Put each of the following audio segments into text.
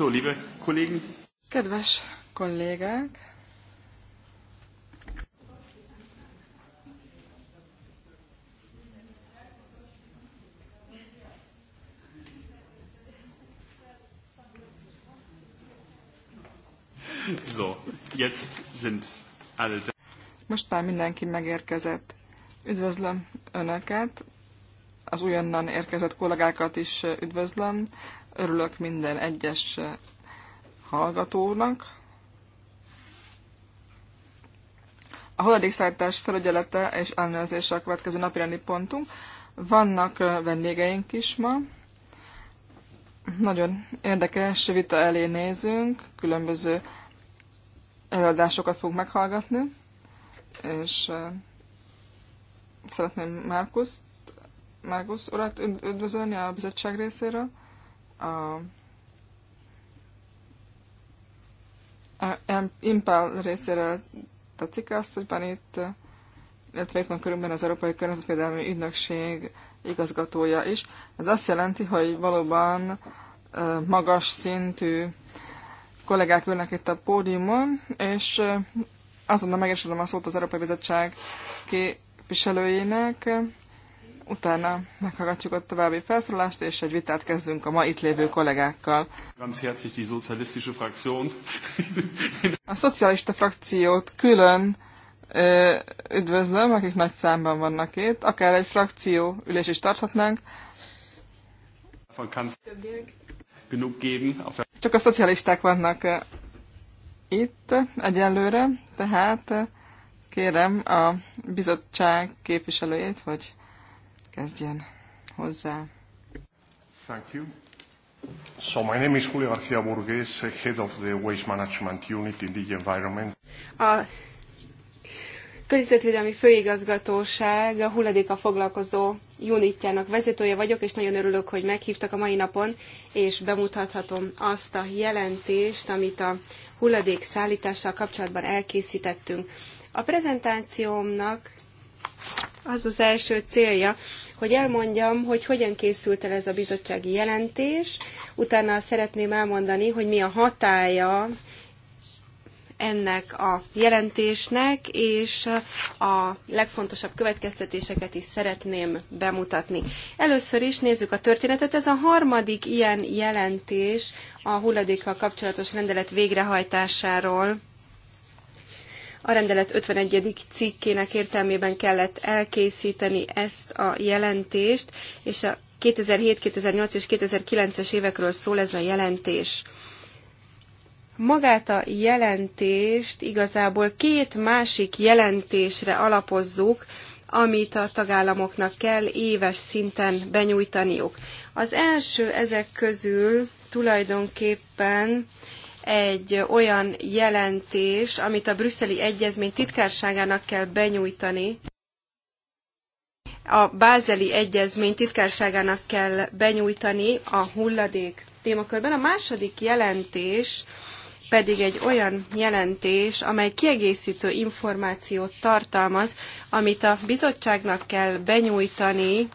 So, liebe Kollegen. Kedves kollégák, So, jetzt sind alle da. Most már mindenki megérkezett. Üdvözlöm Önöket, az újonnan érkezett kollégákat is üdvözlöm. Örülök minden egyes hallgatónak. A hulladékszállítás felügyelete és ellenőrzése a következő napirendi pontunk. Vannak vendégeink is ma. Nagyon érdekes vita elé nézünk, különböző előadásokat fog meghallgatni, és szeretném Márkuszt, Márkusz urat üdvözölni a bizottság részéről a Impel részéről tetszik azt, hogy van itt, illetve itt van körülben az Európai Környezetvédelmi Ügynökség igazgatója is. Ez azt jelenti, hogy valóban magas szintű kollégák ülnek itt a pódiumon, és azonnal megesülöm a szót az Európai Bizottság képviselőjének, Utána meghallgatjuk a további felszólalást, és egy vitát kezdünk a ma itt lévő kollégákkal. Ganz herzlich die sozialistische Fraktion. a szocialista frakciót külön ö, üdvözlöm, akik nagy számban vannak itt. Akár egy frakció ülés is tarthatnánk. Csak a szocialisták vannak itt egyenlőre, tehát kérem a bizottság képviselőjét, hogy kezdjen hozzá. Thank you. So my name is Julio García Burgues, head of the Waste Management Unit in the Environment. A Környezetvédelmi Főigazgatóság a hulladéka foglalkozó unitjának vezetője vagyok, és nagyon örülök, hogy meghívtak a mai napon, és bemutathatom azt a jelentést, amit a hulladék szállítással kapcsolatban elkészítettünk. A prezentációmnak az az első célja, hogy elmondjam, hogy hogyan készült el ez a bizottsági jelentés, utána szeretném elmondani, hogy mi a hatája ennek a jelentésnek, és a legfontosabb következtetéseket is szeretném bemutatni. Először is nézzük a történetet. Ez a harmadik ilyen jelentés a hulladékkal kapcsolatos rendelet végrehajtásáról a rendelet 51. cikkének értelmében kellett elkészíteni ezt a jelentést, és a 2007, 2008 és 2009-es évekről szól ez a jelentés. Magát a jelentést igazából két másik jelentésre alapozzuk, amit a tagállamoknak kell éves szinten benyújtaniuk. Az első ezek közül tulajdonképpen egy olyan jelentés, amit a brüsszeli egyezmény titkárságának kell benyújtani, a bázeli egyezmény titkárságának kell benyújtani a hulladék témakörben. A második jelentés pedig egy olyan jelentés, amely kiegészítő információt tartalmaz, amit a bizottságnak kell benyújtani.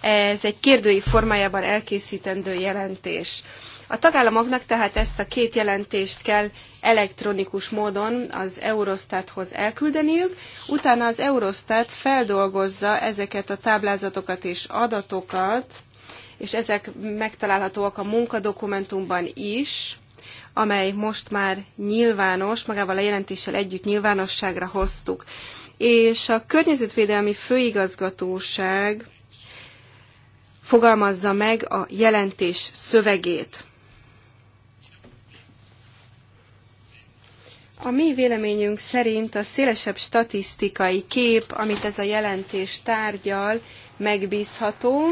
Ez egy kérdői formájában elkészítendő jelentés. A tagállamoknak tehát ezt a két jelentést kell elektronikus módon az Eurostathoz elküldeniük, utána az Eurostat feldolgozza ezeket a táblázatokat és adatokat, és ezek megtalálhatóak a munkadokumentumban is, amely most már nyilvános, magával a jelentéssel együtt nyilvánosságra hoztuk. És a Környezetvédelmi Főigazgatóság fogalmazza meg a jelentés szövegét. A mi véleményünk szerint a szélesebb statisztikai kép, amit ez a jelentés tárgyal, megbízható.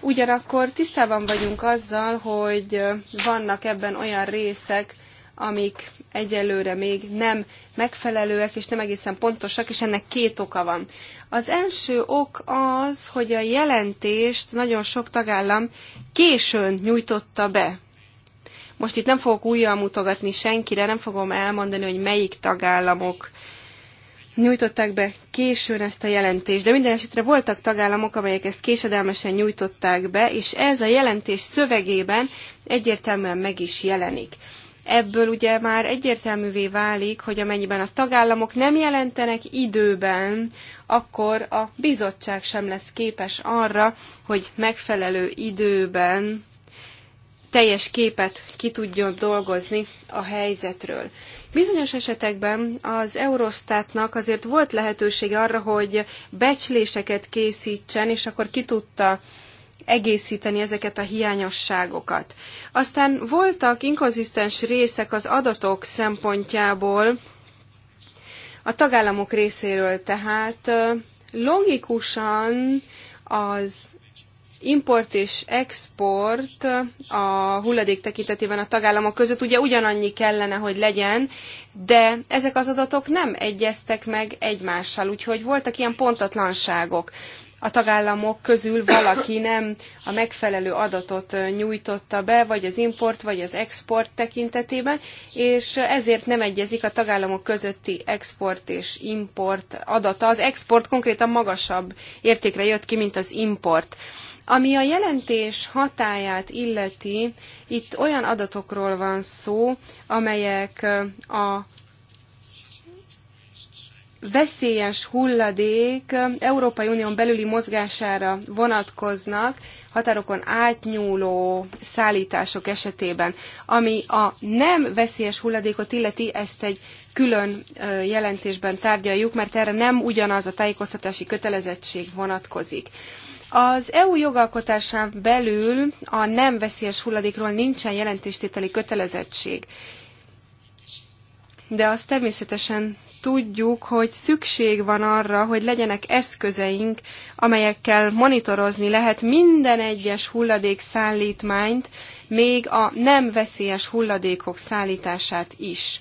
Ugyanakkor tisztában vagyunk azzal, hogy vannak ebben olyan részek, amik egyelőre még nem megfelelőek és nem egészen pontosak, és ennek két oka van. Az első ok az, hogy a jelentést nagyon sok tagállam későn nyújtotta be. Most itt nem fogok újra mutogatni senkire, nem fogom elmondani, hogy melyik tagállamok nyújtották be későn ezt a jelentést, de minden esetre voltak tagállamok, amelyek ezt késedelmesen nyújtották be, és ez a jelentés szövegében egyértelműen meg is jelenik. Ebből ugye már egyértelművé válik, hogy amennyiben a tagállamok nem jelentenek időben, akkor a bizottság sem lesz képes arra, hogy megfelelő időben teljes képet ki tudjon dolgozni a helyzetről. Bizonyos esetekben az Eurostatnak azért volt lehetősége arra, hogy becsléseket készítsen, és akkor ki tudta egészíteni ezeket a hiányosságokat. Aztán voltak inkonzisztens részek az adatok szempontjából, a tagállamok részéről tehát logikusan az import és export a hulladék tekintetében a tagállamok között ugye ugyanannyi kellene, hogy legyen, de ezek az adatok nem egyeztek meg egymással, úgyhogy voltak ilyen pontatlanságok. A tagállamok közül valaki nem a megfelelő adatot nyújtotta be, vagy az import, vagy az export tekintetében, és ezért nem egyezik a tagállamok közötti export és import adata. Az export konkrétan magasabb értékre jött ki, mint az import. Ami a jelentés hatáját illeti, itt olyan adatokról van szó, amelyek a veszélyes hulladék Európai Unión belüli mozgására vonatkoznak, határokon átnyúló szállítások esetében. Ami a nem veszélyes hulladékot illeti, ezt egy külön jelentésben tárgyaljuk, mert erre nem ugyanaz a tájékoztatási kötelezettség vonatkozik. Az EU jogalkotásán belül a nem veszélyes hulladékról nincsen jelentéstételi kötelezettség. De azt természetesen tudjuk, hogy szükség van arra, hogy legyenek eszközeink, amelyekkel monitorozni lehet minden egyes hulladék szállítmányt, még a nem veszélyes hulladékok szállítását is.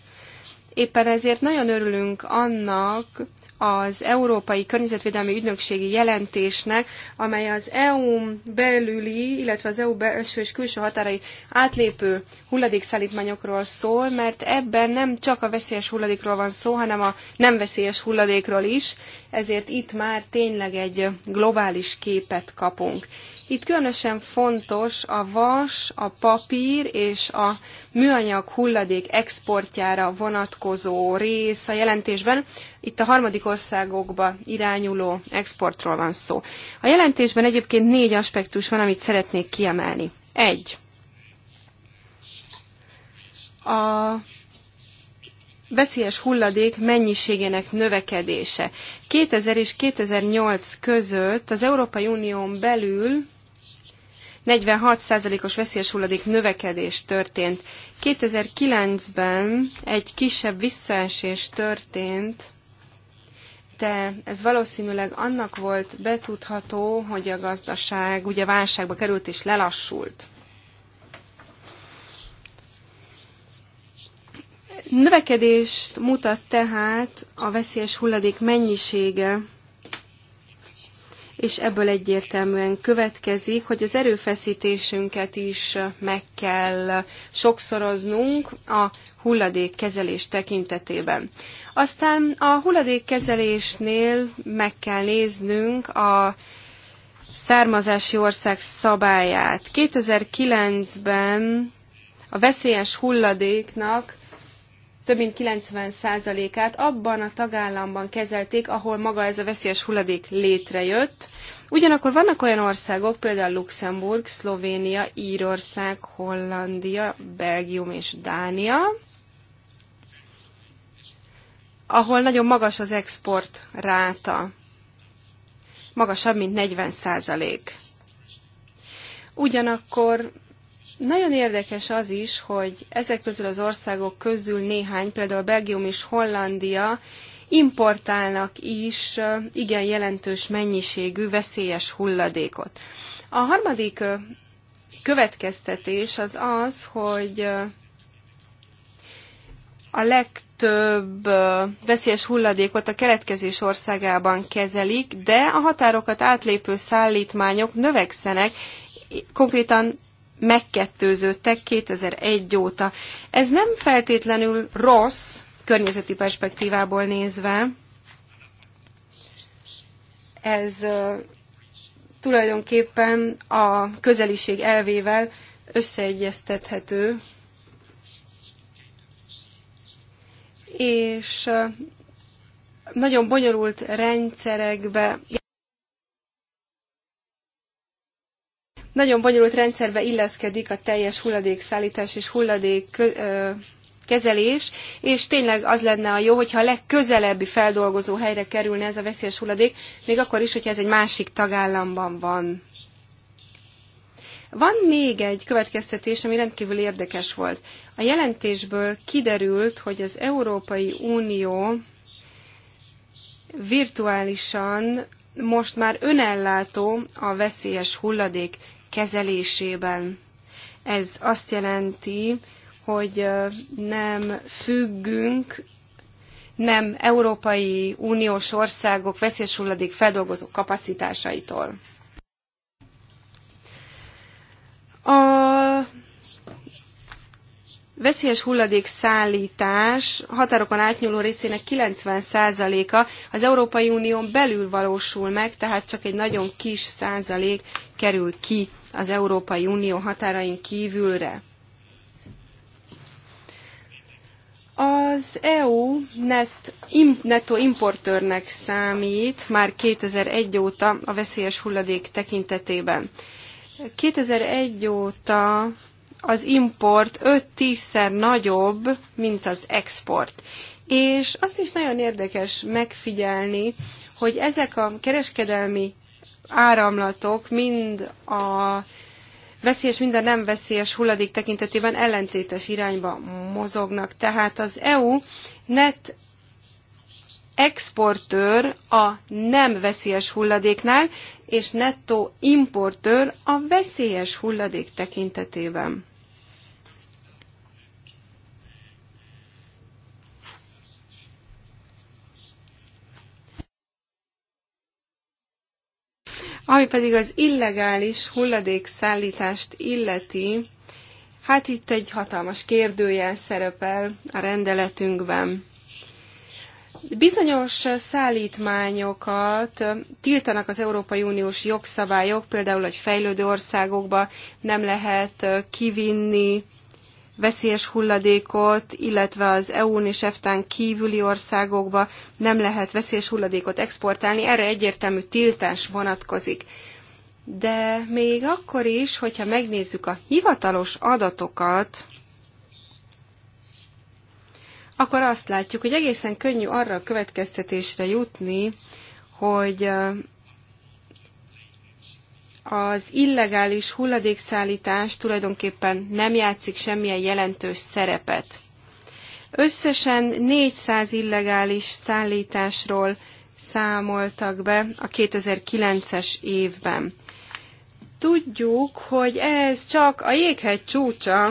Éppen ezért nagyon örülünk annak, az Európai Környezetvédelmi Ügynökségi jelentésnek, amely az EU belüli, illetve az EU belső és külső határai átlépő hulladékszállítmányokról szól, mert ebben nem csak a veszélyes hulladékról van szó, hanem a nem veszélyes hulladékról is, ezért itt már tényleg egy globális képet kapunk. Itt különösen fontos a vas, a papír és a műanyag hulladék exportjára vonatkozó rész a jelentésben. Itt a harmadik országokba irányuló exportról van szó. A jelentésben egyébként négy aspektus van, amit szeretnék kiemelni. Egy. A veszélyes hulladék mennyiségének növekedése. 2000 és 2008 között az Európai Unión belül 46%-os veszélyes hulladék növekedés történt. 2009-ben egy kisebb visszaesés történt, de ez valószínűleg annak volt betudható, hogy a gazdaság ugye válságba került és lelassult. Növekedést mutat tehát a veszélyes hulladék mennyisége és ebből egyértelműen következik, hogy az erőfeszítésünket is meg kell sokszoroznunk a hulladékkezelés tekintetében. Aztán a hulladékkezelésnél meg kell néznünk a származási ország szabályát. 2009-ben a veszélyes hulladéknak több mint 90%-át abban a tagállamban kezelték, ahol maga ez a veszélyes hulladék létrejött. Ugyanakkor vannak olyan országok, például Luxemburg, Szlovénia, Írország, Hollandia, Belgium és Dánia, ahol nagyon magas az export ráta. Magasabb, mint 40 százalék. Ugyanakkor nagyon érdekes az is, hogy ezek közül az országok közül néhány, például Belgium és Hollandia importálnak is igen jelentős mennyiségű veszélyes hulladékot. A harmadik következtetés az az, hogy a legtöbb veszélyes hulladékot a keletkezés országában kezelik, de a határokat átlépő szállítmányok növekszenek, konkrétan megkettőződtek 2001 óta. Ez nem feltétlenül rossz, környezeti perspektívából nézve. Ez tulajdonképpen a közeliség elvével összeegyeztethető, és nagyon bonyolult rendszerekbe nagyon bonyolult rendszerbe illeszkedik a teljes hulladékszállítás és hulladék kezelés, és tényleg az lenne a jó, hogyha a legközelebbi feldolgozó helyre kerülne ez a veszélyes hulladék, még akkor is, hogyha ez egy másik tagállamban van. Van még egy következtetés, ami rendkívül érdekes volt. A jelentésből kiderült, hogy az Európai Unió virtuálisan most már önellátó a veszélyes hulladék kezelésében. Ez azt jelenti, hogy nem függünk nem Európai Uniós országok veszélyes hulladék feldolgozó kapacitásaitól. A veszélyes hulladék szállítás határokon átnyúló részének 90%-a az Európai Unión belül valósul meg, tehát csak egy nagyon kis százalék kerül ki az Európai Unió határain kívülre. Az EU net, im, netto importőrnek számít már 2001 óta a veszélyes hulladék tekintetében. 2001 óta az import 5-10-szer nagyobb, mint az export. És azt is nagyon érdekes megfigyelni, hogy ezek a kereskedelmi áramlatok mind a veszélyes, mind a nem veszélyes hulladék tekintetében ellentétes irányba mozognak. Tehát az EU net exportőr a nem veszélyes hulladéknál, és nettó importőr a veszélyes hulladék tekintetében. Ami pedig az illegális hulladékszállítást illeti, hát itt egy hatalmas kérdőjel szerepel a rendeletünkben. Bizonyos szállítmányokat tiltanak az Európai Uniós jogszabályok, például, hogy fejlődő országokba nem lehet kivinni veszélyes hulladékot, illetve az EU-n és EFTA-n kívüli országokba nem lehet veszélyes hulladékot exportálni, erre egyértelmű tiltás vonatkozik. De még akkor is, hogyha megnézzük a hivatalos adatokat, akkor azt látjuk, hogy egészen könnyű arra a következtetésre jutni, hogy az illegális hulladékszállítás tulajdonképpen nem játszik semmilyen jelentős szerepet. Összesen 400 illegális szállításról számoltak be a 2009-es évben. Tudjuk, hogy ez csak a jéghegy csúcsa,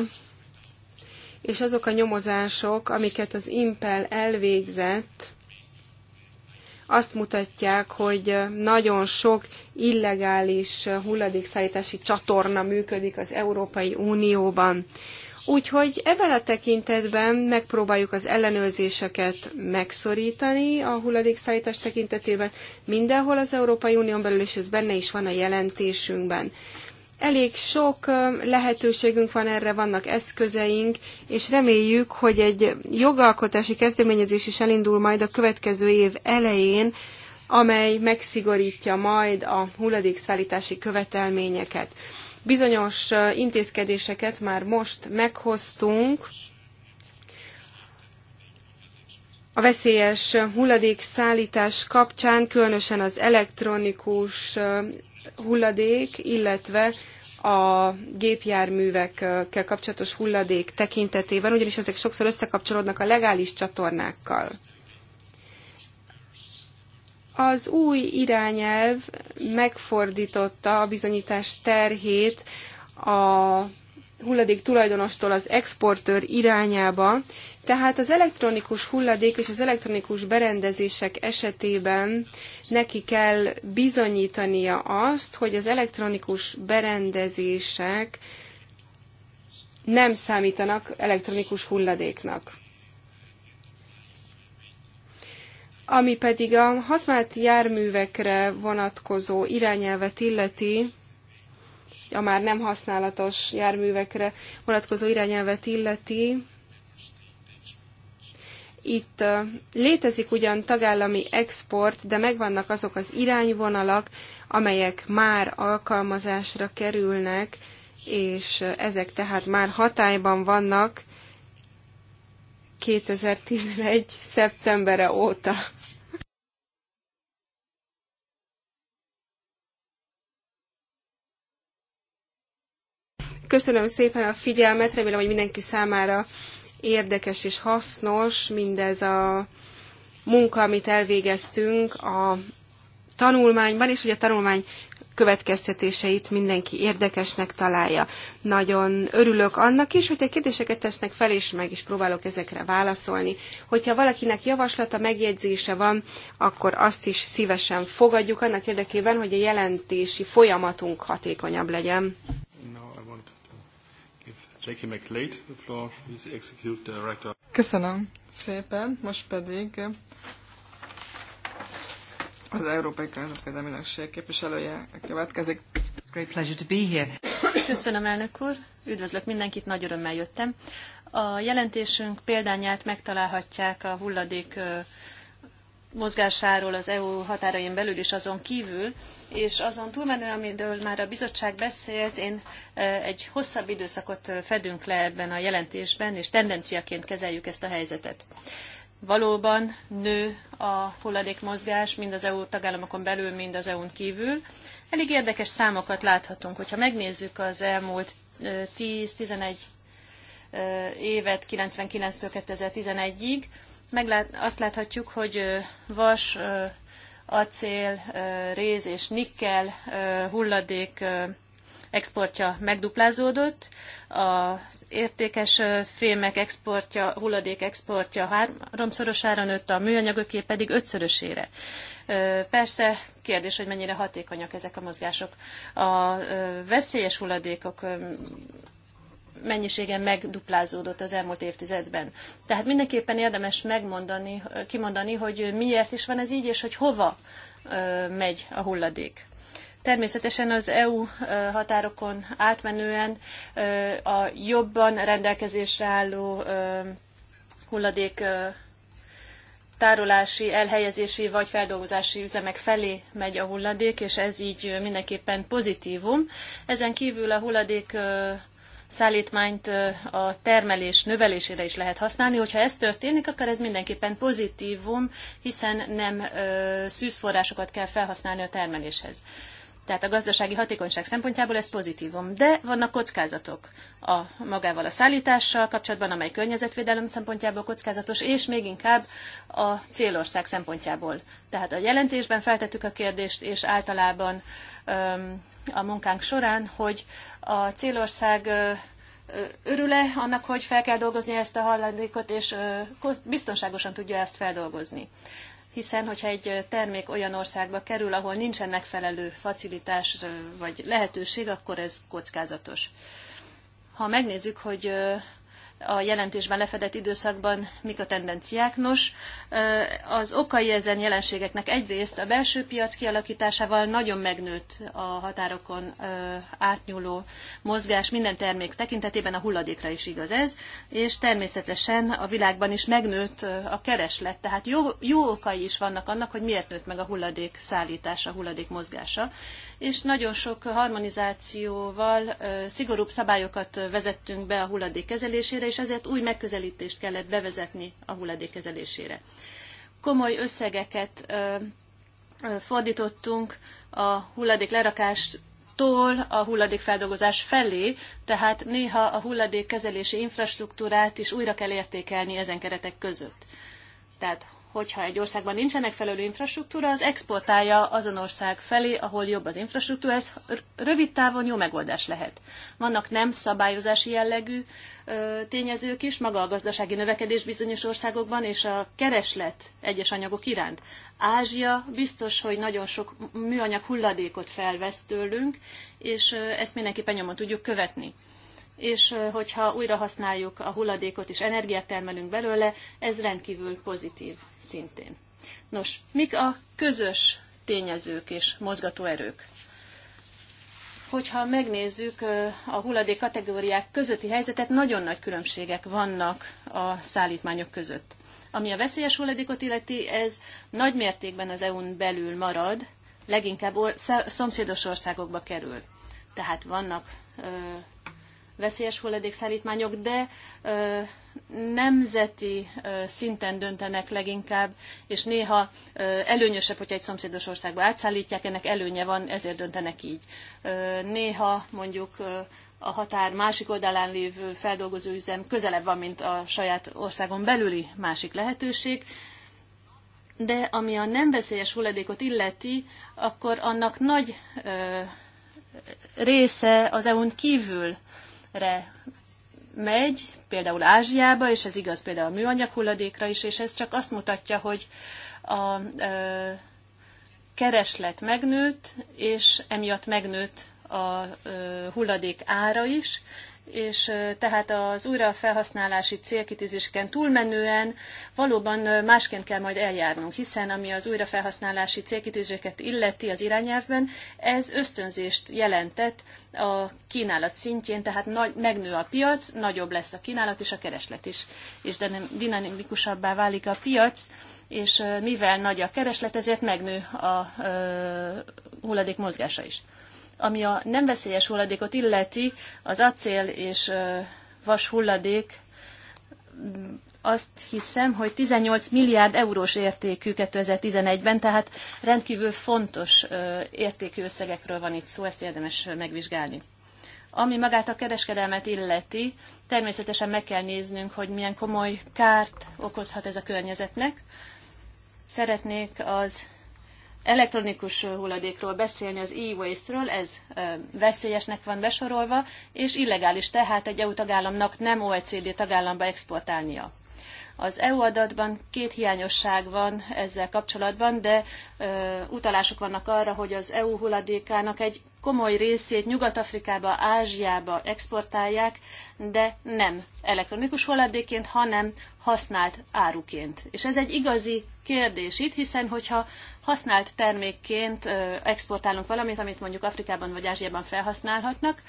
és azok a nyomozások, amiket az Impel elvégzett, azt mutatják, hogy nagyon sok illegális hulladékszállítási csatorna működik az Európai Unióban. Úgyhogy ebben a tekintetben megpróbáljuk az ellenőrzéseket megszorítani a hulladékszállítás tekintetében mindenhol az Európai Unión belül, és ez benne is van a jelentésünkben. Elég sok lehetőségünk van erre, vannak eszközeink, és reméljük, hogy egy jogalkotási kezdeményezés is elindul majd a következő év elején, amely megszigorítja majd a hulladékszállítási követelményeket. Bizonyos intézkedéseket már most meghoztunk, a veszélyes hulladékszállítás kapcsán, különösen az elektronikus hulladék, illetve a gépjárművekkel kapcsolatos hulladék tekintetében, ugyanis ezek sokszor összekapcsolódnak a legális csatornákkal. Az új irányelv megfordította a bizonyítás terhét a hulladék tulajdonostól az exportőr irányába. Tehát az elektronikus hulladék és az elektronikus berendezések esetében neki kell bizonyítania azt, hogy az elektronikus berendezések nem számítanak elektronikus hulladéknak. Ami pedig a használt járművekre vonatkozó irányelvet illeti, a már nem használatos járművekre vonatkozó irányelvet illeti, itt létezik ugyan tagállami export, de megvannak azok az irányvonalak, amelyek már alkalmazásra kerülnek, és ezek tehát már hatályban vannak 2011. szeptembere óta. Köszönöm szépen a figyelmet, remélem, hogy mindenki számára érdekes és hasznos mindez a munka, amit elvégeztünk a tanulmányban, és hogy a tanulmány következtetéseit mindenki érdekesnek találja. Nagyon örülök annak is, hogyha kérdéseket tesznek fel, és meg is próbálok ezekre válaszolni. Hogyha valakinek javaslata, megjegyzése van, akkor azt is szívesen fogadjuk annak érdekében, hogy a jelentési folyamatunk hatékonyabb legyen. Jackie the floor is the executive director. Köszönöm szépen, most pedig az Európai Környezetvédelmi Ügynökség képviselője következik. It's great pleasure to be here. Köszönöm, elnök úr. Üdvözlök mindenkit, nagy örömmel jöttem. A jelentésünk példányát megtalálhatják a hulladék mozgásáról az EU határain belül is azon kívül, és azon túlmenően, amiről már a bizottság beszélt, én e, egy hosszabb időszakot e, fedünk le ebben a jelentésben, és tendenciaként kezeljük ezt a helyzetet. Valóban nő a hulladékmozgás mind az EU tagállamokon belül, mind az EU-n kívül. Elég érdekes számokat láthatunk, hogyha megnézzük az elmúlt 10-11 e, évet 99-től 2011-ig, meglát, azt láthatjuk, hogy vas, acél, réz és nikkel hulladék exportja megduplázódott, az értékes fémek exportja, hulladék exportja háromszorosára nőtt, a műanyagoké pedig ötszörösére. Persze kérdés, hogy mennyire hatékonyak ezek a mozgások. A veszélyes hulladékok mennyisége megduplázódott az elmúlt évtizedben. Tehát mindenképpen érdemes megmondani, kimondani, hogy miért is van ez így, és hogy hova megy a hulladék. Természetesen az EU határokon átmenően a jobban rendelkezésre álló hulladék tárolási, elhelyezési vagy feldolgozási üzemek felé megy a hulladék, és ez így mindenképpen pozitívum. Ezen kívül a hulladék szállítmányt a termelés növelésére is lehet használni. Hogyha ez történik, akkor ez mindenképpen pozitívum, hiszen nem szűzforrásokat kell felhasználni a termeléshez. Tehát a gazdasági hatékonyság szempontjából ez pozitívum. De vannak kockázatok a magával a szállítással kapcsolatban, amely környezetvédelem szempontjából kockázatos, és még inkább a célország szempontjából. Tehát a jelentésben feltettük a kérdést, és általában öm, a munkánk során, hogy a célország örül-e annak, hogy fel kell dolgozni ezt a halladékot, és biztonságosan tudja ezt feldolgozni. Hiszen, hogyha egy termék olyan országba kerül, ahol nincsen megfelelő facilitás vagy lehetőség, akkor ez kockázatos. Ha megnézzük, hogy a jelentésben lefedett időszakban mik a tendenciák. Nos, az okai ezen jelenségeknek egyrészt a belső piac kialakításával nagyon megnőtt a határokon átnyúló mozgás minden termék tekintetében, a hulladékra is igaz ez, és természetesen a világban is megnőtt a kereslet, tehát jó, jó okai is vannak annak, hogy miért nőtt meg a hulladék szállítása, a hulladék mozgása és nagyon sok harmonizációval szigorúbb szabályokat vezettünk be a hulladék kezelésére, és ezért új megközelítést kellett bevezetni a hulladék kezelésére. Komoly összegeket fordítottunk a hulladék lerakást tól a hulladékfeldolgozás felé, tehát néha a hulladékkezelési infrastruktúrát is újra kell értékelni ezen keretek között. Tehát hogyha egy országban nincsen megfelelő infrastruktúra, az exportálja azon ország felé, ahol jobb az infrastruktúra, ez rövid távon jó megoldás lehet. Vannak nem szabályozási jellegű ö, tényezők is, maga a gazdasági növekedés bizonyos országokban, és a kereslet egyes anyagok iránt. Ázsia biztos, hogy nagyon sok műanyag hulladékot felvesz tőlünk, és ezt mindenképpen nyomon tudjuk követni és hogyha újra használjuk a hulladékot és energiát termelünk belőle, ez rendkívül pozitív szintén. Nos, mik a közös tényezők és mozgatóerők? Hogyha megnézzük a hulladék kategóriák közötti helyzetet, nagyon nagy különbségek vannak a szállítmányok között. Ami a veszélyes hulladékot illeti, ez nagy mértékben az EU-n belül marad, leginkább or- szomszédos országokba kerül. Tehát vannak veszélyes hulladékszállítmányok, de ö, nemzeti ö, szinten döntenek leginkább, és néha ö, előnyösebb, hogyha egy szomszédos országba átszállítják, ennek előnye van, ezért döntenek így. Ö, néha mondjuk ö, a határ másik oldalán lévő feldolgozó üzem közelebb van, mint a saját országon belüli másik lehetőség, de ami a nem veszélyes hulladékot illeti, akkor annak nagy ö, része az EU-n kívül re megy, például Ázsiába, és ez igaz például a műanyag hulladékra is, és ez csak azt mutatja, hogy a ö, kereslet megnőtt, és emiatt megnőtt a ö, hulladék ára is, és tehát az újrafelhasználási célkitűzéseken túlmenően valóban másként kell majd eljárnunk, hiszen ami az újrafelhasználási célkitűzéseket illeti az irányelvben, ez ösztönzést jelentett a kínálat szintjén, tehát nagy, megnő a piac, nagyobb lesz a kínálat és a kereslet is, és de dinamikusabbá válik a piac, és mivel nagy a kereslet, ezért megnő a, a hulladék mozgása is. Ami a nem veszélyes hulladékot illeti, az acél és vas hulladék mm, azt hiszem, hogy 18 milliárd eurós értékű 2011-ben, tehát rendkívül fontos értékű összegekről van itt szó, ezt érdemes megvizsgálni. Ami magát a kereskedelmet illeti, természetesen meg kell néznünk, hogy milyen komoly kárt okozhat ez a környezetnek. Szeretnék az elektronikus hulladékról beszélni, az e-waste-ről, ez veszélyesnek van besorolva, és illegális, tehát egy EU tagállamnak nem OECD tagállamba exportálnia. Az EU adatban két hiányosság van ezzel kapcsolatban, de ö, utalások vannak arra, hogy az EU hulladékának egy komoly részét Nyugat-Afrikába, Ázsiába exportálják, de nem elektronikus hulladékként, hanem használt áruként. És ez egy igazi kérdés itt, hiszen hogyha használt termékként exportálunk valamit, amit mondjuk Afrikában vagy Ázsiában felhasználhatnak,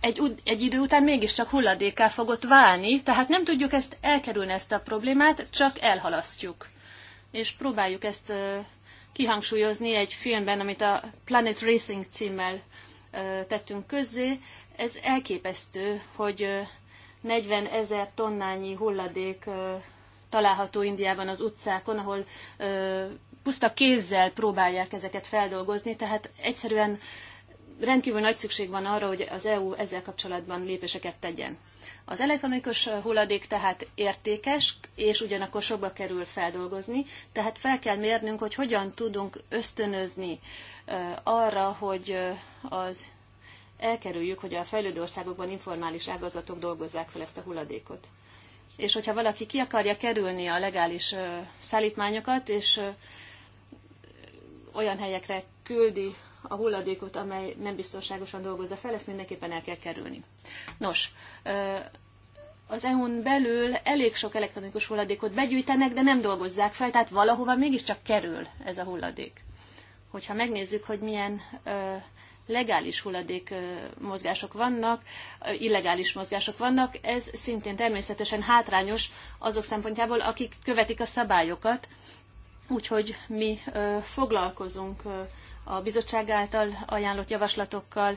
egy, egy idő után mégiscsak hulladéká fogott válni, tehát nem tudjuk ezt elkerülni ezt a problémát, csak elhalasztjuk. És próbáljuk ezt kihangsúlyozni egy filmben, amit a Planet Racing címmel tettünk közzé. Ez elképesztő, hogy 40 ezer tonnányi hulladék található Indiában az utcákon, ahol ö, puszta kézzel próbálják ezeket feldolgozni, tehát egyszerűen rendkívül nagy szükség van arra, hogy az EU ezzel kapcsolatban lépéseket tegyen. Az elektronikus hulladék tehát értékes, és ugyanakkor sokba kerül feldolgozni, tehát fel kell mérnünk, hogy hogyan tudunk ösztönözni arra, hogy az elkerüljük, hogy a fejlődő országokban informális ágazatok dolgozzák fel ezt a hulladékot és hogyha valaki ki akarja kerülni a legális szállítmányokat, és olyan helyekre küldi a hulladékot, amely nem biztonságosan dolgozza fel, ezt mindenképpen el kell kerülni. Nos, az EU-n belül elég sok elektronikus hulladékot begyűjtenek, de nem dolgozzák fel, tehát valahova mégiscsak kerül ez a hulladék. Hogyha megnézzük, hogy milyen legális hulladék mozgások vannak, illegális mozgások vannak. Ez szintén természetesen hátrányos azok szempontjából, akik követik a szabályokat. Úgyhogy mi foglalkozunk a bizottság által ajánlott javaslatokkal,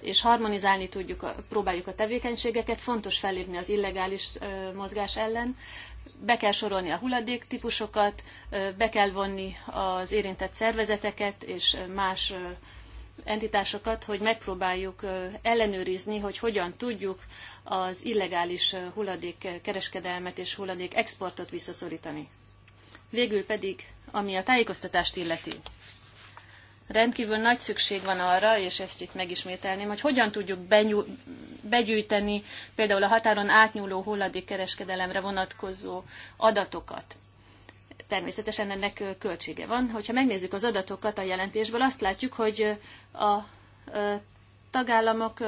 és harmonizálni tudjuk, próbáljuk a tevékenységeket. Fontos felírni az illegális mozgás ellen. Be kell sorolni a típusokat, be kell vonni az érintett szervezeteket és más entitásokat, hogy megpróbáljuk ellenőrizni, hogy hogyan tudjuk az illegális hulladék kereskedelmet és hulladék exportot visszaszorítani. Végül pedig, ami a tájékoztatást illeti. Rendkívül nagy szükség van arra, és ezt itt megismételném, hogy hogyan tudjuk benyú, begyűjteni például a határon átnyúló hulladékkereskedelemre vonatkozó adatokat természetesen ennek költsége van. Hogyha megnézzük az adatokat a jelentésből, azt látjuk, hogy a tagállamok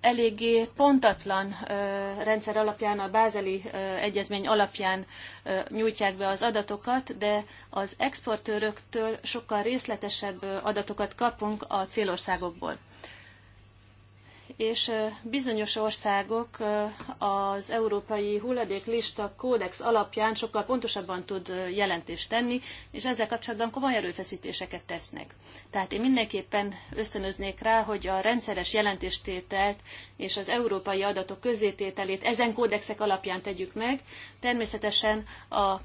eléggé pontatlan rendszer alapján, a bázeli egyezmény alapján nyújtják be az adatokat, de az exportőröktől sokkal részletesebb adatokat kapunk a célországokból és bizonyos országok az Európai Hulladéklista Kódex alapján sokkal pontosabban tud jelentést tenni, és ezzel kapcsolatban komoly erőfeszítéseket tesznek. Tehát én mindenképpen ösztönöznék rá, hogy a rendszeres jelentéstételt és az európai adatok közzétételét ezen kódexek alapján tegyük meg. Természetesen a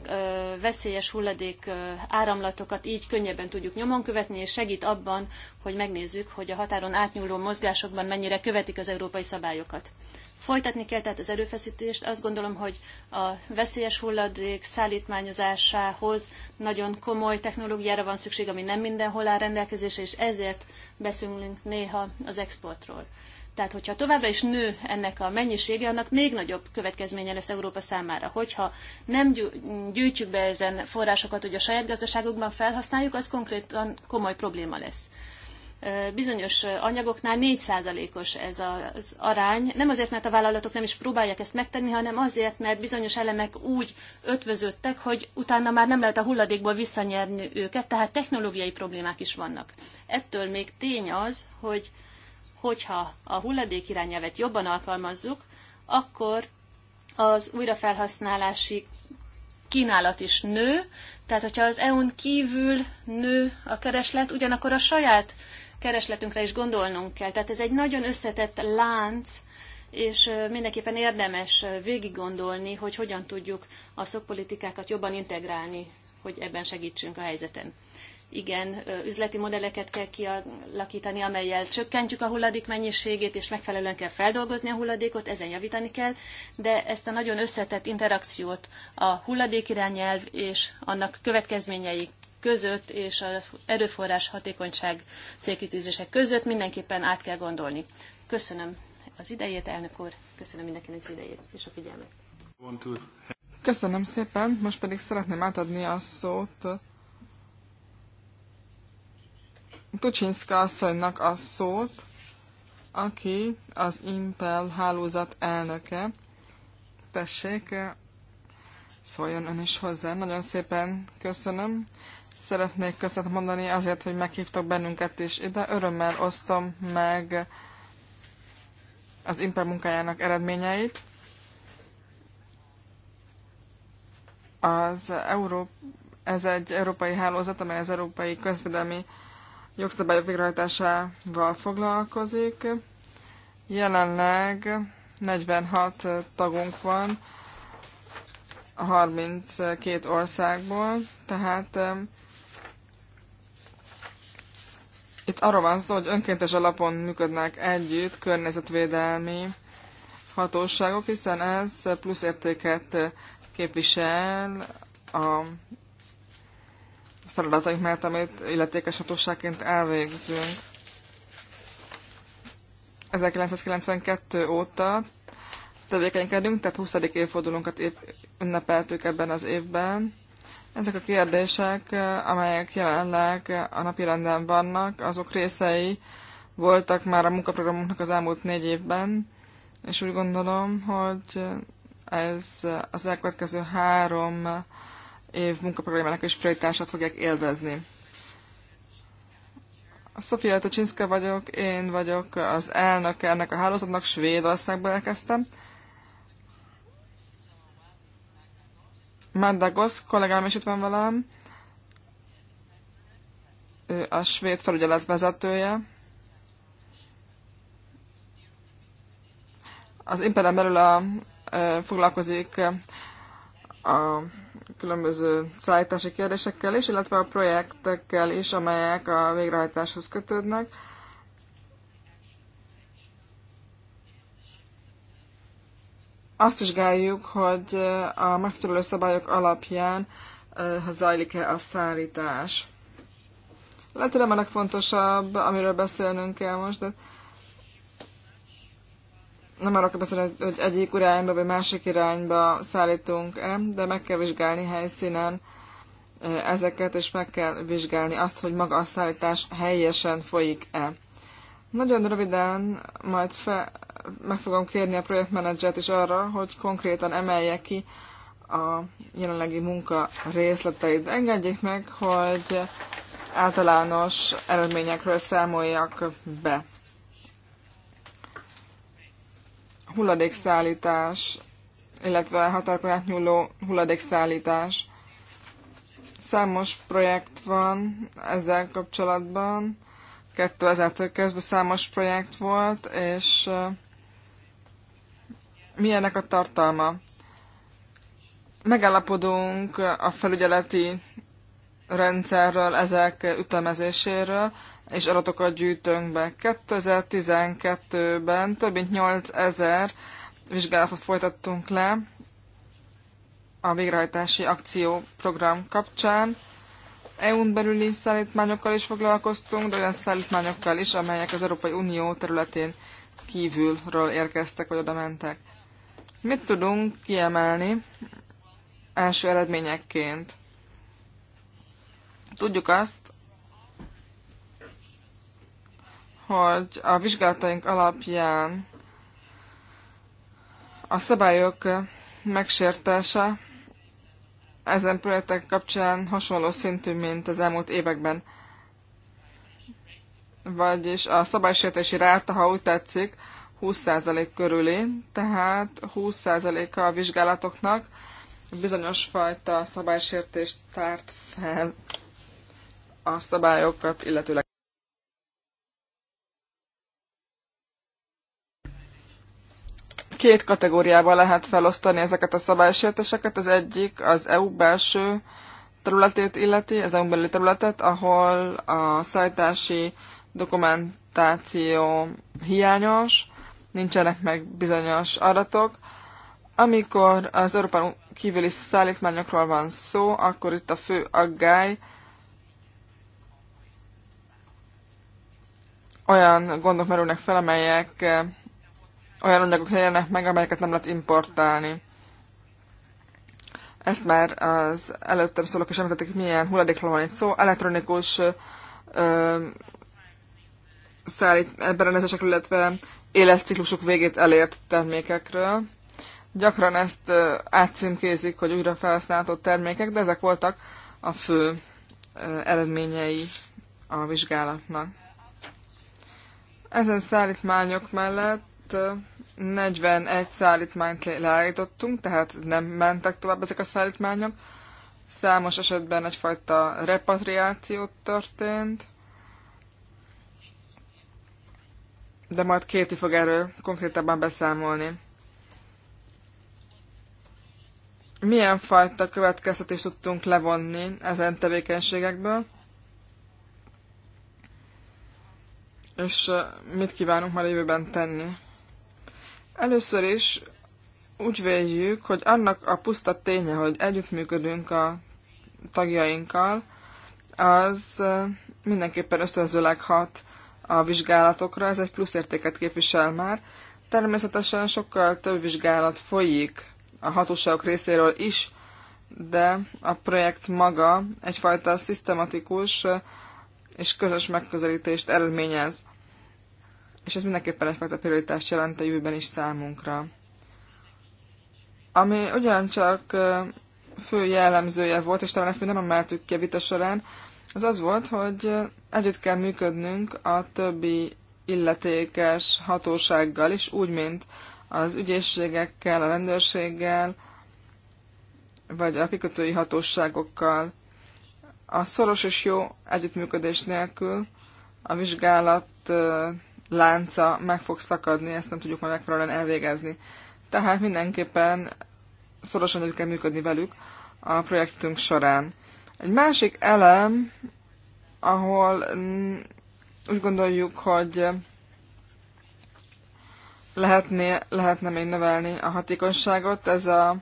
veszélyes hulladék áramlatokat így könnyebben tudjuk nyomon követni, és segít abban, hogy megnézzük, hogy a határon átnyúló mozgásokban mennyire követik az európai szabályokat. Folytatni kell tehát az erőfeszítést. Azt gondolom, hogy a veszélyes hulladék szállítmányozásához nagyon komoly technológiára van szükség, ami nem mindenhol áll rendelkezésre, és ezért beszélünk néha az exportról. Tehát, hogyha továbbra is nő ennek a mennyisége, annak még nagyobb következménye lesz Európa számára. Hogyha nem gyűjtjük be ezen forrásokat, hogy a saját gazdaságunkban felhasználjuk, az konkrétan komoly probléma lesz bizonyos anyagoknál 4%-os ez az arány. Nem azért, mert a vállalatok nem is próbálják ezt megtenni, hanem azért, mert bizonyos elemek úgy ötvözöttek, hogy utána már nem lehet a hulladékból visszanyerni őket, tehát technológiai problémák is vannak. Ettől még tény az, hogy hogyha a hulladék irányelvet jobban alkalmazzuk, akkor az újrafelhasználási kínálat is nő, tehát hogyha az EU-n kívül nő a kereslet, ugyanakkor a saját keresletünkre is gondolnunk kell. Tehát ez egy nagyon összetett lánc, és mindenképpen érdemes végig gondolni, hogy hogyan tudjuk a szakpolitikákat jobban integrálni, hogy ebben segítsünk a helyzeten. Igen, üzleti modelleket kell kialakítani, amelyel csökkentjük a hulladék mennyiségét, és megfelelően kell feldolgozni a hulladékot, ezen javítani kell, de ezt a nagyon összetett interakciót a hulladékirányelv és annak következményei között és az erőforrás hatékonyság célkitűzések között mindenképpen át kell gondolni. Köszönöm az idejét, elnök úr, köszönöm mindenkinek az idejét és a figyelmet. Köszönöm szépen, most pedig szeretném átadni a szót Tucsinszka asszonynak a szót, aki az Impel hálózat elnöke. Tessék, szóljon ön is hozzá. Nagyon szépen köszönöm szeretnék köszönet mondani azért, hogy meghívtak bennünket is ide. Örömmel osztom meg az Imper munkájának eredményeit. Az Euró... Ez egy európai hálózat, amely az európai közvédelmi jogszabályok végrehajtásával foglalkozik. Jelenleg 46 tagunk van, 32 országból, tehát itt arról van szó, hogy önkéntes alapon működnek együtt környezetvédelmi hatóságok, hiszen ez plusz értéket képvisel a feladataink mellett, amit illetékes hatóságként elvégzünk. 1992 óta tevékenykedünk, tehát 20. évfordulónkat ünnepeltük ebben az évben. Ezek a kérdések, amelyek jelenleg a napirenden vannak, azok részei voltak már a munkaprogramunknak az elmúlt négy évben, és úgy gondolom, hogy ez az elkövetkező három év munkaprogramjának is prioritását fogják élvezni. Sofia Tocsinszka vagyok, én vagyok az elnök ennek a hálózatnak, Svédországban elkezdtem, Madagosz kollégám is itt van velem. Ő a svéd felügyelet vezetője. Az Impelen belül a, e, foglalkozik a különböző szállítási kérdésekkel is, illetve a projektekkel is, amelyek a végrehajtáshoz kötődnek. azt vizsgáljuk, hogy eh, a megfelelő szabályok alapján eh, zajlik-e a szállítás. Lehet, hogy nem a legfontosabb, amiről beszélnünk kell most, de nem arra kell beszélni, hogy egyik irányba vagy másik irányba szállítunk-e, de meg kell vizsgálni helyszínen eh, ezeket, és meg kell vizsgálni azt, hogy maga a szállítás helyesen folyik-e. Nagyon röviden majd fe, meg fogom kérni a projektmenedzsert is arra, hogy konkrétan emelje ki a jelenlegi munka részleteit. Engedjék meg, hogy általános eredményekről számoljak be. Hulladékszállítás, illetve határokon átnyúló hulladékszállítás. Számos projekt van ezzel kapcsolatban. 2000-től kezdve számos projekt volt, és milyennek a tartalma. Megállapodunk a felügyeleti rendszerről, ezek ütemezéséről, és adatokat gyűjtünk be. 2012-ben több mint 8000 vizsgálatot folytattunk le a végrehajtási akcióprogram kapcsán. EU-n belüli szállítmányokkal is foglalkoztunk, de olyan szállítmányokkal is, amelyek az Európai Unió területén kívülről érkeztek, vagy oda mentek. Mit tudunk kiemelni első eredményekként? Tudjuk azt, hogy a vizsgálataink alapján a szabályok megsértése ezen projektek kapcsán hasonló szintű, mint az elmúlt években. Vagyis a szabálysértési ráta, ha úgy tetszik, 20% körüli, tehát 20%-a a vizsgálatoknak bizonyos fajta szabálysértést tárt fel a szabályokat, illetőleg két kategóriába lehet felosztani ezeket a szabálysértéseket. Az egyik az EU belső területét illeti, az EU belüli területet, ahol a szállítási dokumentáció hiányos, nincsenek meg bizonyos adatok. Amikor az Európán kívüli szállítmányokról van szó, akkor itt a fő aggály olyan gondok merülnek fel, amelyek eh, olyan anyagok helyenek meg, amelyeket nem lehet importálni. Ezt már az előttem szólók is említették, milyen hulladékról van itt szó. Elektronikus ö, eh, eh, szállít, berendezésekről, illetve életciklusuk végét elért termékekről. Gyakran ezt átcímkézik, hogy újra felhasználható termékek, de ezek voltak a fő eredményei a vizsgálatnak. Ezen szállítmányok mellett 41 szállítmányt leállítottunk, tehát nem mentek tovább ezek a szállítmányok. Számos esetben egyfajta repatriáció történt, de majd Kéti fog erről konkrétabban beszámolni. Milyen fajta következtetést tudtunk levonni ezen tevékenységekből? És mit kívánunk már jövőben tenni? Először is úgy véljük, hogy annak a puszta ténye, hogy együttműködünk a tagjainkkal, az mindenképpen ösztönzőleg hat a vizsgálatokra, ez egy pluszértéket képvisel már. Természetesen sokkal több vizsgálat folyik a hatóságok részéről is, de a projekt maga egyfajta szisztematikus és közös megközelítést eredményez. És ez mindenképpen egyfajta prioritást jelent a jövőben is számunkra. Ami ugyancsak fő jellemzője volt, és talán ezt mi nem emeltük ki a vita során, az az volt, hogy együtt kell működnünk a többi illetékes hatósággal is, úgy, mint az ügyészségekkel, a rendőrséggel, vagy a kikötői hatóságokkal. A szoros és jó együttműködés nélkül a vizsgálat lánca meg fog szakadni, ezt nem tudjuk majd megfelelően elvégezni. Tehát mindenképpen szorosan együtt kell működni velük a projektünk során. Egy másik elem, ahol úgy gondoljuk, hogy lehetné, lehetne még növelni a hatékonyságot, ez a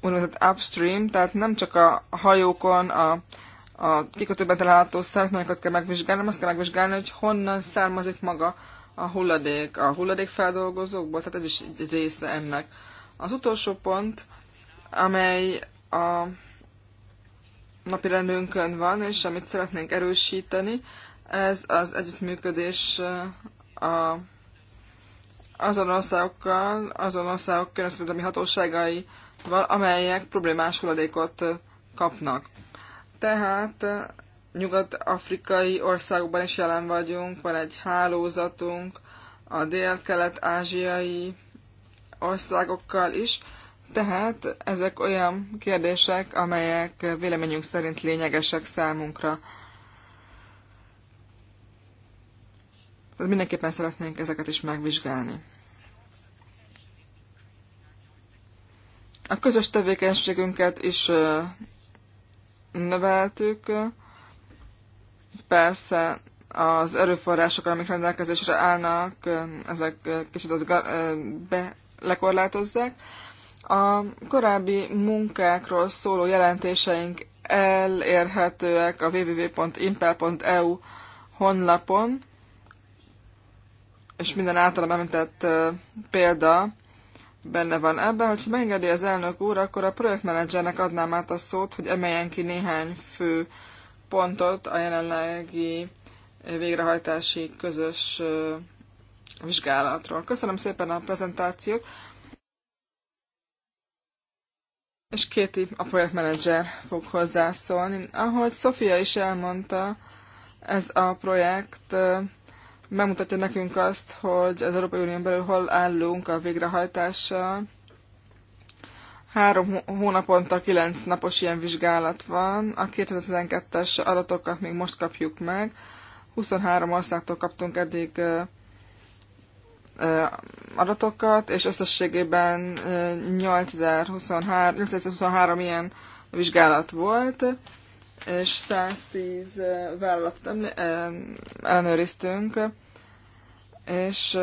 úgynevezett upstream, tehát nem csak a hajókon, a, a kikötőben található szelekményeket kell megvizsgálni, azt kell megvizsgálni, hogy honnan származik maga a hulladék, a hulladékfeldolgozókból, tehát ez is egy része ennek. Az utolsó pont, amely a napirendünkön van, és amit szeretnénk erősíteni, ez az együttműködés eh, a, azon országokkal, azon országok környezetvédelmi hatóságaival, amelyek problémás hulladékot eh, kapnak. Tehát eh, nyugat-afrikai országokban is jelen vagyunk, van egy hálózatunk a dél-kelet-ázsiai országokkal is, tehát ezek olyan kérdések, amelyek véleményünk szerint lényegesek számunkra. Tehát mindenképpen szeretnénk ezeket is megvizsgálni. A közös tevékenységünket is növeltük. Persze az erőforrások, amik rendelkezésre állnak, ezek kicsit az be lekorlátozzák, a korábbi munkákról szóló jelentéseink elérhetőek a www.impel.eu honlapon, és minden általam említett példa benne van ebben. Hogyha megengedi az elnök úr, akkor a projektmenedzsernek adnám át a szót, hogy emeljen ki néhány fő pontot a jelenlegi végrehajtási közös vizsgálatról. Köszönöm szépen a prezentációt és Kéti, a projektmenedzser fog hozzászólni. Ahogy Sofia is elmondta, ez a projekt megmutatja nekünk azt, hogy az Európai Unión belül hol állunk a végrehajtással. Három hónaponta kilenc napos ilyen vizsgálat van. A 2012-es adatokat még most kapjuk meg. 23 országtól kaptunk eddig adatokat, és összességében 8023, 823 ilyen vizsgálat volt, és 110 vállalatot ellenőriztünk, és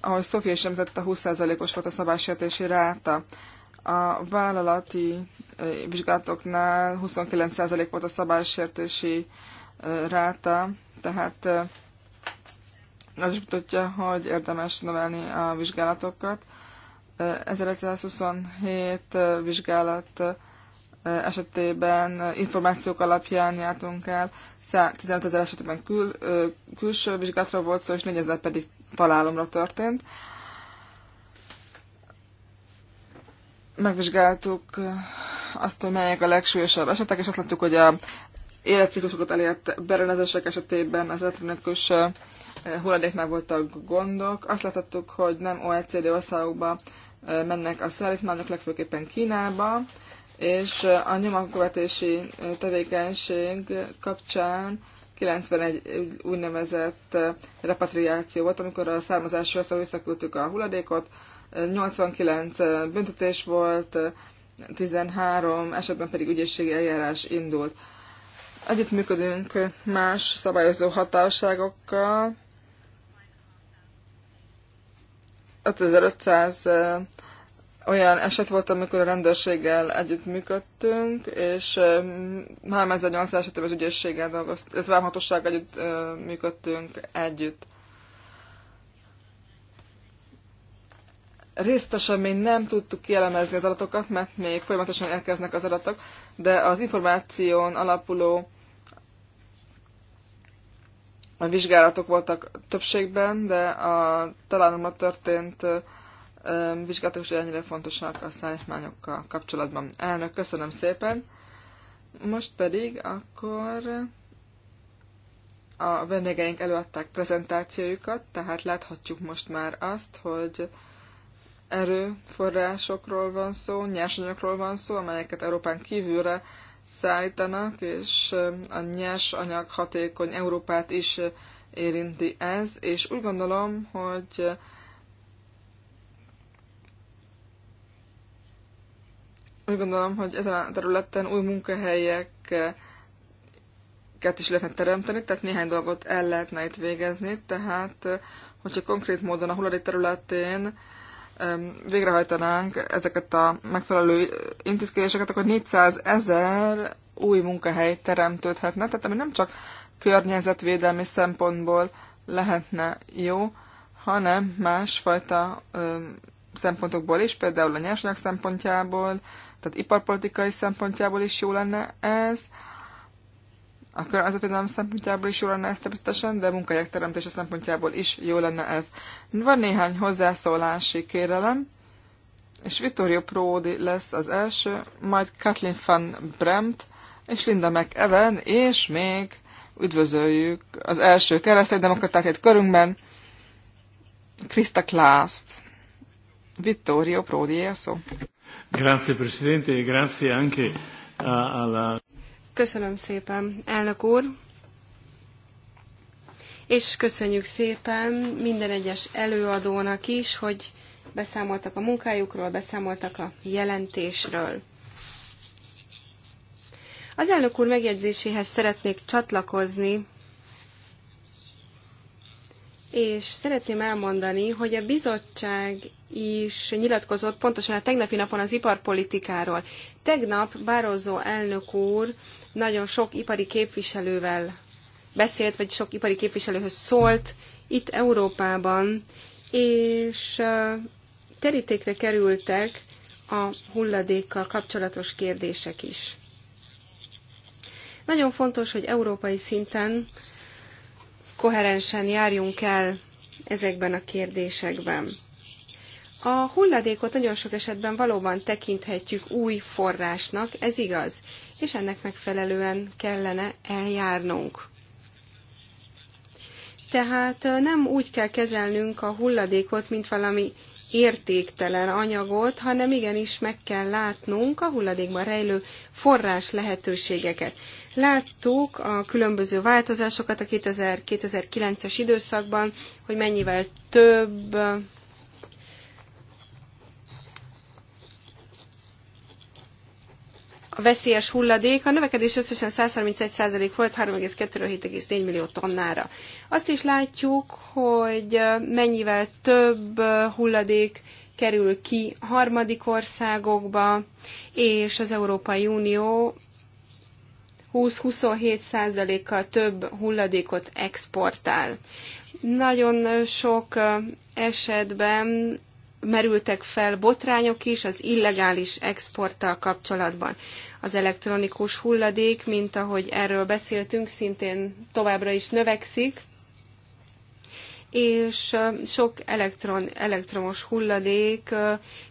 ahogy Szofia is említette, 20%-os volt a szabálysértési ráta. A vállalati vizsgálatoknál 29% volt a szabálysértési ráta, tehát az is mutatja, hogy érdemes növelni a vizsgálatokat. 1127 eh, eh, vizsgálat eh, esetében információk alapján jártunk el, 15 ezer esetben kül, külső vizsgálatra volt szó, és 4 ezer pedig találomra történt. Megvizsgáltuk azt, hogy melyek a legsúlyosabb esetek, és azt láttuk, hogy a életciklusokat elért berendezések esetében az elektronikus hulladéknál voltak gondok. Azt láthattuk, hogy nem OECD országokba mennek a szállítmányok, legfőképpen Kínába, és a nyomakövetési tevékenység kapcsán 91 úgynevezett repatriáció volt, amikor a származási ország visszaküldtük a hulladékot, 89 büntetés volt, 13 esetben pedig ügyészségi eljárás indult. működünk más szabályozó hatóságokkal, 5500 olyan eset volt, amikor a rendőrséggel együtt működtünk, és 3800 esetében az ügyészséggel dolgoztunk, illetve vámhatósággal együtt működtünk együtt. Résztesen még nem tudtuk kielemezni az adatokat, mert még folyamatosan érkeznek az adatok, de az információn alapuló a vizsgálatok voltak többségben, de a találomat történt vizsgálatok is ennyire fontosak a szállítmányokkal kapcsolatban. Elnök, köszönöm szépen! Most pedig akkor a vendégeink előadták prezentációjukat, tehát láthatjuk most már azt, hogy erőforrásokról van szó, nyersanyagokról van szó, amelyeket Európán kívülre szállítanak, és a nyers anyag hatékony Európát is érinti ez, és úgy gondolom, hogy úgy gondolom, hogy ezen a területen új munkahelyeket is lehetne teremteni, tehát néhány dolgot el lehetne itt végezni, tehát hogyha konkrét módon a hulladék területén végrehajtanánk ezeket a megfelelő intézkedéseket, akkor 400 ezer új munkahely teremtődhetne, tehát ami nem csak környezetvédelmi szempontból lehetne jó, hanem másfajta szempontokból is, például a nyersanyag szempontjából, tehát iparpolitikai szempontjából is jó lenne ez, akkor az a környezetvédelem szempontjából is jó lenne ez természetesen, de munkahelyek teremtése szempontjából is jó lenne ez. Van néhány hozzászólási kérelem, és Vittorio Pródi lesz az első, majd Kathleen van Bremt, és Linda McEwen, és még üdvözöljük az első egy körünkben, Krista Klászt. Vittorio Pródi, szó. Grazie Presidente, e grazie anche alla... Köszönöm szépen, elnök úr! És köszönjük szépen minden egyes előadónak is, hogy beszámoltak a munkájukról, beszámoltak a jelentésről. Az elnök úr megjegyzéséhez szeretnék csatlakozni, és szeretném elmondani, hogy a bizottság is nyilatkozott pontosan a tegnapi napon az iparpolitikáról. Tegnap Bározó elnök úr nagyon sok ipari képviselővel beszélt, vagy sok ipari képviselőhöz szólt itt Európában, és terítékre kerültek a hulladékkal kapcsolatos kérdések is. Nagyon fontos, hogy európai szinten koherensen járjunk el ezekben a kérdésekben. A hulladékot nagyon sok esetben valóban tekinthetjük új forrásnak, ez igaz és ennek megfelelően kellene eljárnunk. Tehát nem úgy kell kezelnünk a hulladékot, mint valami értéktelen anyagot, hanem igenis meg kell látnunk a hulladékban rejlő forrás lehetőségeket. Láttuk a különböző változásokat a 2009 es időszakban, hogy mennyivel több a veszélyes hulladék. A növekedés összesen 131% volt 32 7,4 millió tonnára. Azt is látjuk, hogy mennyivel több hulladék kerül ki harmadik országokba, és az Európai Unió 20-27 kal több hulladékot exportál. Nagyon sok esetben merültek fel botrányok is az illegális exporttal kapcsolatban. Az elektronikus hulladék, mint ahogy erről beszéltünk, szintén továbbra is növekszik, és sok elektron, elektromos hulladék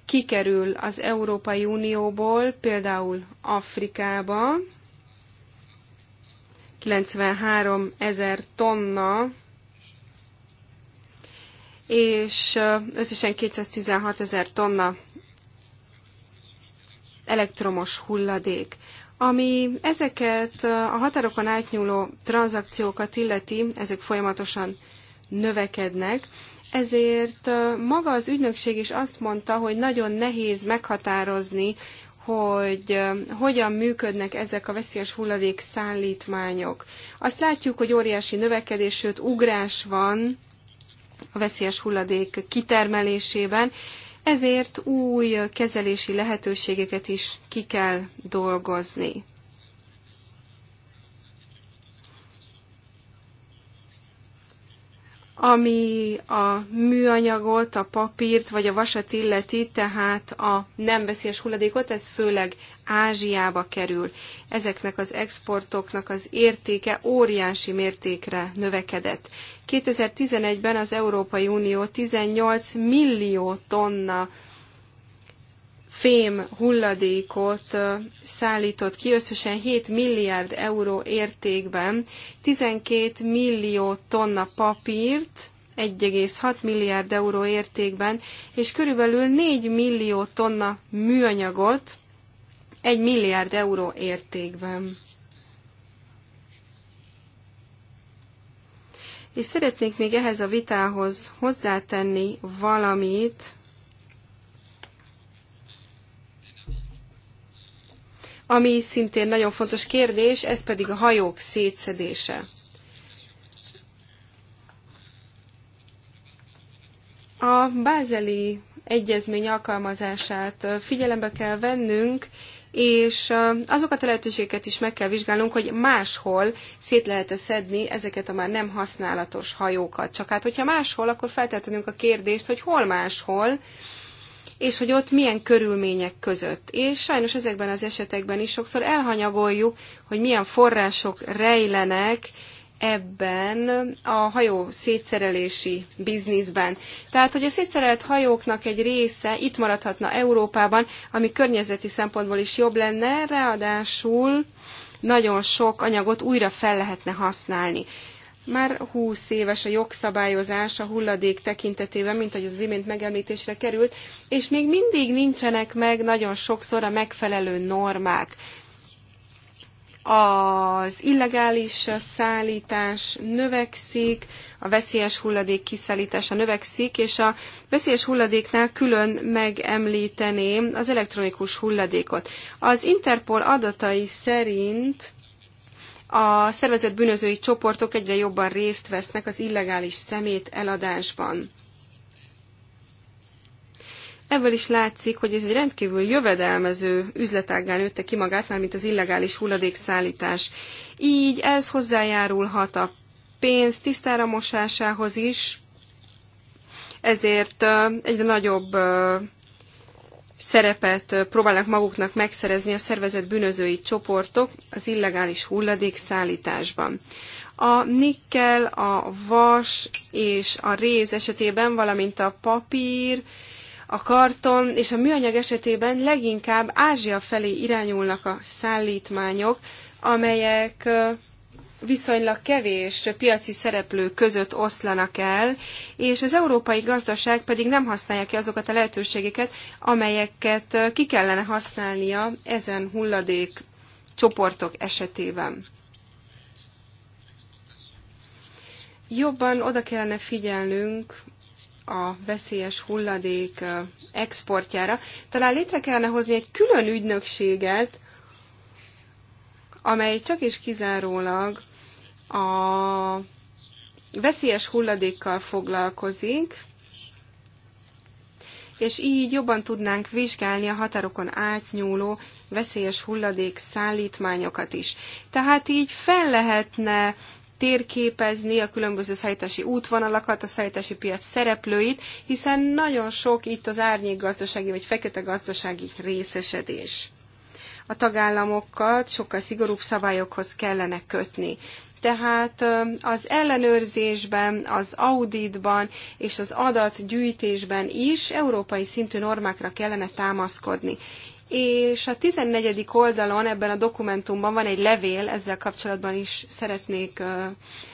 kikerül az Európai Unióból, például Afrikába. 93 ezer tonna és összesen 216 ezer tonna elektromos hulladék. Ami ezeket a határokon átnyúló tranzakciókat illeti, ezek folyamatosan növekednek, ezért maga az ügynökség is azt mondta, hogy nagyon nehéz meghatározni, hogy hogyan működnek ezek a veszélyes hulladék szállítmányok. Azt látjuk, hogy óriási növekedés, sőt ugrás van a veszélyes hulladék kitermelésében, ezért új kezelési lehetőségeket is ki kell dolgozni. ami a műanyagot, a papírt vagy a vasat illeti, tehát a nem veszélyes hulladékot, ez főleg Ázsiába kerül. Ezeknek az exportoknak az értéke óriási mértékre növekedett. 2011-ben az Európai Unió 18 millió tonna fém hulladékot szállított ki, összesen 7 milliárd euró értékben, 12 millió tonna papírt, 1,6 milliárd euró értékben, és körülbelül 4 millió tonna műanyagot, 1 milliárd euró értékben. És szeretnék még ehhez a vitához hozzátenni valamit, Ami szintén nagyon fontos kérdés, ez pedig a hajók szétszedése. A bázeli egyezmény alkalmazását figyelembe kell vennünk, és azokat a lehetőségeket is meg kell vizsgálnunk, hogy máshol szét lehet-e szedni ezeket a már nem használatos hajókat. Csak hát, hogyha máshol, akkor feltetnünk a kérdést, hogy hol máshol, és hogy ott milyen körülmények között. És sajnos ezekben az esetekben is sokszor elhanyagoljuk, hogy milyen források rejlenek ebben a hajó szétszerelési bizniszben. Tehát, hogy a szétszerelt hajóknak egy része itt maradhatna Európában, ami környezeti szempontból is jobb lenne, ráadásul nagyon sok anyagot újra fel lehetne használni. Már 20 éves a jogszabályozás a hulladék tekintetében, mint ahogy az imént megemlítésre került, és még mindig nincsenek meg nagyon sokszor a megfelelő normák. Az illegális szállítás növekszik, a veszélyes hulladék kiszállítása növekszik, és a veszélyes hulladéknál külön megemlíteném az elektronikus hulladékot. Az Interpol adatai szerint a szervezett bűnözői csoportok egyre jobban részt vesznek az illegális szemét eladásban. Ebből is látszik, hogy ez egy rendkívül jövedelmező üzletággá nőtte ki magát, már mint az illegális hulladékszállítás. Így ez hozzájárulhat a pénz tisztára mosásához is, ezért egyre nagyobb szerepet próbálnak maguknak megszerezni a szervezet bűnözői csoportok az illegális hulladékszállításban. A nikkel, a vas és a réz esetében, valamint a papír, a karton és a műanyag esetében leginkább Ázsia felé irányulnak a szállítmányok, amelyek viszonylag kevés piaci szereplő között oszlanak el, és az európai gazdaság pedig nem használja ki azokat a lehetőségeket, amelyeket ki kellene használnia ezen hulladék csoportok esetében. Jobban oda kellene figyelnünk a veszélyes hulladék exportjára. Talán létre kellene hozni egy külön ügynökséget, amely csak és kizárólag a veszélyes hulladékkal foglalkozik, és így jobban tudnánk vizsgálni a határokon átnyúló veszélyes hulladék szállítmányokat is. Tehát így fel lehetne térképezni a különböző szállítási útvonalakat, a szállítási piac szereplőit, hiszen nagyon sok itt az árnyék gazdasági vagy fekete gazdasági részesedés. A tagállamokat sokkal szigorúbb szabályokhoz kellene kötni tehát az ellenőrzésben, az auditban és az adatgyűjtésben is európai szintű normákra kellene támaszkodni. És a 14. oldalon ebben a dokumentumban van egy levél, ezzel kapcsolatban is szeretnék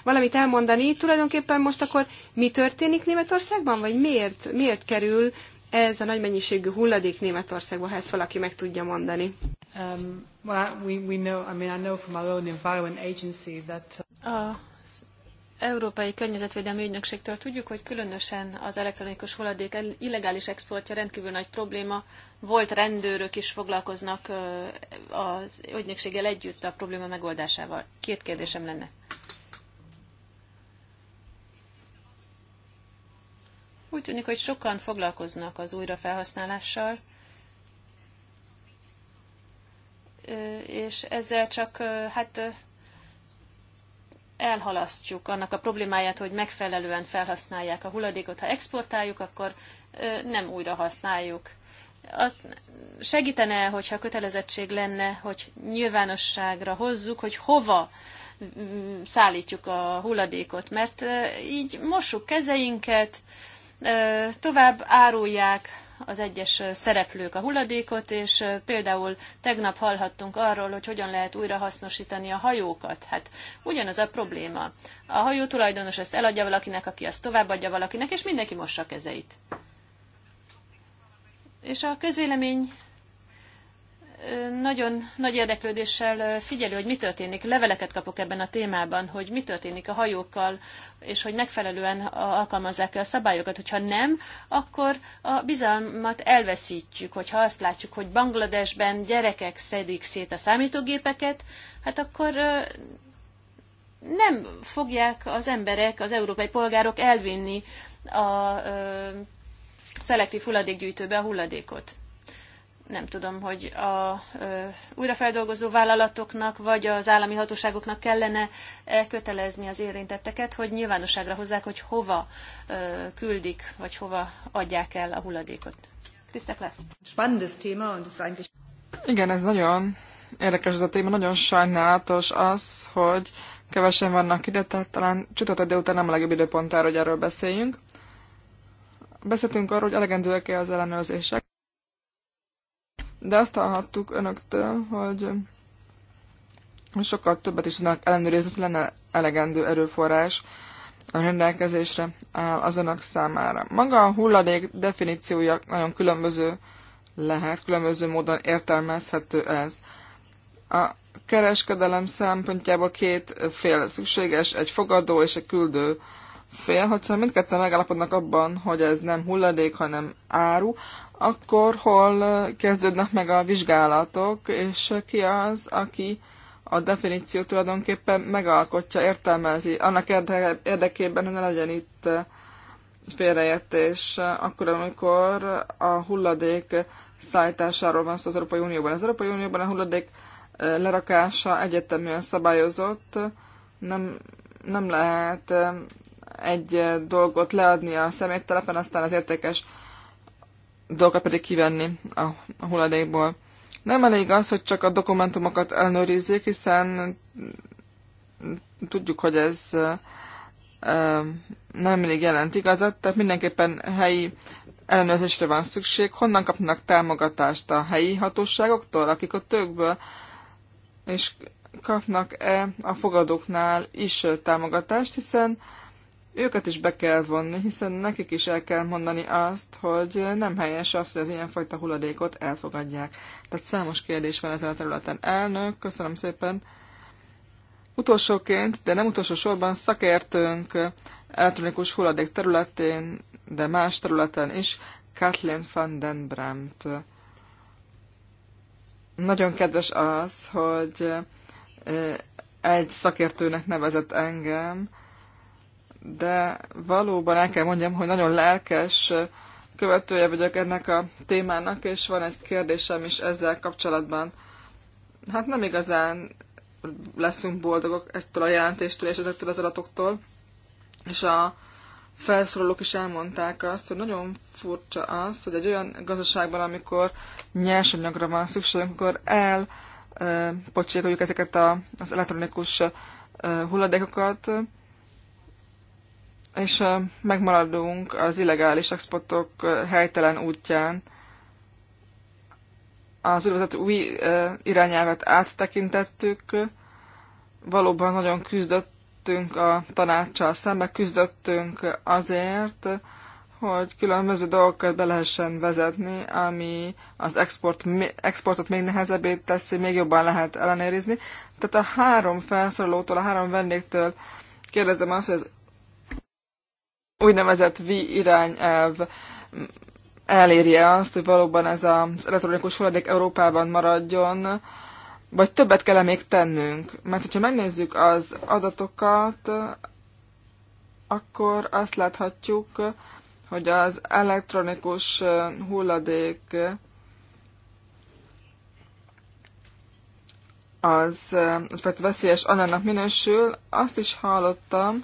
valamit elmondani. Tulajdonképpen most akkor mi történik Németországban, vagy miért, miért kerül ez a nagy mennyiségű hulladék Németországba, ha ezt valaki meg tudja mondani? Um, Well, we, we know, I mean, I know from our own environment agency that... Uh, az Európai Környezetvédelmi Ügynökségtől tudjuk, hogy különösen az elektronikus hulladék illegális exportja rendkívül nagy probléma. Volt rendőrök is foglalkoznak az ügynökséggel együtt a probléma megoldásával. Két kérdésem lenne. Úgy tűnik, hogy sokan foglalkoznak az újrafelhasználással, és ezzel csak hát elhalasztjuk annak a problémáját, hogy megfelelően felhasználják a hulladékot. Ha exportáljuk, akkor nem újra használjuk. Azt segítene, hogyha kötelezettség lenne, hogy nyilvánosságra hozzuk, hogy hova mm, szállítjuk a hulladékot, mert így mossuk kezeinket, tovább árulják az egyes szereplők a hulladékot, és például tegnap hallhattunk arról, hogy hogyan lehet újrahasznosítani a hajókat. Hát ugyanaz a probléma. A hajó tulajdonos ezt eladja valakinek, aki azt továbbadja valakinek, és mindenki mossa kezeit. És a közvélemény nagyon nagy érdeklődéssel figyeli, hogy mi történik. Leveleket kapok ebben a témában, hogy mi történik a hajókkal, és hogy megfelelően alkalmazzák el a szabályokat. Hogyha nem, akkor a bizalmat elveszítjük, hogyha azt látjuk, hogy Bangladesben gyerekek szedik szét a számítógépeket, hát akkor nem fogják az emberek, az európai polgárok elvinni a szelektív hulladékgyűjtőbe a hulladékot nem tudom, hogy a ö, újrafeldolgozó vállalatoknak vagy az állami hatóságoknak kellene kötelezni az érintetteket, hogy nyilvánosságra hozzák, hogy hova ö, küldik, vagy hova adják el a hulladékot. Krisztek lesz. Spannendes und eigentlich... Igen, ez nagyon érdekes ez a téma, nagyon sajnálatos az, hogy kevesen vannak ide, tehát talán csütörtök délután nem a legjobb időpont arra, hogy erről beszéljünk. Beszéltünk arról, hogy elegendőek-e az ellenőrzések de azt hallhattuk önöktől, hogy sokkal többet is tudnak ellenőrizni, hogy lenne elegendő erőforrás a rendelkezésre áll az önök számára. Maga a hulladék definíciója nagyon különböző lehet, különböző módon értelmezhető ez. A kereskedelem szempontjából két fél szükséges, egy fogadó és egy küldő fél, hogyha mindketten megállapodnak abban, hogy ez nem hulladék, hanem áru, akkor hol kezdődnek meg a vizsgálatok, és ki az, aki a definíciót tulajdonképpen megalkotja, értelmezi, annak érdekében, hogy ne legyen itt félreértés, akkor, amikor a hulladék szállításáról van szó az Európai Unióban. Az Európai Unióban a hulladék lerakása egyeteműen szabályozott, nem, nem lehet egy dolgot leadni a szeméttelepen, aztán az értékes dolgokat pedig kivenni a hulladékból. Nem elég az, hogy csak a dokumentumokat ellenőrizzék, hiszen tudjuk, hogy ez nem mindig jelent igazat, tehát mindenképpen helyi ellenőrzésre van szükség. Honnan kapnak támogatást a helyi hatóságoktól, akik a tökből, és kapnak-e a fogadóknál is támogatást, hiszen őket is be kell vonni, hiszen nekik is el kell mondani azt, hogy nem helyes az, hogy az ilyenfajta hulladékot elfogadják. Tehát számos kérdés van ezen a területen. Elnök, köszönöm szépen. Utolsóként, de nem utolsó sorban szakértőnk elektronikus hulladék területén, de más területen is, Kathleen van den Bremt. Nagyon kedves az, hogy eh, egy szakértőnek nevezett engem, de valóban el kell mondjam, hogy nagyon lelkes követője vagyok ennek a témának, és van egy kérdésem is ezzel kapcsolatban. Hát nem igazán leszünk boldogok eztől a jelentéstől és ezektől az adatoktól, és a felszólalók is elmondták azt, hogy nagyon furcsa az, hogy egy olyan gazdaságban, amikor nyersanyagra van szükségünk, akkor elpocsékoljuk ezeket a, az elektronikus hulladékokat, és megmaradunk az illegális exportok helytelen útján. Az úgynevezett új irányelvet áttekintettük, valóban nagyon küzdöttünk a tanácssal szembe, küzdöttünk azért, hogy különböző dolgokat be lehessen vezetni, ami az export, exportot még nehezebbé teszi, még jobban lehet ellenérizni. Tehát a három felszorolótól, a három vendégtől kérdezem azt, hogy az úgynevezett V irányelv elérje azt, hogy valóban ez az elektronikus hulladék Európában maradjon, vagy többet kell -e még tennünk? Mert hogyha megnézzük az adatokat, akkor azt láthatjuk, hogy az elektronikus hulladék az veszélyes anyának minősül. Azt is hallottam,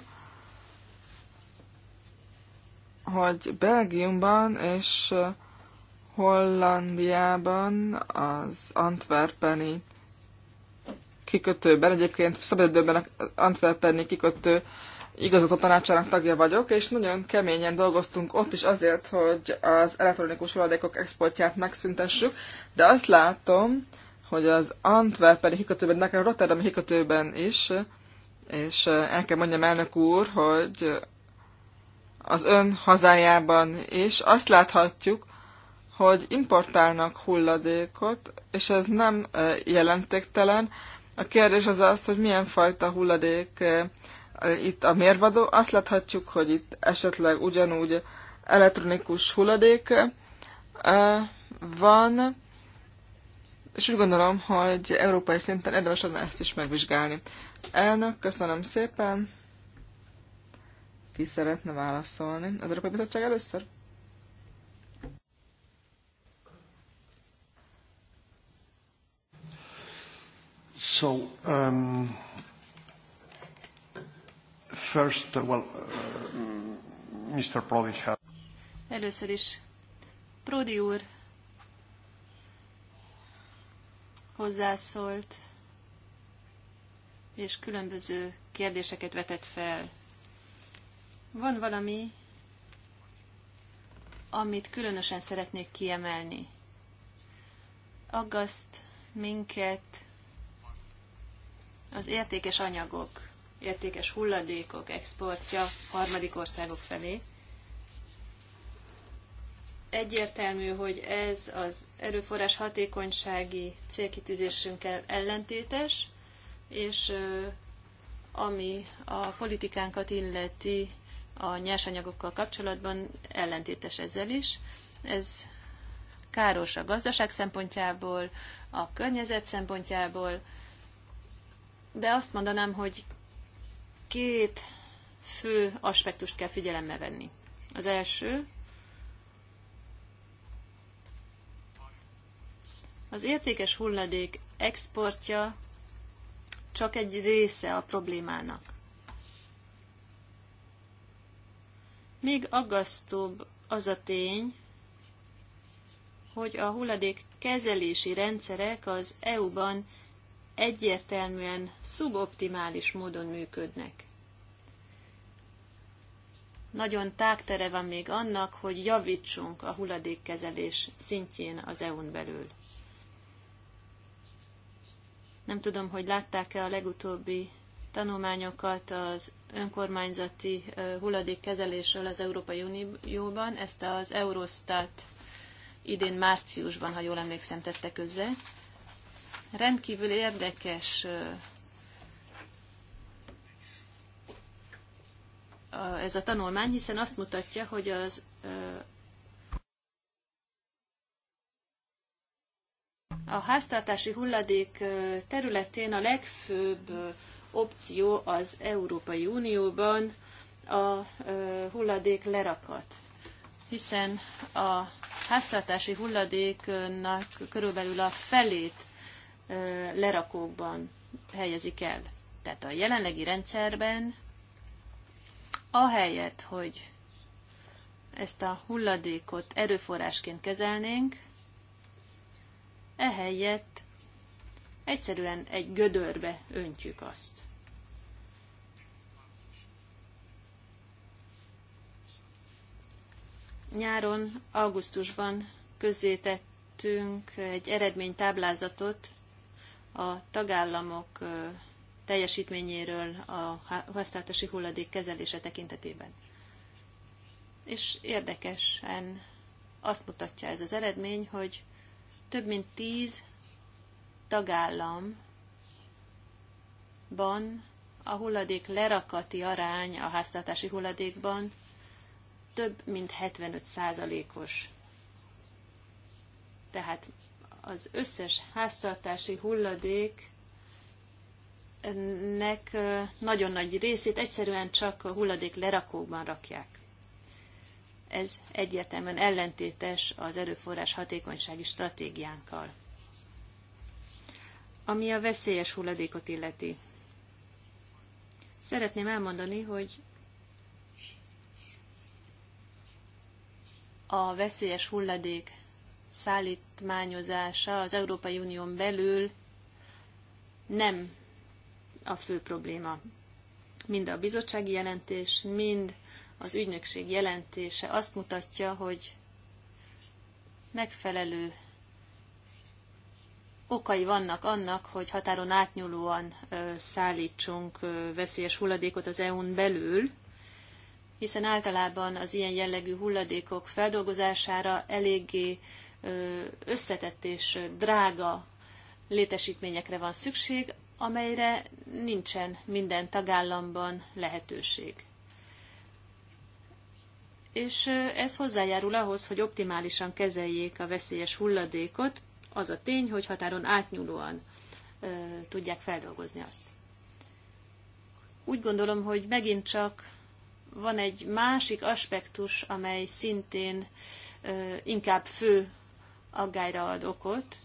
hogy Belgiumban és Hollandiában az Antwerpeni kikötőben, egyébként szabadidőben Antwerpeni kikötő igazgató tanácsának tagja vagyok, és nagyon keményen dolgoztunk ott is azért, hogy az elektronikus hulladékok exportját megszüntessük, de azt látom, hogy az Antwerpeni hikötőben, nekem Rotterdami hikötőben is, és el kell mondjam elnök úr, hogy az ön hazájában is, azt láthatjuk, hogy importálnak hulladékot, és ez nem e, jelentéktelen. A kérdés az az, hogy milyen fajta hulladék e, e, itt a mérvadó. Azt láthatjuk, hogy itt esetleg ugyanúgy elektronikus hulladék van, és úgy gondolom, hogy európai szinten érdemes lenne ezt is megvizsgálni. Elnök, köszönöm szépen! Ki szeretne válaszolni? Az Európai Bizottság először? So, um, first, uh, well, uh, Mr. Prodi has. Először is Prodi úr hozzászólt, és különböző kérdéseket vetett fel. Van valami, amit különösen szeretnék kiemelni. Aggaszt minket az értékes anyagok, értékes hulladékok exportja harmadik országok felé. Egyértelmű, hogy ez az erőforrás hatékonysági célkitűzésünkkel ellentétes, és ami a politikánkat illeti, a nyersanyagokkal kapcsolatban ellentétes ezzel is. Ez káros a gazdaság szempontjából, a környezet szempontjából, de azt mondanám, hogy két fő aspektust kell figyelembe venni. Az első, az értékes hulladék exportja csak egy része a problémának. Még aggasztóbb az a tény, hogy a hulladék kezelési rendszerek az EU-ban egyértelműen szuboptimális módon működnek. Nagyon tágtere van még annak, hogy javítsunk a hulladékkezelés szintjén az EU-n belül. Nem tudom, hogy látták-e a legutóbbi tanulmányokat az önkormányzati hulladékkezelésről az Európai Unióban. Ezt az Eurostat idén márciusban, ha jól emlékszem, tette közze. Rendkívül érdekes ez a tanulmány, hiszen azt mutatja, hogy az a háztartási hulladék területén a legfőbb opció az Európai Unióban a hulladék lerakat, hiszen a háztartási hulladéknak körülbelül a felét lerakókban helyezik el. Tehát a jelenlegi rendszerben ahelyett, hogy ezt a hulladékot erőforrásként kezelnénk, ehelyett egyszerűen egy gödörbe öntjük azt. Nyáron, augusztusban közzétettünk egy eredménytáblázatot a tagállamok teljesítményéről a háztartási hulladék kezelése tekintetében. És érdekesen azt mutatja ez az eredmény, hogy több mint tíz tagállamban a hulladék lerakati arány a háztartási hulladékban több mint 75 százalékos. Tehát az összes háztartási hulladék nagyon nagy részét egyszerűen csak a hulladék lerakóban rakják. Ez egyértelműen ellentétes az erőforrás hatékonysági stratégiánkkal. Ami a veszélyes hulladékot illeti. Szeretném elmondani, hogy a veszélyes hulladék szállítmányozása az Európai Unión belül nem a fő probléma. Mind a bizottsági jelentés, mind az ügynökség jelentése azt mutatja, hogy megfelelő okai vannak annak, hogy határon átnyúlóan szállítsunk veszélyes hulladékot az EU-n belül, hiszen általában az ilyen jellegű hulladékok feldolgozására eléggé összetett és drága létesítményekre van szükség, amelyre nincsen minden tagállamban lehetőség. És ez hozzájárul ahhoz, hogy optimálisan kezeljék a veszélyes hulladékot, az a tény, hogy határon átnyúlóan ö, tudják feldolgozni azt. Úgy gondolom, hogy megint csak van egy másik aspektus, amely szintén inkább fő aggályra ad okot.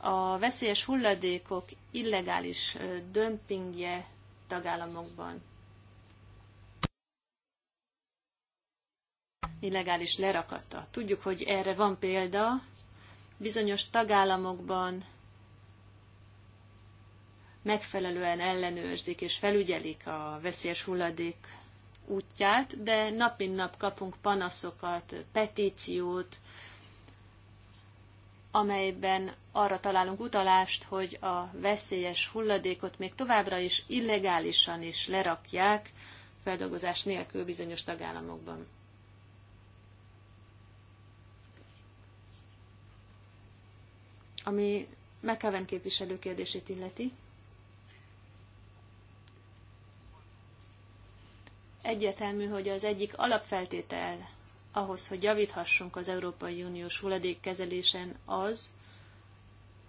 A veszélyes hulladékok illegális dömpingje tagállamokban. Illegális lerakata. Tudjuk, hogy erre van példa. Bizonyos tagállamokban megfelelően ellenőrzik és felügyelik a veszélyes hulladék útját, de nap mint nap kapunk panaszokat, petíciót, amelyben arra találunk utalást, hogy a veszélyes hulladékot még továbbra is illegálisan is lerakják, feldolgozás nélkül bizonyos tagállamokban. Ami McAven képviselő kérdését illeti, Egyetemű, hogy az egyik alapfeltétel ahhoz, hogy javíthassunk az Európai Uniós hulladékkezelésen az,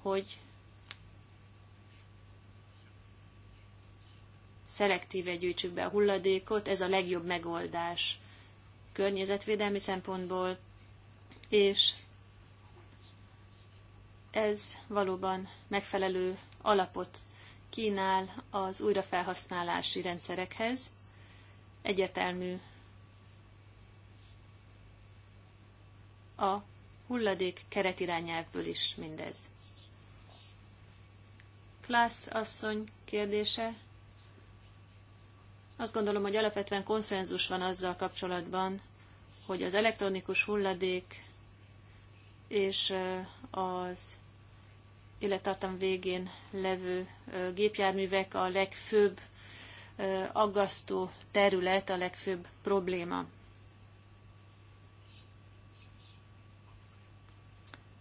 hogy szelektíve gyűjtsük be a hulladékot, ez a legjobb megoldás környezetvédelmi szempontból, és ez valóban megfelelő alapot kínál az újrafelhasználási rendszerekhez, egyértelmű a hulladék keretirányelvből is mindez. Klász asszony kérdése. Azt gondolom, hogy alapvetően konszenzus van azzal kapcsolatban, hogy az elektronikus hulladék és az élettartam végén levő gépjárművek a legfőbb aggasztó terület, a legfőbb probléma.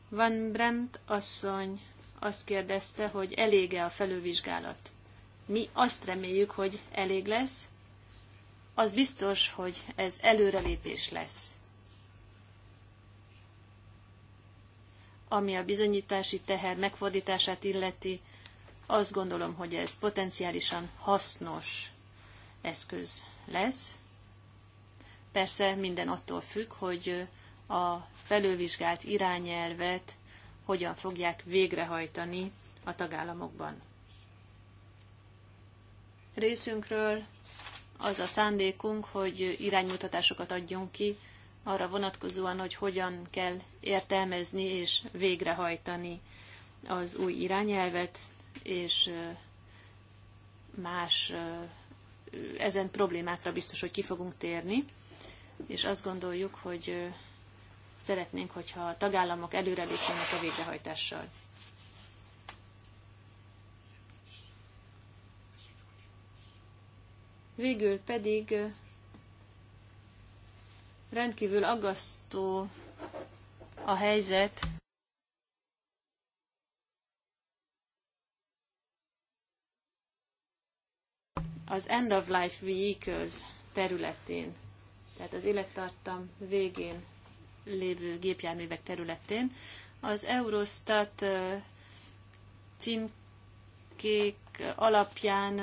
Van Bremt asszony azt kérdezte, hogy elége a felülvizsgálat. Mi azt reméljük, hogy elég lesz. Az biztos, hogy ez előrelépés lesz. Ami a bizonyítási teher megfordítását illeti, azt gondolom, hogy ez potenciálisan hasznos eszköz lesz. Persze minden attól függ, hogy a felővizsgált irányelvet hogyan fogják végrehajtani a tagállamokban. Részünkről az a szándékunk, hogy iránymutatásokat adjunk ki arra vonatkozóan, hogy hogyan kell értelmezni és végrehajtani az új irányelvet, és más ezen problémákra biztos, hogy ki fogunk térni, és azt gondoljuk, hogy szeretnénk, hogyha a tagállamok előrelépnének a végrehajtással. Végül pedig rendkívül aggasztó a helyzet az End of Life Vehicles területén, tehát az élettartam végén lévő gépjárművek területén, az Eurostat címkék alapján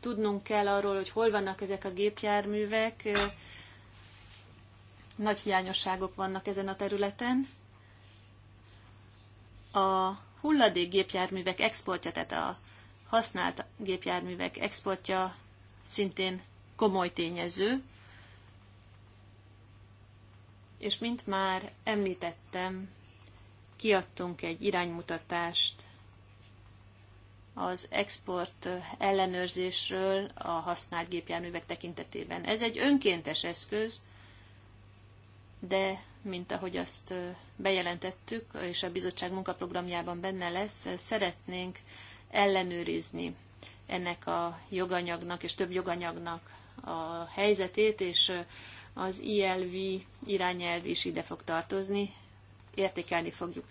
tudnunk kell arról, hogy hol vannak ezek a gépjárművek. Nagy hiányosságok vannak ezen a területen. A hulladék gépjárművek exportja, tehát a használt gépjárművek exportja szintén komoly tényező, és mint már említettem, kiadtunk egy iránymutatást az export ellenőrzésről a használt gépjárművek tekintetében. Ez egy önkéntes eszköz, de mint ahogy azt bejelentettük, és a bizottság munkaprogramjában benne lesz, szeretnénk ellenőrizni ennek a joganyagnak és több joganyagnak a helyzetét, és az ILV irányelv is ide fog tartozni. Értékelni fogjuk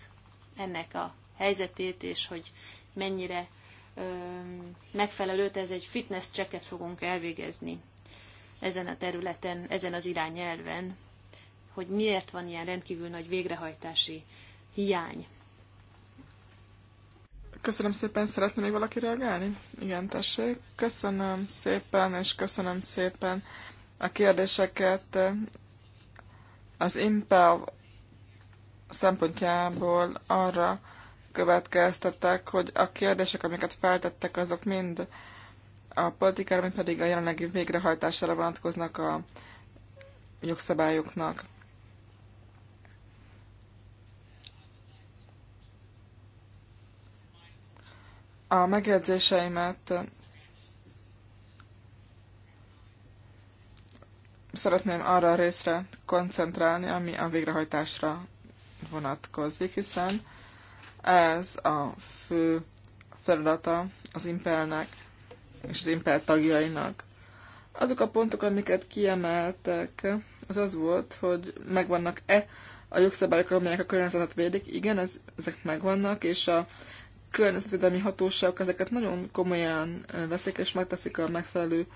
ennek a helyzetét, és hogy mennyire megfelelőt, ez egy fitness checket fogunk elvégezni ezen a területen, ezen az irányelven, hogy miért van ilyen rendkívül nagy végrehajtási hiány Köszönöm szépen, szeretne még valaki reagálni? Igen, tessék. Köszönöm szépen, és köszönöm szépen a kérdéseket. Az Impel szempontjából arra következtettek, hogy a kérdések, amiket feltettek, azok mind a politikára, mind pedig a jelenlegi végrehajtására vonatkoznak a jogszabályoknak. a megjegyzéseimet szeretném arra a részre koncentrálni, ami a végrehajtásra vonatkozik, hiszen ez a fő feladata az impelnek és az impel tagjainak. Azok a pontok, amiket kiemeltek, az az volt, hogy megvannak-e a jogszabályok, amelyek a környezetet védik. Igen, ez, ezek megvannak, és a környezetvédelmi hatóságok ezeket nagyon komolyan veszik, és megteszik a megfelelő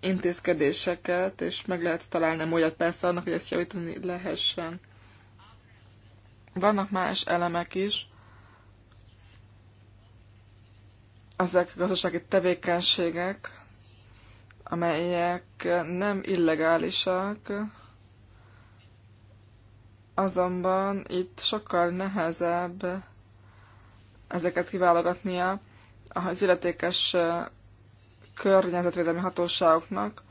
intézkedéseket, és meg lehet találni módját persze annak, hogy ezt javítani lehessen. Vannak más elemek is, ezek gazdasági tevékenységek, amelyek nem illegálisak, azonban itt sokkal nehezebb ezeket kiválogatnia az illetékes környezetvédelmi hatóságoknak,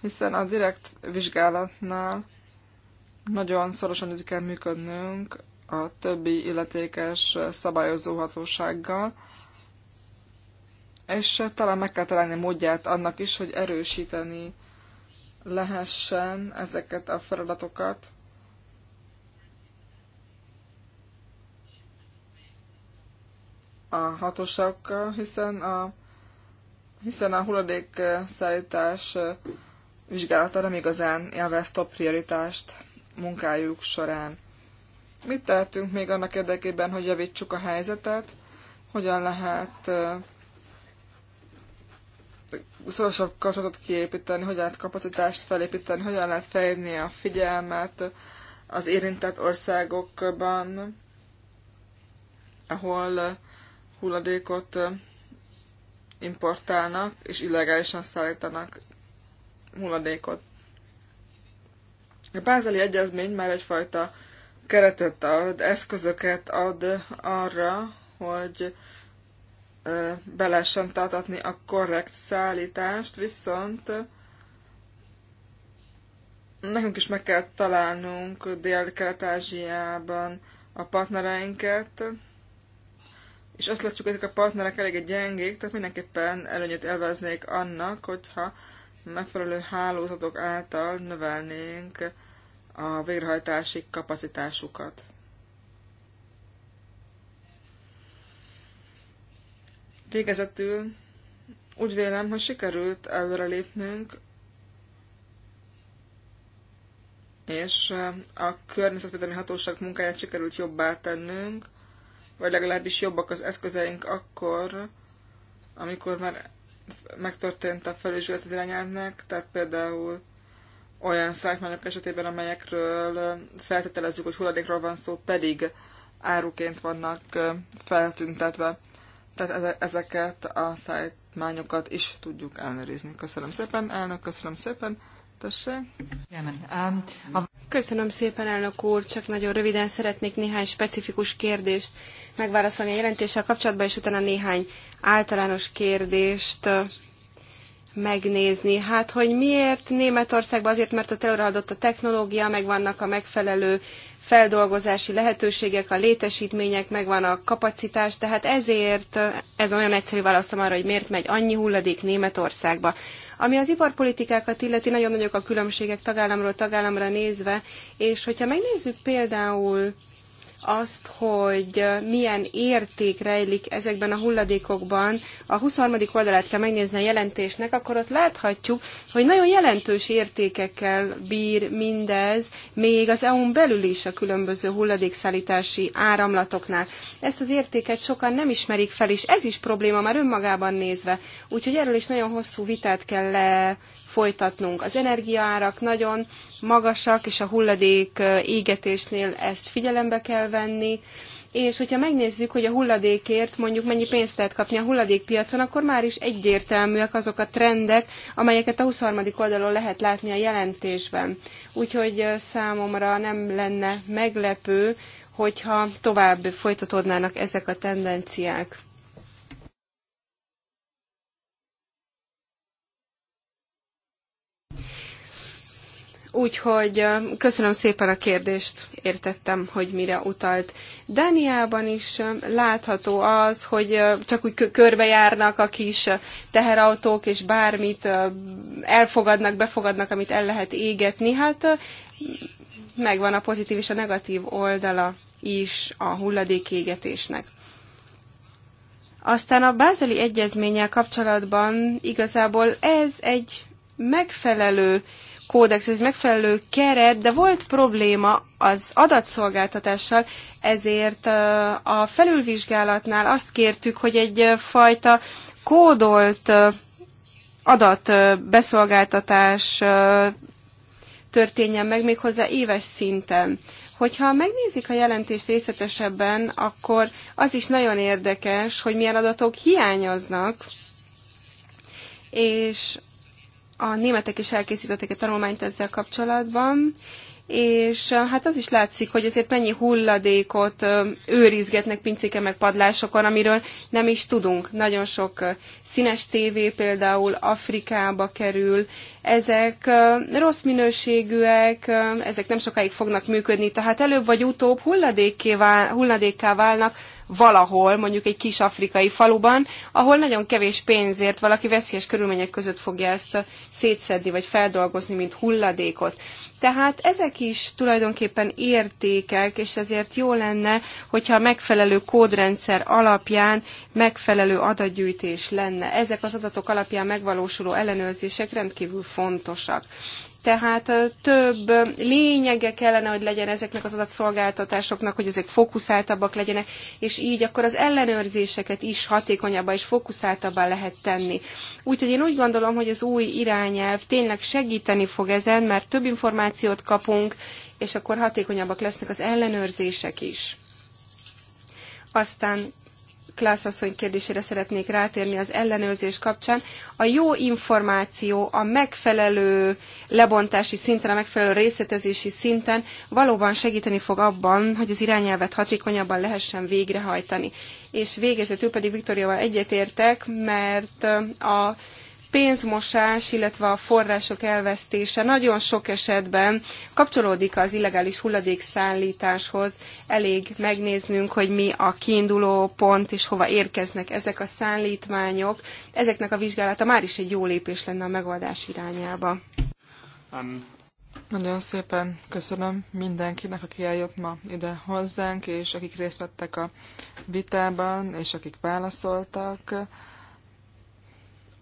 hiszen a direkt vizsgálatnál nagyon szorosan itt kell működnünk a többi illetékes szabályozó hatósággal, és talán meg kell találni módját annak is, hogy erősíteni lehessen ezeket a feladatokat, a hatosak, hiszen a, hiszen a hulladékszállítás vizsgálata nem igazán élvez top prioritást munkájuk során. Mit tehetünk még annak érdekében, hogy javítsuk a helyzetet? Hogyan lehet szorosabb kapcsolatot kiépíteni, hogyan lehet kapacitást felépíteni, hogyan lehet felhívni a figyelmet az érintett országokban, ahol hulladékot importálnak és illegálisan szállítanak hulladékot. A bázeli egyezmény már egyfajta keretet ad, eszközöket ad arra, hogy be lehessen tartatni a korrekt szállítást, viszont nekünk is meg kell találnunk Dél-Kelet-Ázsiában a partnereinket, és azt látjuk, hogy ezek a partnerek eléggé gyengék, tehát mindenképpen előnyöt elveznék annak, hogyha megfelelő hálózatok által növelnénk a végrehajtási kapacitásukat. Végezetül úgy vélem, hogy sikerült előre lépnünk, és a környezetvédelmi hatóság munkáját sikerült jobbá tennünk, vagy legalábbis jobbak az eszközeink akkor, amikor már megtörtént a felülvizsgálat az irányelvnek, tehát például olyan szákmányok esetében, amelyekről feltételezzük, hogy hulladékról van szó, pedig áruként vannak feltüntetve. Tehát ezeket a szájtmányokat is tudjuk ellenőrizni. Köszönöm szépen, elnök, köszönöm szépen. Um, Köszönöm szépen, elnök úr, csak nagyon röviden szeretnék néhány specifikus kérdést megválaszolni a jelentéssel kapcsolatban, és utána néhány általános kérdést uh, megnézni. Hát, hogy miért Németországban? Azért, mert ott előreadott a technológia, megvannak a megfelelő feldolgozási lehetőségek, a létesítmények, van a kapacitás, tehát ezért, uh, ez olyan egyszerű válaszom arra, hogy miért megy annyi hulladék Németországba. Ami az iparpolitikákat illeti, nagyon nagyok a különbségek tagállamról tagállamra nézve, és hogyha megnézzük például azt, hogy milyen érték rejlik ezekben a hulladékokban. A 23. oldalát kell megnézni a jelentésnek, akkor ott láthatjuk, hogy nagyon jelentős értékekkel bír mindez, még az EU-n belül is a különböző hulladékszállítási áramlatoknál. Ezt az értéket sokan nem ismerik fel, és ez is probléma már önmagában nézve. Úgyhogy erről is nagyon hosszú vitát kell le folytatnunk. Az energiaárak nagyon magasak, és a hulladék égetésnél ezt figyelembe kell venni, és hogyha megnézzük, hogy a hulladékért mondjuk mennyi pénzt lehet kapni a hulladékpiacon, akkor már is egyértelműek azok a trendek, amelyeket a 23. oldalon lehet látni a jelentésben. Úgyhogy számomra nem lenne meglepő, hogyha tovább folytatódnának ezek a tendenciák. Úgyhogy köszönöm szépen a kérdést, értettem, hogy mire utalt. Dániában is látható az, hogy csak úgy körbejárnak a kis teherautók, és bármit elfogadnak, befogadnak, amit el lehet égetni. Hát megvan a pozitív és a negatív oldala is a hulladékégetésnek. Aztán a bázeli egyezménnyel kapcsolatban igazából ez egy megfelelő kódex, ez megfelelő keret, de volt probléma az adatszolgáltatással, ezért a felülvizsgálatnál azt kértük, hogy egyfajta kódolt adatbeszolgáltatás történjen meg méghozzá éves szinten. Hogyha megnézik a jelentést részletesebben, akkor az is nagyon érdekes, hogy milyen adatok hiányoznak, és a németek is elkészítettek egy tanulmányt ezzel kapcsolatban, és hát az is látszik, hogy azért mennyi hulladékot őrizgetnek pincéke meg padlásokon, amiről nem is tudunk. Nagyon sok színes tévé például Afrikába kerül, ezek rossz minőségűek, ezek nem sokáig fognak működni, tehát előbb vagy utóbb hulladékká válnak valahol, mondjuk egy kis afrikai faluban, ahol nagyon kevés pénzért valaki veszélyes körülmények között fogja ezt szétszedni vagy feldolgozni, mint hulladékot. Tehát ezek is tulajdonképpen értékek, és ezért jó lenne, hogyha a megfelelő kódrendszer alapján megfelelő adatgyűjtés lenne. Ezek az adatok alapján megvalósuló ellenőrzések rendkívül fontosak tehát több lényege kellene, hogy legyen ezeknek az adatszolgáltatásoknak, hogy ezek fókuszáltabbak legyenek, és így akkor az ellenőrzéseket is hatékonyabbá és fókuszáltabbá lehet tenni. Úgyhogy én úgy gondolom, hogy az új irányelv tényleg segíteni fog ezen, mert több információt kapunk, és akkor hatékonyabbak lesznek az ellenőrzések is. Aztán asszony kérdésére szeretnék rátérni az ellenőrzés kapcsán. A jó információ a megfelelő lebontási szinten, a megfelelő részletezési szinten valóban segíteni fog abban, hogy az irányelvet hatékonyabban lehessen végrehajtani. És végezetül pedig Viktoriával egyetértek, mert a pénzmosás, illetve a források elvesztése nagyon sok esetben kapcsolódik az illegális hulladékszállításhoz. Elég megnéznünk, hogy mi a kiinduló pont és hova érkeznek ezek a szállítmányok. Ezeknek a vizsgálata már is egy jó lépés lenne a megoldás irányába. Um. Nagyon szépen köszönöm mindenkinek, aki eljött ma ide hozzánk, és akik részt vettek a vitában, és akik válaszoltak.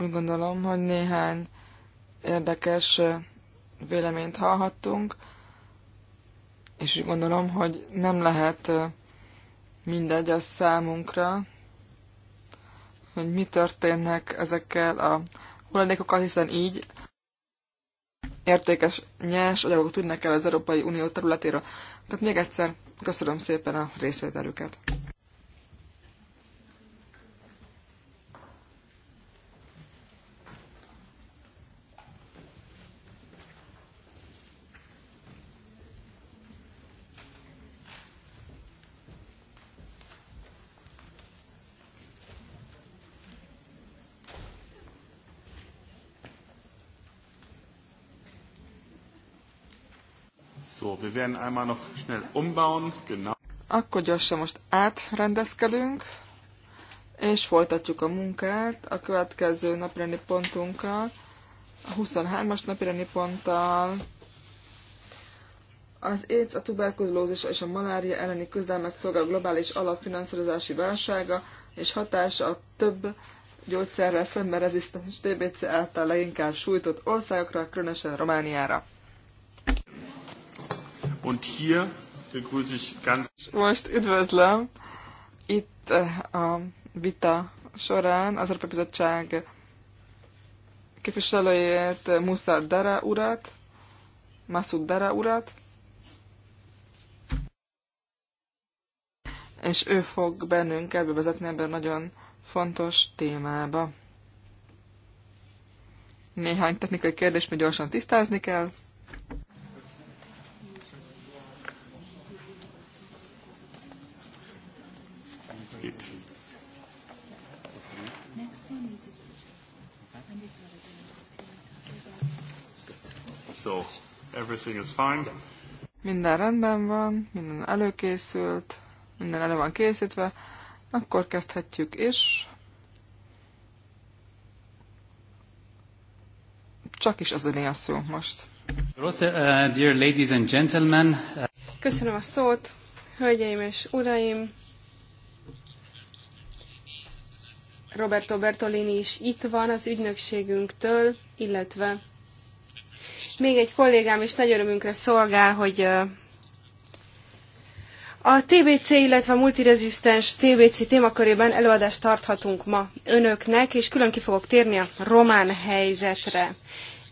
Úgy gondolom, hogy néhány érdekes véleményt hallhattunk, és úgy gondolom, hogy nem lehet mindegy a számunkra, hogy mi történnek ezekkel a hulladékokkal, hiszen így értékes nyers anyagok tudnak el az Európai Unió területéről. Tehát még egyszer köszönöm szépen a részvételüket. So, wir werden einmal noch schnell umbauen. Genau. Akkor gyorsan most átrendezkedünk, és folytatjuk a munkát a következő napirendi pontunkkal, a 23-as napirendi ponttal, az AIDS, a tuberkulózis és a malária elleni küzdelmet szolgál globális alapfinanszírozási válsága és hatása a több gyógyszerrel szemben rezisztens TBC által leginkább sújtott országokra, különösen Romániára. Und hier begrüße ich ganz... Most üdvözlöm itt eh, a vita során az Európai Bizottság képviselőjét Musa Dara urat, Masud Dara urat, és ő fog bennünket bevezetni ebben nagyon fontos témába. Néhány technikai kérdést még gyorsan tisztázni kell. So, everything is fine. Minden rendben van, minden előkészült, minden elő van készítve, akkor kezdhetjük is. Csak is az a szó most. Uh, dear ladies and gentlemen. Uh, Köszönöm a szót, hölgyeim és uraim. Roberto Bertolini is itt van az ügynökségünktől, illetve még egy kollégám is nagy örömünkre szolgál, hogy a TBC, illetve a multirezisztens TBC témakörében előadást tarthatunk ma önöknek, és külön ki fogok térni a román helyzetre.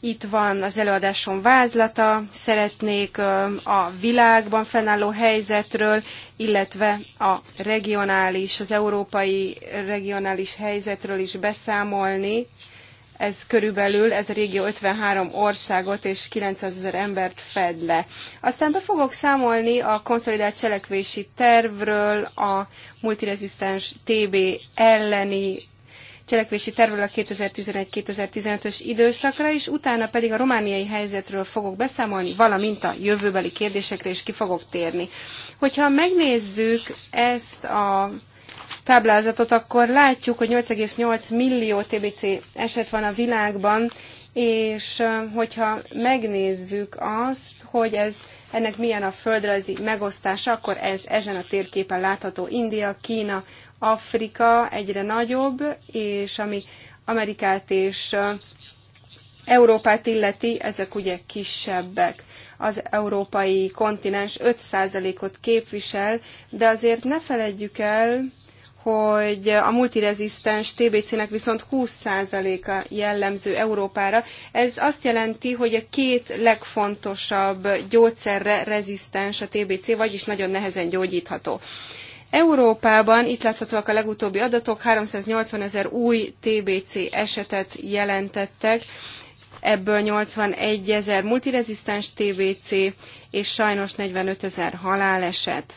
Itt van az előadásom vázlata, szeretnék a világban fennálló helyzetről, illetve a regionális, az európai regionális helyzetről is beszámolni ez körülbelül, ez a régió 53 országot és 900 ezer embert fed le. Aztán be fogok számolni a konszolidált cselekvési tervről, a multirezisztens TB elleni cselekvési tervről a 2011-2015-ös időszakra, és utána pedig a romániai helyzetről fogok beszámolni, valamint a jövőbeli kérdésekre is ki fogok térni. Hogyha megnézzük ezt a táblázatot, akkor látjuk, hogy 8,8 millió TBC eset van a világban, és hogyha megnézzük azt, hogy ez ennek milyen a földrajzi megosztása, akkor ez ezen a térképen látható India, Kína, Afrika egyre nagyobb, és ami Amerikát és Európát illeti, ezek ugye kisebbek. Az európai kontinens 5%-ot képvisel, de azért ne feledjük el, hogy a multirezisztens TBC-nek viszont 20%-a jellemző Európára. Ez azt jelenti, hogy a két legfontosabb gyógyszerre rezisztens a TBC, vagyis nagyon nehezen gyógyítható. Európában itt láthatóak a legutóbbi adatok, 380 ezer új TBC esetet jelentettek, ebből 81 ezer multirezisztens TBC, és sajnos 45 ezer haláleset.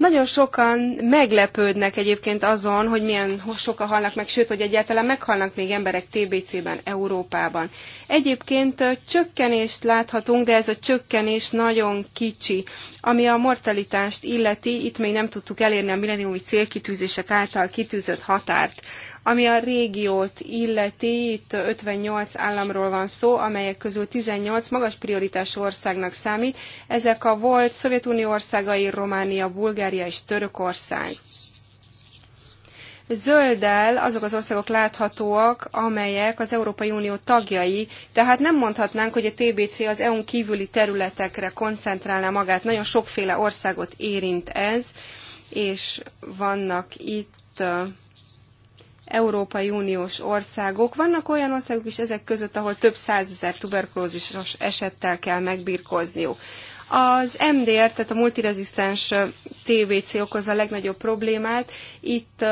Nagyon sokan meglepődnek egyébként azon, hogy milyen sokan halnak meg, sőt, hogy egyáltalán meghalnak még emberek TBC-ben Európában. Egyébként csökkenést láthatunk, de ez a csökkenés nagyon kicsi. Ami a mortalitást illeti, itt még nem tudtuk elérni a milleniumi célkitűzések által kitűzött határt. Ami a régiót illeti, itt 58 államról van szó, amelyek közül 18 magas prioritású országnak számít. Ezek a volt Szovjetunió országai, Románia, Bulgária és Törökország. Zölddel azok az országok láthatóak, amelyek az Európai Unió tagjai, tehát nem mondhatnánk, hogy a TBC az EU-n kívüli területekre koncentrálná magát. Nagyon sokféle országot érint ez, és vannak itt Európai Uniós országok. Vannak olyan országok is ezek között, ahol több százezer tuberkulózisos esettel kell megbirkózniuk. Az MDR, tehát a multirezisztens TBC okozza a legnagyobb problémát. Itt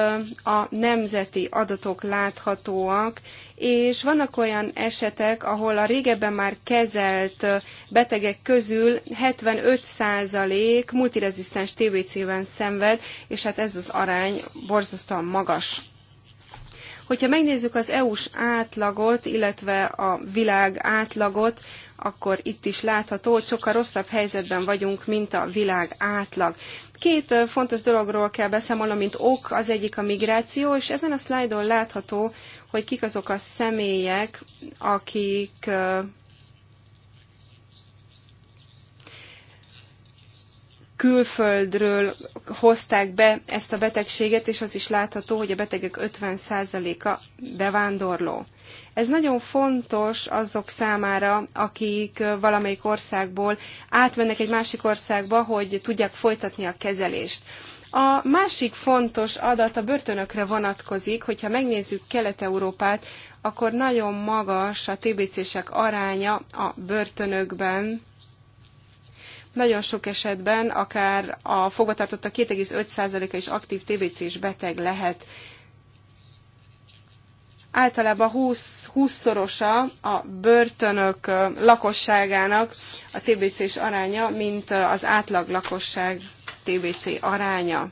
a nemzeti adatok láthatóak, és vannak olyan esetek, ahol a régebben már kezelt betegek közül 75% multirezisztens TBC-ben szenved, és hát ez az arány borzasztóan magas. Hogyha megnézzük az EU-s átlagot, illetve a világ átlagot, akkor itt is látható, hogy sokkal rosszabb helyzetben vagyunk, mint a világ átlag. Két fontos dologról kell beszámolnom, mint ok, az egyik a migráció, és ezen a szlájdon látható, hogy kik azok a személyek, akik külföldről hozták be ezt a betegséget, és az is látható, hogy a betegek 50%-a bevándorló. Ez nagyon fontos azok számára, akik valamelyik országból átmennek egy másik országba, hogy tudják folytatni a kezelést. A másik fontos adat a börtönökre vonatkozik, hogyha megnézzük Kelet-Európát, akkor nagyon magas a TBC-sek aránya a börtönökben, nagyon sok esetben akár a fogvatartottak 2,5%-a is aktív TBC-s beteg lehet. Általában 20, 20-szorosa a börtönök lakosságának a TBC-s aránya, mint az átlag lakosság TBC aránya.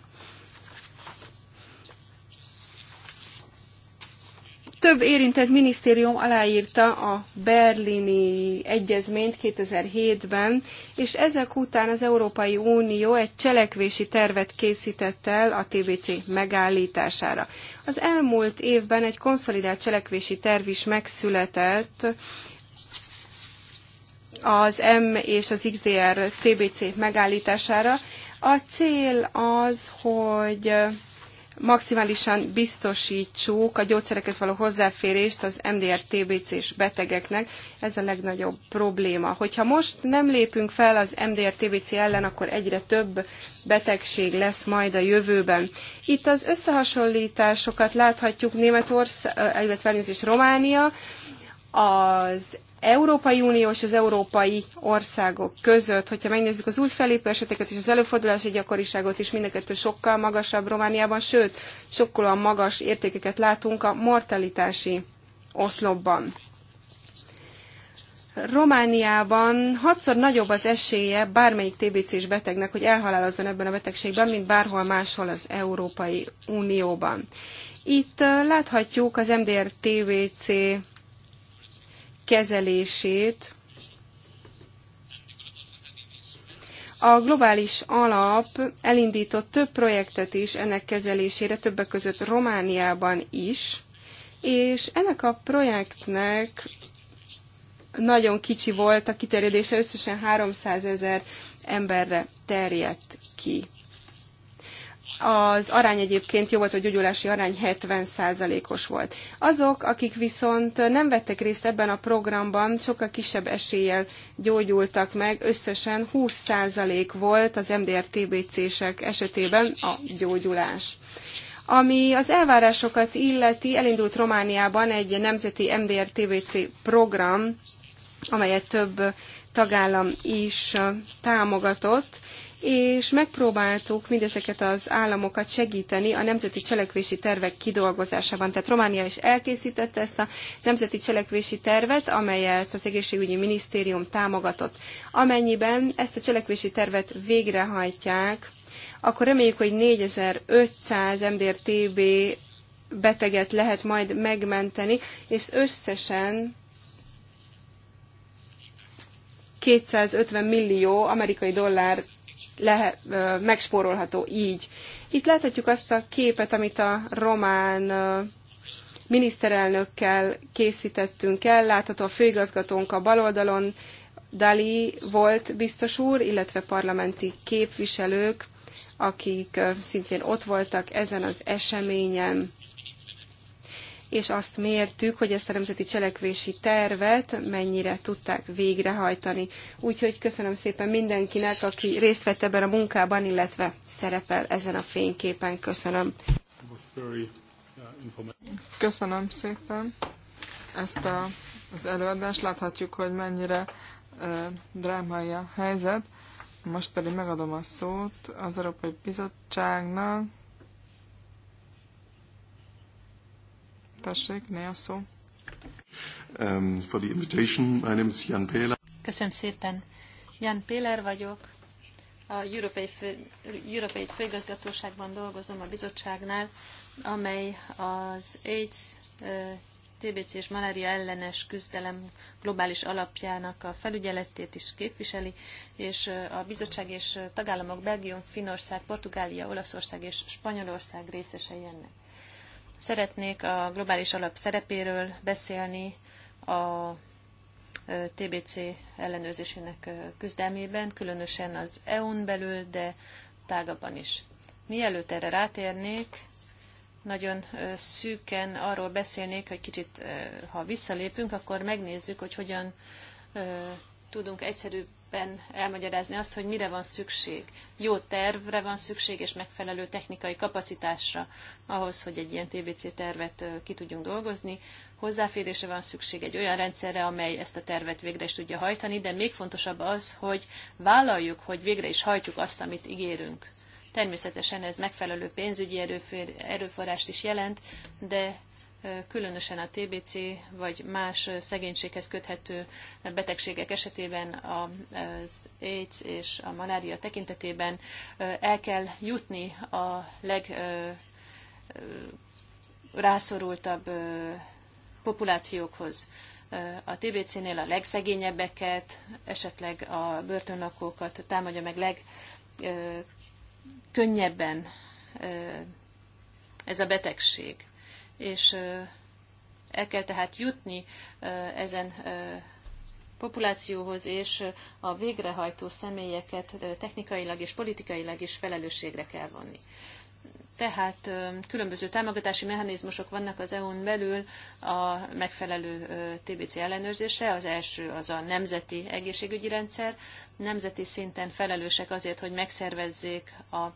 Több érintett minisztérium aláírta a berlini egyezményt 2007-ben, és ezek után az Európai Unió egy cselekvési tervet készített el a TBC megállítására. Az elmúlt évben egy konszolidált cselekvési terv is megszületett, az M és az XDR TBC megállítására. A cél az, hogy maximálisan biztosítsuk a gyógyszerekhez való hozzáférést az MDR-TBC-s betegeknek. Ez a legnagyobb probléma. Hogyha most nem lépünk fel az MDR-TBC ellen, akkor egyre több betegség lesz majd a jövőben. Itt az összehasonlításokat láthatjuk Németország, illetve elnézést Románia, az Európai Unió és az európai országok között. Hogyha megnézzük az új felépő eseteket és az előfordulási gyakoriságot is, kettő sokkal magasabb Romániában, sőt, sokkolóan magas értékeket látunk a mortalitási oszlopban. Romániában hatszor nagyobb az esélye bármelyik TBC-s betegnek, hogy elhalálozzon ebben a betegségben, mint bárhol máshol az Európai Unióban. Itt láthatjuk az MDR-TBC kezelését. A globális alap elindított több projektet is ennek kezelésére, többek között Romániában is, és ennek a projektnek nagyon kicsi volt a kiterjedése, összesen 300 ezer emberre terjedt ki az arány egyébként jó volt, a gyógyulási arány 70%-os volt. Azok, akik viszont nem vettek részt ebben a programban, sokkal kisebb eséllyel gyógyultak meg, összesen 20% volt az MDR-TBC-sek esetében a gyógyulás. Ami az elvárásokat illeti, elindult Romániában egy nemzeti MDR-TBC program, amelyet több tagállam is támogatott, és megpróbáltuk mindezeket az államokat segíteni a nemzeti cselekvési tervek kidolgozásában. Tehát Románia is elkészítette ezt a nemzeti cselekvési tervet, amelyet az egészségügyi minisztérium támogatott. Amennyiben ezt a cselekvési tervet végrehajtják, akkor reméljük, hogy 4500 MDR-TB beteget lehet majd megmenteni, és összesen 250 millió amerikai dollár lehe, megspórolható így. Itt láthatjuk azt a képet, amit a román miniszterelnökkel készítettünk el. Látható a főigazgatónk a bal oldalon, Dali volt biztos úr, illetve parlamenti képviselők, akik szintén ott voltak ezen az eseményen és azt mértük, hogy ezt a nemzeti cselekvési tervet mennyire tudták végrehajtani. Úgyhogy köszönöm szépen mindenkinek, aki részt vett ebben a munkában, illetve szerepel ezen a fényképen. Köszönöm. Köszönöm szépen ezt a, az előadást. Láthatjuk, hogy mennyire e, drámai a helyzet. Most pedig megadom a szót az Európai Bizottságnak. tessék, né a szó. Um, for the invitation, my name is Jan Péler. Köszönöm szépen. Jan Péler vagyok. A Európai, Fő, Európai Főigazgatóságban dolgozom a bizottságnál, amely az AIDS TBC és malária ellenes küzdelem globális alapjának a felügyeletét is képviseli, és a bizottság és tagállamok Belgium, Finnország, Portugália, Olaszország és Spanyolország részesei ennek. Szeretnék a globális alap szerepéről beszélni a TBC ellenőrzésének küzdelmében, különösen az EU-n belül, de tágabban is. Mielőtt erre rátérnék, nagyon szűken arról beszélnék, hogy kicsit, ha visszalépünk, akkor megnézzük, hogy hogyan tudunk egyszerűbb mindenképpen elmagyarázni azt, hogy mire van szükség. Jó tervre van szükség, és megfelelő technikai kapacitásra ahhoz, hogy egy ilyen TBC tervet ki tudjunk dolgozni. Hozzáférésre van szükség egy olyan rendszerre, amely ezt a tervet végre is tudja hajtani, de még fontosabb az, hogy vállaljuk, hogy végre is hajtjuk azt, amit ígérünk. Természetesen ez megfelelő pénzügyi erőforrást is jelent, de különösen a TBC vagy más szegénységhez köthető betegségek esetében az AIDS és a malária tekintetében el kell jutni a legrászorultabb populációkhoz a TBC-nél a legszegényebbeket, esetleg a börtönlakókat támadja meg legkönnyebben ez a betegség és el kell tehát jutni ezen populációhoz, és a végrehajtó személyeket technikailag és politikailag is felelősségre kell vonni. Tehát különböző támogatási mechanizmusok vannak az EU-n belül a megfelelő TBC ellenőrzése. Az első az a nemzeti egészségügyi rendszer, nemzeti szinten felelősek azért, hogy megszervezzék a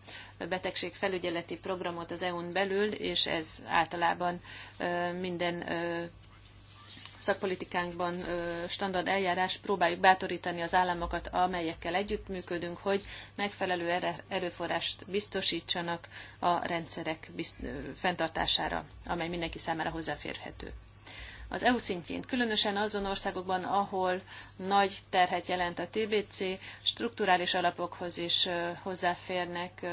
betegség felügyeleti programot az EU-n belül, és ez általában minden szakpolitikánkban standard eljárás, próbáljuk bátorítani az államokat, amelyekkel együttműködünk, hogy megfelelő erőforrást biztosítsanak a rendszerek fenntartására, amely mindenki számára hozzáférhető az EU szintjén, különösen azon országokban, ahol nagy terhet jelent a TBC, strukturális alapokhoz is hozzáférnek,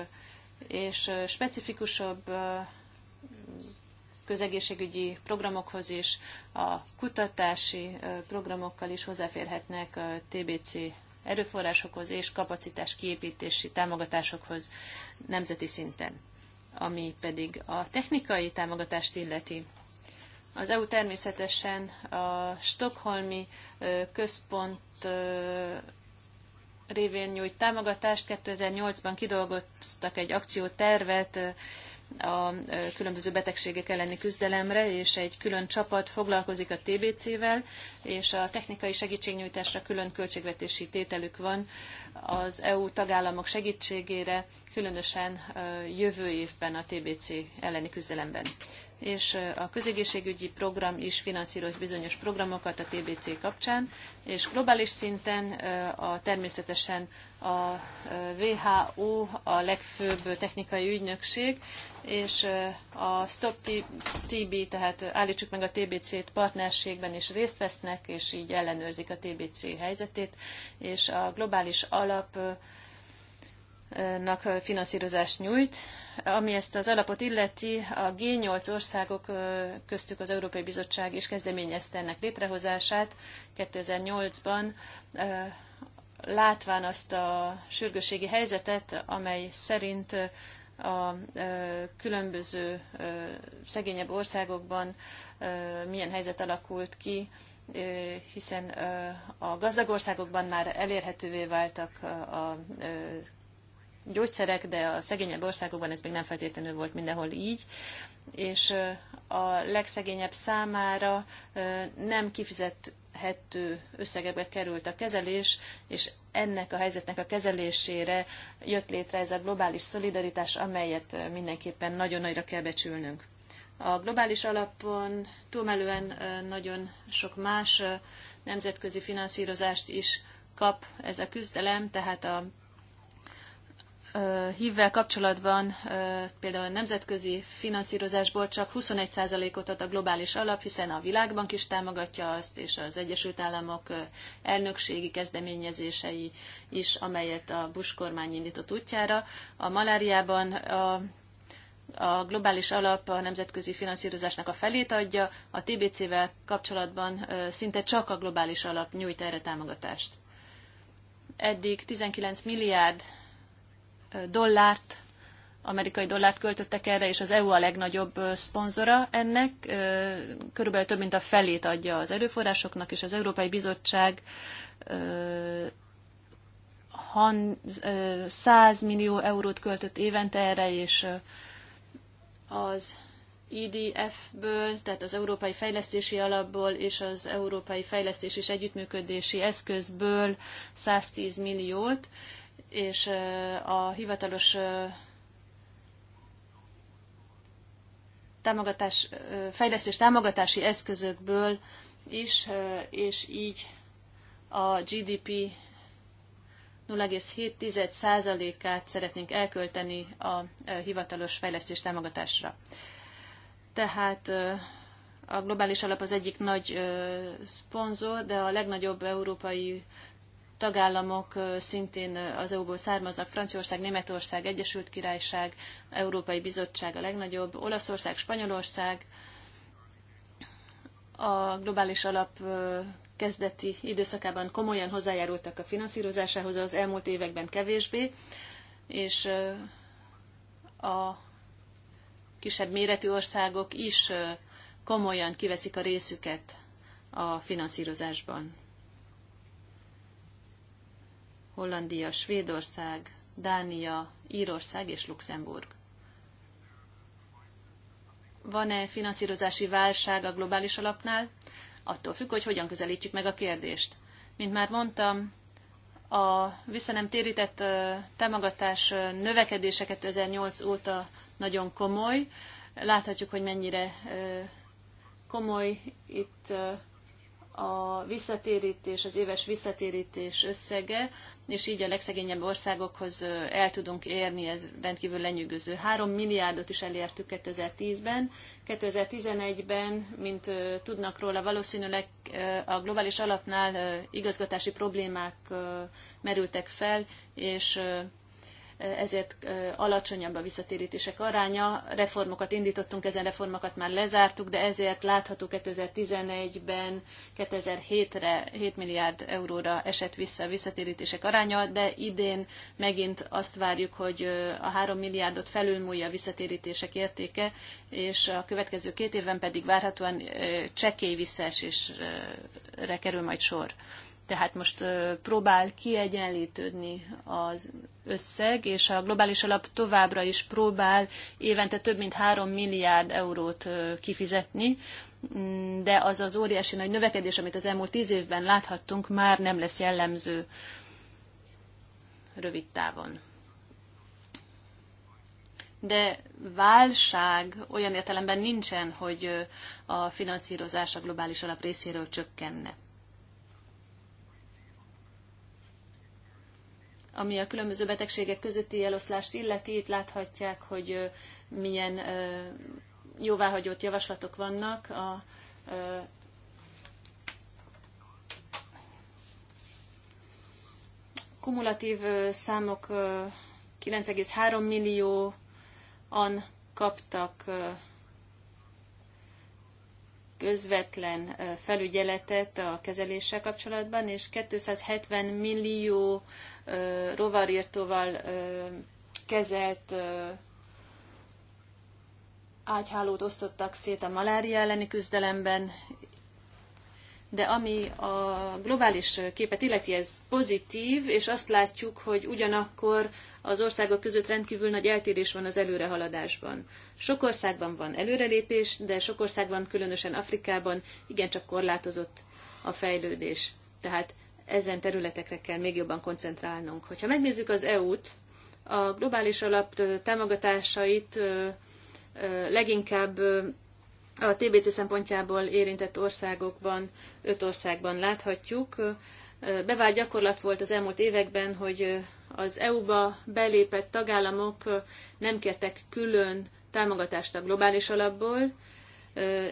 és specifikusabb közegészségügyi programokhoz is, a kutatási programokkal is hozzáférhetnek a TBC erőforrásokhoz és kapacitás kiépítési támogatásokhoz nemzeti szinten. Ami pedig a technikai támogatást illeti, az EU természetesen a Stockholmi központ révén nyújt támogatást. 2008-ban kidolgoztak egy akciótervet a különböző betegségek elleni küzdelemre, és egy külön csapat foglalkozik a TBC-vel, és a technikai segítségnyújtásra külön költségvetési tételük van az EU tagállamok segítségére, különösen jövő évben a TBC elleni küzdelemben és a közegészségügyi program is finanszíroz bizonyos programokat a TBC kapcsán, és globális szinten a, természetesen a WHO a legfőbb technikai ügynökség, és a Stop TB, tehát állítsuk meg a TBC-t partnerségben is részt vesznek, és így ellenőrzik a TBC helyzetét, és a globális alap finanszírozást nyújt, ami ezt az alapot illeti, a G8 országok köztük az Európai Bizottság is kezdeményezte ennek létrehozását 2008-ban, látván azt a sürgőségi helyzetet, amely szerint a különböző szegényebb országokban milyen helyzet alakult ki, hiszen a gazdag országokban már elérhetővé váltak a gyógyszerek, de a szegényebb országokban ez még nem feltétlenül volt mindenhol így, és a legszegényebb számára nem kifizethető összegekbe került a kezelés, és ennek a helyzetnek a kezelésére jött létre ez a globális szolidaritás, amelyet mindenképpen nagyon nagyra kell becsülnünk. A globális alapon túlmelően nagyon sok más nemzetközi finanszírozást is kap ez a küzdelem, tehát a hívvel kapcsolatban például a nemzetközi finanszírozásból csak 21%-ot ad a globális alap, hiszen a Világbank is támogatja azt, és az Egyesült Államok elnökségi kezdeményezései is, amelyet a Bush kormány indított útjára. A maláriában a a globális alap a nemzetközi finanszírozásnak a felét adja, a TBC-vel kapcsolatban szinte csak a globális alap nyújt erre támogatást. Eddig 19 milliárd dollárt, amerikai dollárt költöttek erre, és az EU a legnagyobb szponzora ennek. Körülbelül több mint a felét adja az erőforrásoknak, és az Európai Bizottság 100 millió eurót költött évente erre, és az IDF-ből, e tehát az Európai Fejlesztési Alapból és az Európai Fejlesztés és Együttműködési Eszközből 110 milliót, és a hivatalos támogatás, fejlesztés támogatási eszközökből is, és így a GDP 0,7%-át szeretnénk elkölteni a hivatalos fejlesztés támogatásra. Tehát a globális alap az egyik nagy szponzor, de a legnagyobb európai tagállamok szintén az EU-ból származnak, Franciaország, Németország, Egyesült Királyság, Európai Bizottság a legnagyobb, Olaszország, Spanyolország, a globális alap kezdeti időszakában komolyan hozzájárultak a finanszírozásához, az elmúlt években kevésbé, és a kisebb méretű országok is komolyan kiveszik a részüket a finanszírozásban. Hollandia, Svédország, Dánia, Írország és Luxemburg. Van-e finanszírozási válság a globális alapnál? Attól függ, hogy hogyan közelítjük meg a kérdést. Mint már mondtam, a térített támogatás növekedése 2008 óta nagyon komoly. Láthatjuk, hogy mennyire komoly itt a visszatérítés, az éves visszatérítés összege és így a legszegényebb országokhoz el tudunk érni, ez rendkívül lenyűgöző. 3 milliárdot is elértük 2010-ben, 2011-ben, mint tudnak róla, valószínűleg a globális alapnál igazgatási problémák merültek fel, és ezért alacsonyabb a visszatérítések aránya. Reformokat indítottunk, ezen reformokat már lezártuk, de ezért látható 2011-ben 2007-re 7 milliárd euróra esett vissza a visszatérítések aránya, de idén megint azt várjuk, hogy a 3 milliárdot felülmúlja a visszatérítések értéke, és a következő két évben pedig várhatóan csekély visszaesésre kerül majd sor. Tehát most próbál kiegyenlítődni az összeg, és a globális alap továbbra is próbál évente több mint 3 milliárd eurót kifizetni, mm, de az az óriási nagy növekedés, amit az elmúlt 10 évben láthattunk, már nem lesz jellemző rövid távon. De válság olyan értelemben nincsen, hogy a finanszírozás a globális alap részéről csökkenne. Ami a különböző betegségek közötti eloszlást illeti, itt láthatják, hogy milyen jóváhagyott javaslatok vannak. A, kumulatív számok 9,3 millióan kaptak közvetlen felügyeletet a kezeléssel kapcsolatban, és 270 millió rovarírtóval kezelt ágyhálót osztottak szét a malária elleni küzdelemben, de ami a globális képet illeti, ez pozitív, és azt látjuk, hogy ugyanakkor az országok között rendkívül nagy eltérés van az előrehaladásban. Sok országban van előrelépés, de sok országban, különösen Afrikában, igencsak korlátozott a fejlődés. Tehát ezen területekre kell még jobban koncentrálnunk. Hogyha megnézzük az EU-t, a globális alap támogatásait leginkább a TBC szempontjából érintett országokban, öt országban láthatjuk. Bevált gyakorlat volt az elmúlt években, hogy az EU-ba belépett tagállamok nem kértek külön támogatást a globális alapból,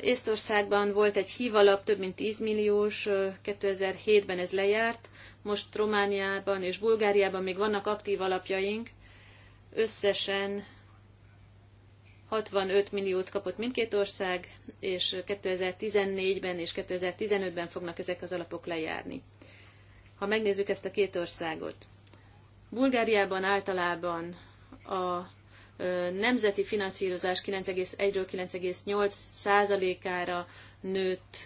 Észtországban volt egy hívalap, több mint 10 milliós, 2007-ben ez lejárt, most Romániában és Bulgáriában még vannak aktív alapjaink, összesen 65 milliót kapott mindkét ország, és 2014-ben és 2015-ben fognak ezek az alapok lejárni. Ha megnézzük ezt a két országot, Bulgáriában általában a nemzeti finanszírozás 9,1-ről 9,8 százalékára nőtt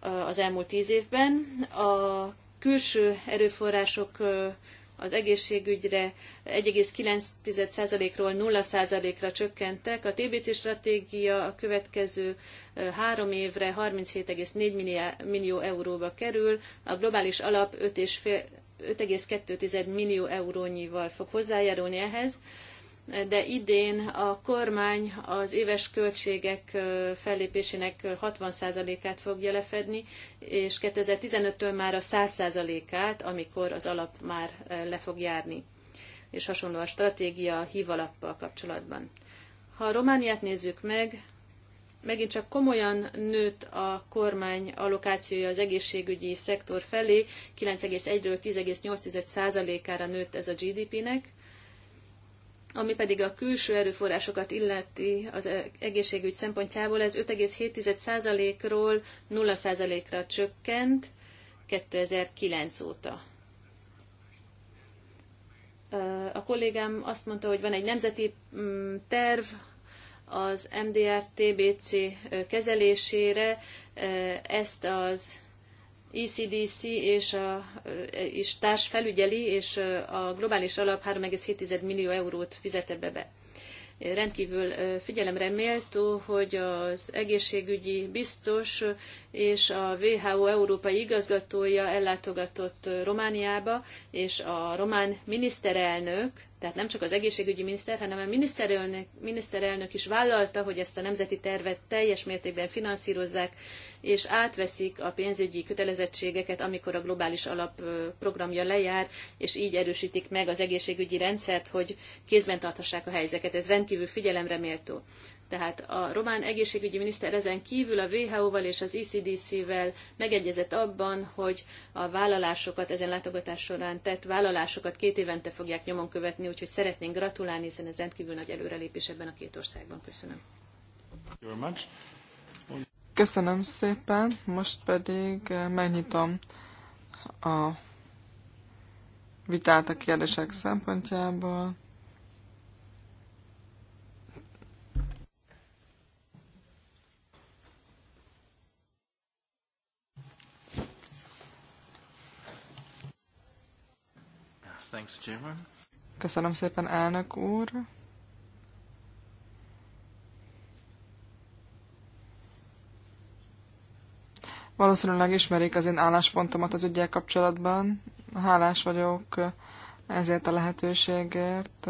az elmúlt tíz évben. A külső erőforrások az egészségügyre 1,9%-ról 0%-ra csökkentek. A TBC stratégia a következő három évre 37,4 millió euróba kerül, a globális alap 5,2 millió eurónyival fog hozzájárulni ehhez de idén a kormány az éves költségek fellépésének 60%-át fogja lefedni, és 2015-től már a 100%-át, amikor az alap már le fog járni, és hasonló a stratégia a hív alappal kapcsolatban. Ha a Romániát nézzük meg, megint csak komolyan nőtt a kormány allokációja az egészségügyi szektor felé, 9,1-ről 10,8%-ára nőtt ez a GDP-nek, ami pedig a külső erőforrásokat illeti az e- egészségügy szempontjából, ez 5,7%-ról 0%-ra csökkent 2009 óta. A kollégám azt mondta, hogy van egy nemzeti mm, terv az MDR-TBC kezelésére, ezt az ECDC és a, és társ felügyeli, és a globális alap 3,7 millió eurót fizet ebbe be. Rendkívül figyelemre méltó, hogy az egészségügyi biztos és a WHO európai igazgatója ellátogatott Romániába, és a román miniszterelnök tehát nem csak az egészségügyi miniszter, hanem a miniszterelnök, miniszterelnök is vállalta, hogy ezt a nemzeti tervet teljes mértékben finanszírozzák, és átveszik a pénzügyi kötelezettségeket, amikor a globális alapprogramja lejár, és így erősítik meg az egészségügyi rendszert, hogy kézben tarthassák a helyzeket. Ez rendkívül figyelemre méltó. Tehát a román egészségügyi miniszter ezen kívül a WHO-val és az ECDC-vel megegyezett abban, hogy a vállalásokat, ezen látogatás során tett vállalásokat két évente fogják nyomon követni, úgyhogy szeretnénk gratulálni, hiszen ez rendkívül nagy előrelépés ebben a két országban. Köszönöm. Köszönöm szépen, most pedig eh, megnyitom a vitát a kérdések szempontjából. Köszönöm szépen, elnök úr. Valószínűleg ismerik az én álláspontomat az ügyel kapcsolatban. Hálás vagyok ezért a lehetőségért,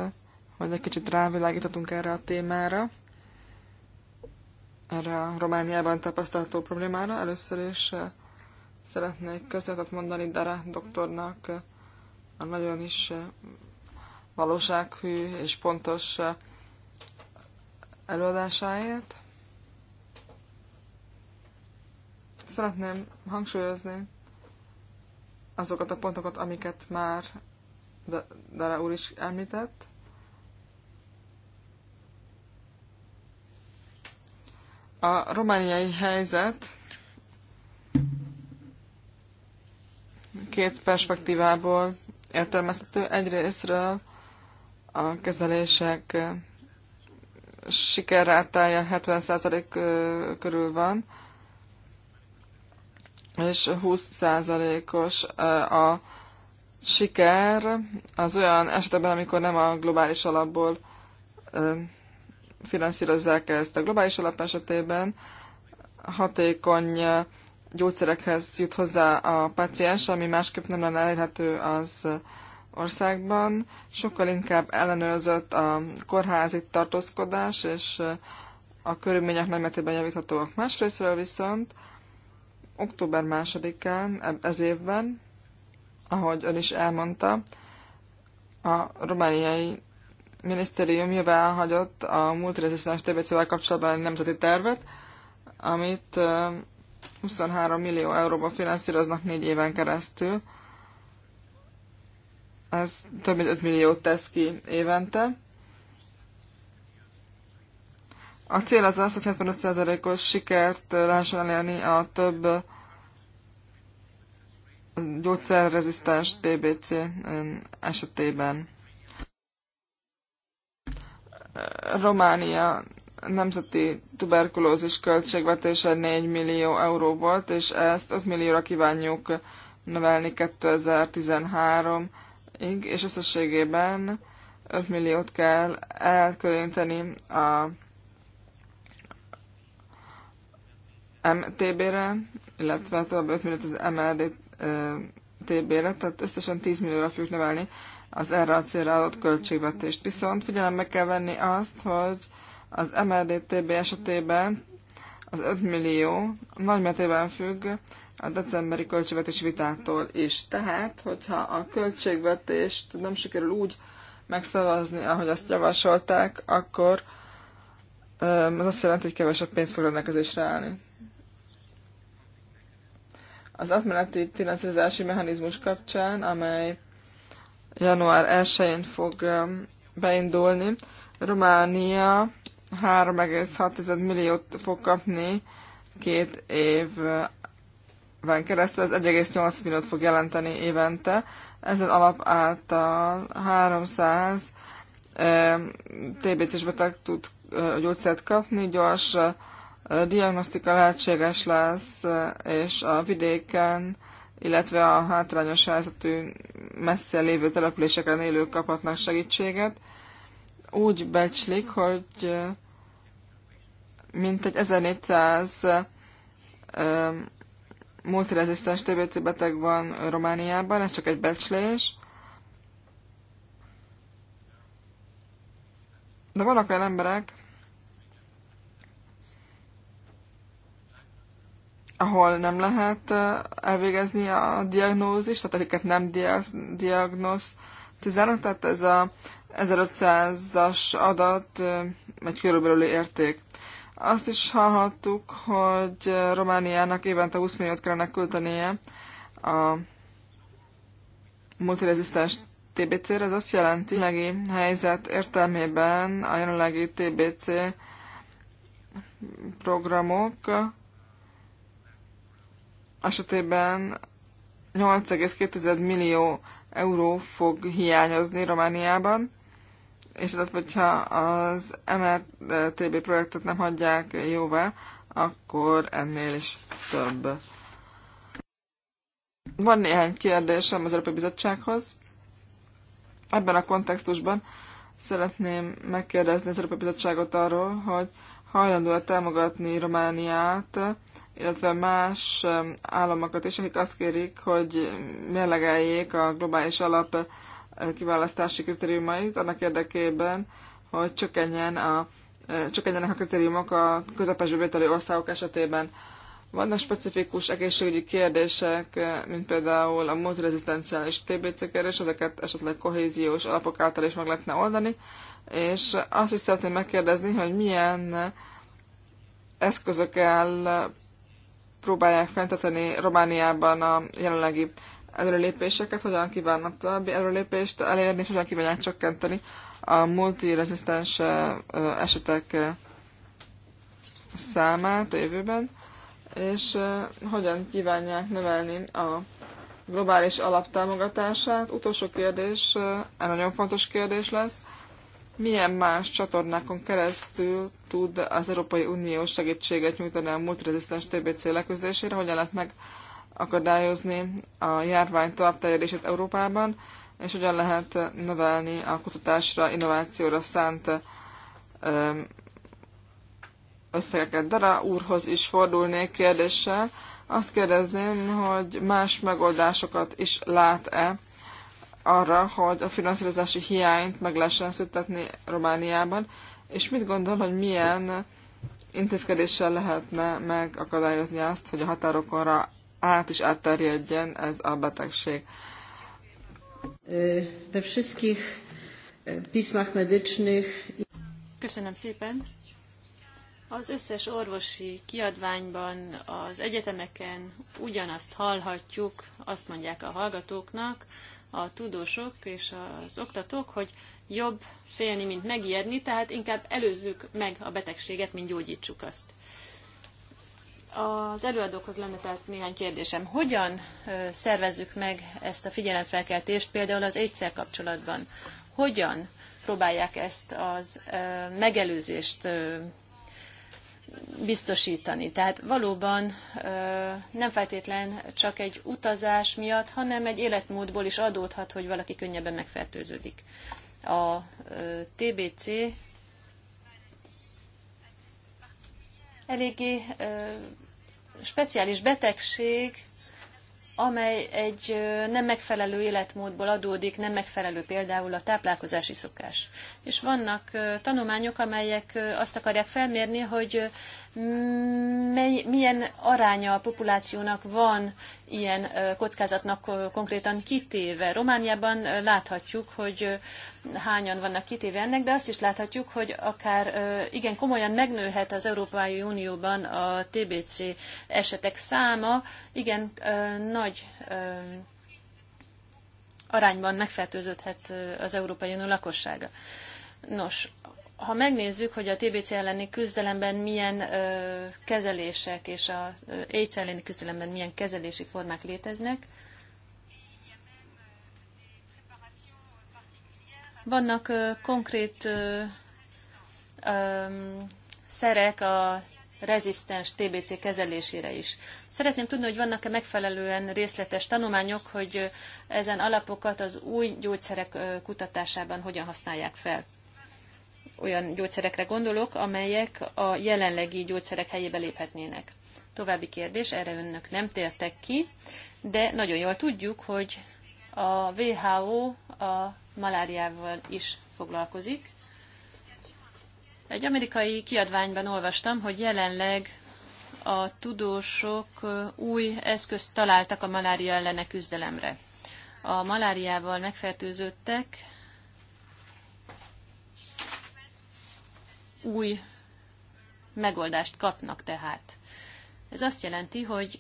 hogy egy kicsit rávilágíthatunk erre a témára, erre a Romániában tapasztalható problémára. Először is eh, szeretnék köszönetet mondani Dara doktornak, a nagyon is eh, valósághű és pontos eh, előadásáért. Szeretném hangsúlyozni azokat a pontokat, amiket már Dara úr is említett. A romániai helyzet két perspektívából értelmezhető. Egyrésztről a kezelések sikerrátája 70% körül van, és 20%-os a siker az olyan esetben, amikor nem a globális alapból finanszírozzák ezt. A globális alap esetében hatékony gyógyszerekhez jut hozzá a paciens, ami másképp nem lenne elérhető az országban. Sokkal inkább ellenőrzött a kórházi tartózkodás, és a körülmények nagymetében javíthatóak. Másrésztről viszont október másodikán ez évben, ahogy ön is elmondta, a romániai minisztérium jóvá hagyott a multirezisztens TBC-vel kapcsolatban egy nemzeti tervet, amit 23 millió euróba finanszíroznak négy éven keresztül. Ez több mint 5 milliót tesz ki évente. A cél az az, hogy 75%-os sikert lehessen elérni a több gyógyszerrezisztens TBC esetében. Románia nemzeti tuberkulózis költségvetése 4 millió euró volt, és ezt 5 millióra kívánjuk növelni 2013-ig, és összességében 5 milliót kell elkülöníteni a MTB-re, illetve tovább 5 milliót az MLD TB-re, tehát összesen 10 millióra fogjuk növelni az erre a célra adott költségvetést. Viszont figyelembe kell venni azt, hogy az MRDTB esetében az 5 millió nagymetében függ a decemberi költségvetés vitától is. Tehát, hogyha a költségvetést nem sikerül úgy megszavazni, ahogy azt javasolták, akkor az azt jelenti, hogy kevesebb pénz fog rendelkezésre állni. Az átmeneti finanszírozási mechanizmus kapcsán, amely január 1-én fog beindulni, Románia 3,6 milliót fog kapni két évben keresztül, ez 1,8 milliót fog jelenteni évente. Ezen alap által 300 eh, TBC-s beteg tud eh, gyógyszert kapni, gyors eh, diagnosztika lehetséges lesz, és a vidéken, illetve a hátrányos helyzetű messze lévő településeken élők kaphatnak segítséget úgy becslik, hogy mint egy 1400 multirezisztens TBC beteg van Romániában, ez csak egy becslés. De vannak olyan emberek, ahol nem lehet elvégezni a diagnózist, tehát akiket nem diagnosztizálnak, tehát ez a 1500-as adat egy körülbelül érték. Azt is hallhattuk, hogy Romániának évente 20 milliót kellene küldenie a multirezisztens TBC-re. Ez azt jelenti, hogy a jelenlegi helyzet értelmében a jelenlegi TBC programok esetében 8,2 millió euró fog hiányozni Romániában és tehát, hogyha az MRTB projektet nem hagyják jóvá, akkor ennél is több. Van néhány kérdésem az Európai Bizottsághoz. Ebben a kontextusban szeretném megkérdezni az Európai Bizottságot arról, hogy hajlandó-e támogatni Romániát, illetve más államokat is, akik azt kérik, hogy mérlegeljék a globális alap kiválasztási kritériumait annak érdekében, hogy csökkenjen a, eh, csökkenjenek a kritériumok a közepes bevételi országok esetében. Vannak specifikus egészségügyi kérdések, eh, mint például a multirezisztenciális TBC kérdés, ezeket esetleg kohéziós alapok által is meg lehetne oldani, és azt is szeretném megkérdezni, hogy milyen eszközökkel próbálják fenntartani Romániában a jelenlegi előrelépéseket, hogyan kívánnak további előrelépést elérni, és hogyan kívánják csökkenteni a multirezisztens esetek számát a jövőben, és hogyan kívánják növelni a globális alaptámogatását. Utolsó kérdés, egy nagyon fontos kérdés lesz, milyen más csatornákon keresztül tud az Európai Unió segítséget nyújtani a multirezisztens TBC leküzdésére, hogyan lehet meg akadályozni a járvány továbbterjedését Európában, és hogyan lehet növelni a kutatásra, innovációra szánt összegeket. Dara úrhoz is fordulnék kérdéssel. Azt kérdezném, hogy más megoldásokat is lát-e arra, hogy a finanszírozási hiányt meg lehessen szüntetni Romániában, és mit gondol, hogy milyen intézkedéssel lehetne megakadályozni azt, hogy a határokonra át is átterjedjen ez a betegség. We wszystkich e, pismach medycznych. Köszönöm szépen. Az összes orvosi kiadványban, az egyetemeken ugyanazt hallhatjuk, azt mondják a hallgatóknak, a tudósok és az oktatók, hogy jobb félni, mint megijedni, tehát inkább előzzük meg a betegséget, mint gyógyítsuk azt. Az előadókhoz lenne tehát néhány kérdésem. Hogyan szervezzük meg ezt a figyelemfelkeltést például az egyszer kapcsolatban? Hogyan próbálják ezt az megelőzést biztosítani. Tehát valóban nem feltétlen csak egy utazás miatt, hanem egy életmódból is adódhat, hogy valaki könnyebben megfertőződik. A TBC eléggé speciális betegség, amely egy nem megfelelő életmódból adódik, nem megfelelő például a táplálkozási szokás. És vannak tanulmányok, amelyek azt akarják felmérni, hogy mely, milyen aránya a populációnak van ilyen kockázatnak konkrétan kitéve. Romániában láthatjuk, hogy hányan vannak kitéve ennek, de azt is láthatjuk, hogy akár igen komolyan megnőhet az Európai Unióban a TBC esetek száma, igen nagy arányban megfertőződhet az Európai Unió lakossága. Nos, ha megnézzük, hogy a TBC elleni küzdelemben milyen ö, kezelések és a AIDS elleni küzdelemben milyen kezelési formák léteznek, vannak ö, konkrét ö, ö, szerek a rezisztens TBC kezelésére is. Szeretném tudni, hogy vannak-e megfelelően részletes tanulmányok, hogy ezen alapokat az új gyógyszerek kutatásában hogyan használják fel olyan gyógyszerekre gondolok, amelyek a jelenlegi gyógyszerek helyébe léphetnének. További kérdés, erre önök nem tértek ki, de nagyon jól tudjuk, hogy a WHO a maláriával is foglalkozik. Egy amerikai kiadványban olvastam, hogy jelenleg a tudósok új eszközt találtak a malária ellene küzdelemre. A maláriával megfertőzöttek új megoldást kapnak tehát. Ez azt jelenti, hogy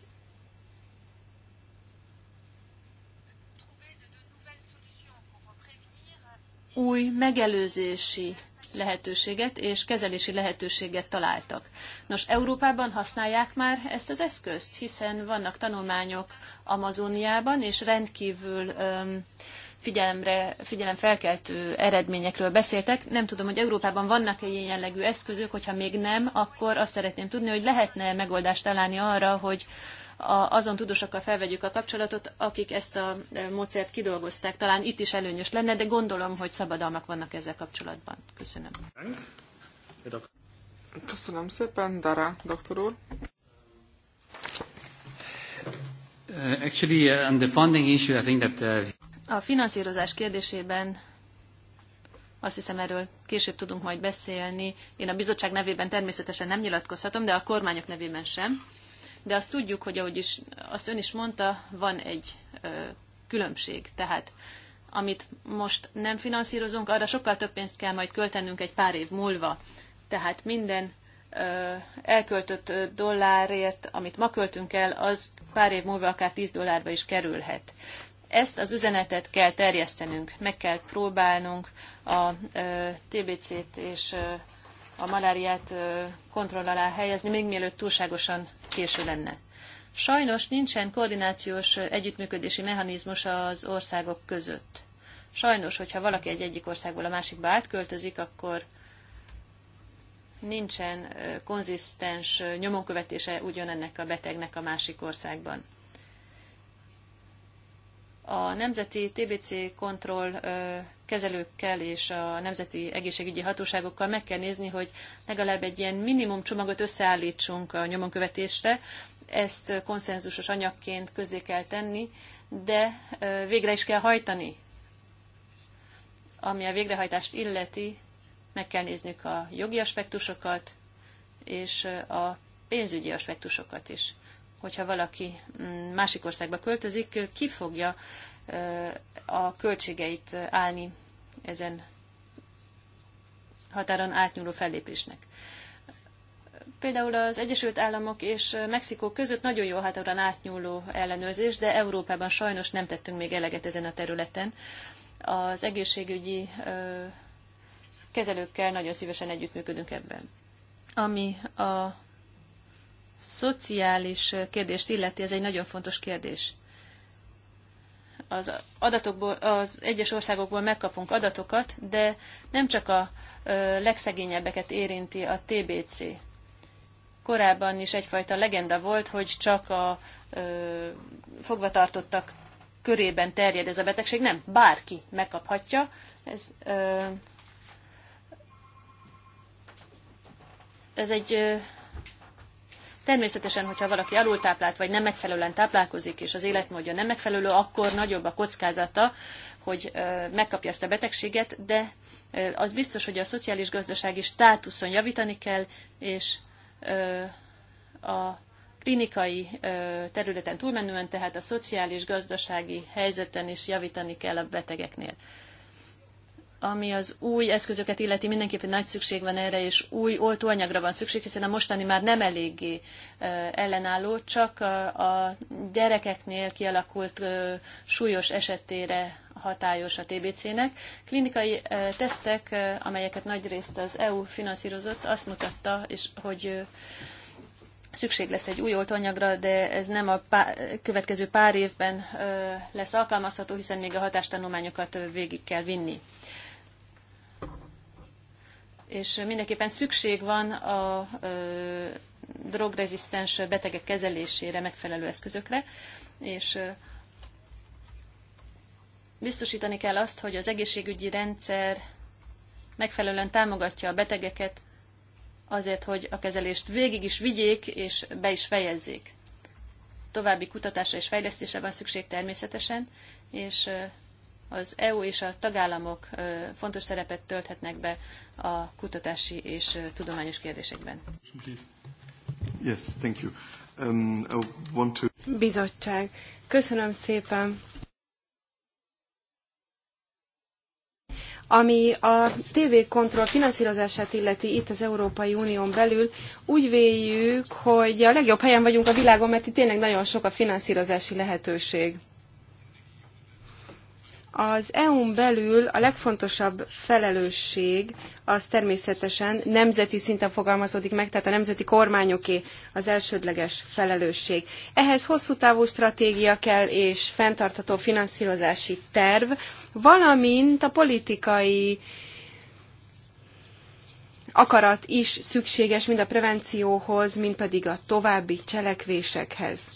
új megelőzési lehetőséget és kezelési lehetőséget találtak. Nos, Európában használják már ezt az eszközt, hiszen vannak tanulmányok Amazoniában, és rendkívül um, figyelemre, figyelemfelkeltő eredményekről beszéltek. Nem tudom, hogy Európában vannak-e ilyen jellegű eszközök, hogyha még nem, akkor azt szeretném tudni, hogy lehetne megoldást találni arra, hogy a, azon tudósokkal felvegyük a kapcsolatot, akik ezt a e, módszert kidolgozták. Talán itt is előnyös lenne, de gondolom, hogy szabadalmak vannak ezzel kapcsolatban. Köszönöm. Köszönöm szépen, Dara, doktor úr. Uh, actually, uh, on the funding issue, I think that... Uh, a finanszírozás kérdésében azt hiszem erről később tudunk majd beszélni. Én a bizottság nevében természetesen nem nyilatkozhatom, de a kormányok nevében sem. De azt tudjuk, hogy ahogy is, azt ön is mondta, van egy ö, különbség. Tehát amit most nem finanszírozunk, arra sokkal több pénzt kell majd költenünk egy pár év múlva. Tehát minden ö, elköltött dollárért, amit ma költünk el, az pár év múlva akár 10 dollárba is kerülhet. Ezt az üzenetet kell terjesztenünk, meg kell próbálnunk a TBC-t és a maláriát kontroll alá helyezni, még mielőtt túlságosan késő lenne. Sajnos nincsen koordinációs együttműködési mechanizmus az országok között. Sajnos, hogyha valaki egy egyik országból a másikba átköltözik, akkor nincsen konzisztens nyomonkövetése ugyanennek a betegnek a másik országban a nemzeti TBC kontroll kezelőkkel és a nemzeti egészségügyi hatóságokkal meg kell nézni, hogy legalább egy ilyen minimum csomagot összeállítsunk a nyomonkövetésre. Ezt konszenzusos anyagként közé kell tenni, de végre is kell hajtani. Ami a végrehajtást illeti, meg kell néznünk a jogi aspektusokat és a pénzügyi aspektusokat is hogyha valaki mm, másik országba költözik, ki fogja a költségeit állni ezen határon átnyúló fellépésnek. Például az Egyesült Államok és Mexikó között nagyon jó határon átnyúló ellenőrzés, de Európában sajnos nem tettünk még eleget ezen a területen. Az egészségügyi kezelőkkel nagyon szívesen együttműködünk ebben. Ami a szociális kérdést illeti, ez egy nagyon fontos kérdés. Az, adatokból, az egyes országokból megkapunk adatokat, de nem csak a legszegényebbeket érinti a TBC. Korábban is egyfajta legenda volt, hogy csak a ö, fogvatartottak körében terjed ez a betegség. Nem, bárki megkaphatja. Ez, ö, ez egy Természetesen, hogyha valaki alultáplált vagy nem megfelelően táplálkozik, és az életmódja nem megfelelő, akkor nagyobb a kockázata, hogy megkapja ezt a betegséget, de az biztos, hogy a szociális gazdasági státuszon javítani kell, és a klinikai területen túlmenően, tehát a szociális gazdasági helyzeten is javítani kell a betegeknél ami az új eszközöket illeti, mindenképpen nagy szükség van erre, és új oltóanyagra van szükség, hiszen a mostani már nem eléggé ellenálló, csak a gyerekeknél kialakult súlyos esetére hatályos a TBC-nek. Klinikai tesztek, amelyeket nagyrészt az EU finanszírozott, azt mutatta, és hogy szükség lesz egy új oltóanyagra, de ez nem a pá- következő pár évben lesz alkalmazható, hiszen még a hatástanulmányokat végig kell vinni és mindenképpen szükség van a drogrezisztens betegek kezelésére megfelelő eszközökre, és biztosítani kell azt, hogy az egészségügyi rendszer megfelelően támogatja a betegeket azért, hogy a kezelést végig is vigyék és be is fejezzék. További kutatásra és fejlesztésre van szükség természetesen, és az EU és a tagállamok fontos szerepet tölthetnek be a kutatási és tudományos kérdésekben. Yes, thank you. Um, I want to... Bizottság. Köszönöm szépen. Ami a TV kontroll finanszírozását illeti itt az Európai Unión belül, úgy véljük, hogy a legjobb helyen vagyunk a világon, mert itt tényleg nagyon sok a finanszírozási lehetőség. Az EU-n belül a legfontosabb felelősség az természetesen nemzeti szinten fogalmazódik meg, tehát a nemzeti kormányoké az elsődleges felelősség. Ehhez hosszú távú stratégia kell és fenntartható finanszírozási terv, valamint a politikai akarat is szükséges mind a prevencióhoz, mind pedig a további cselekvésekhez.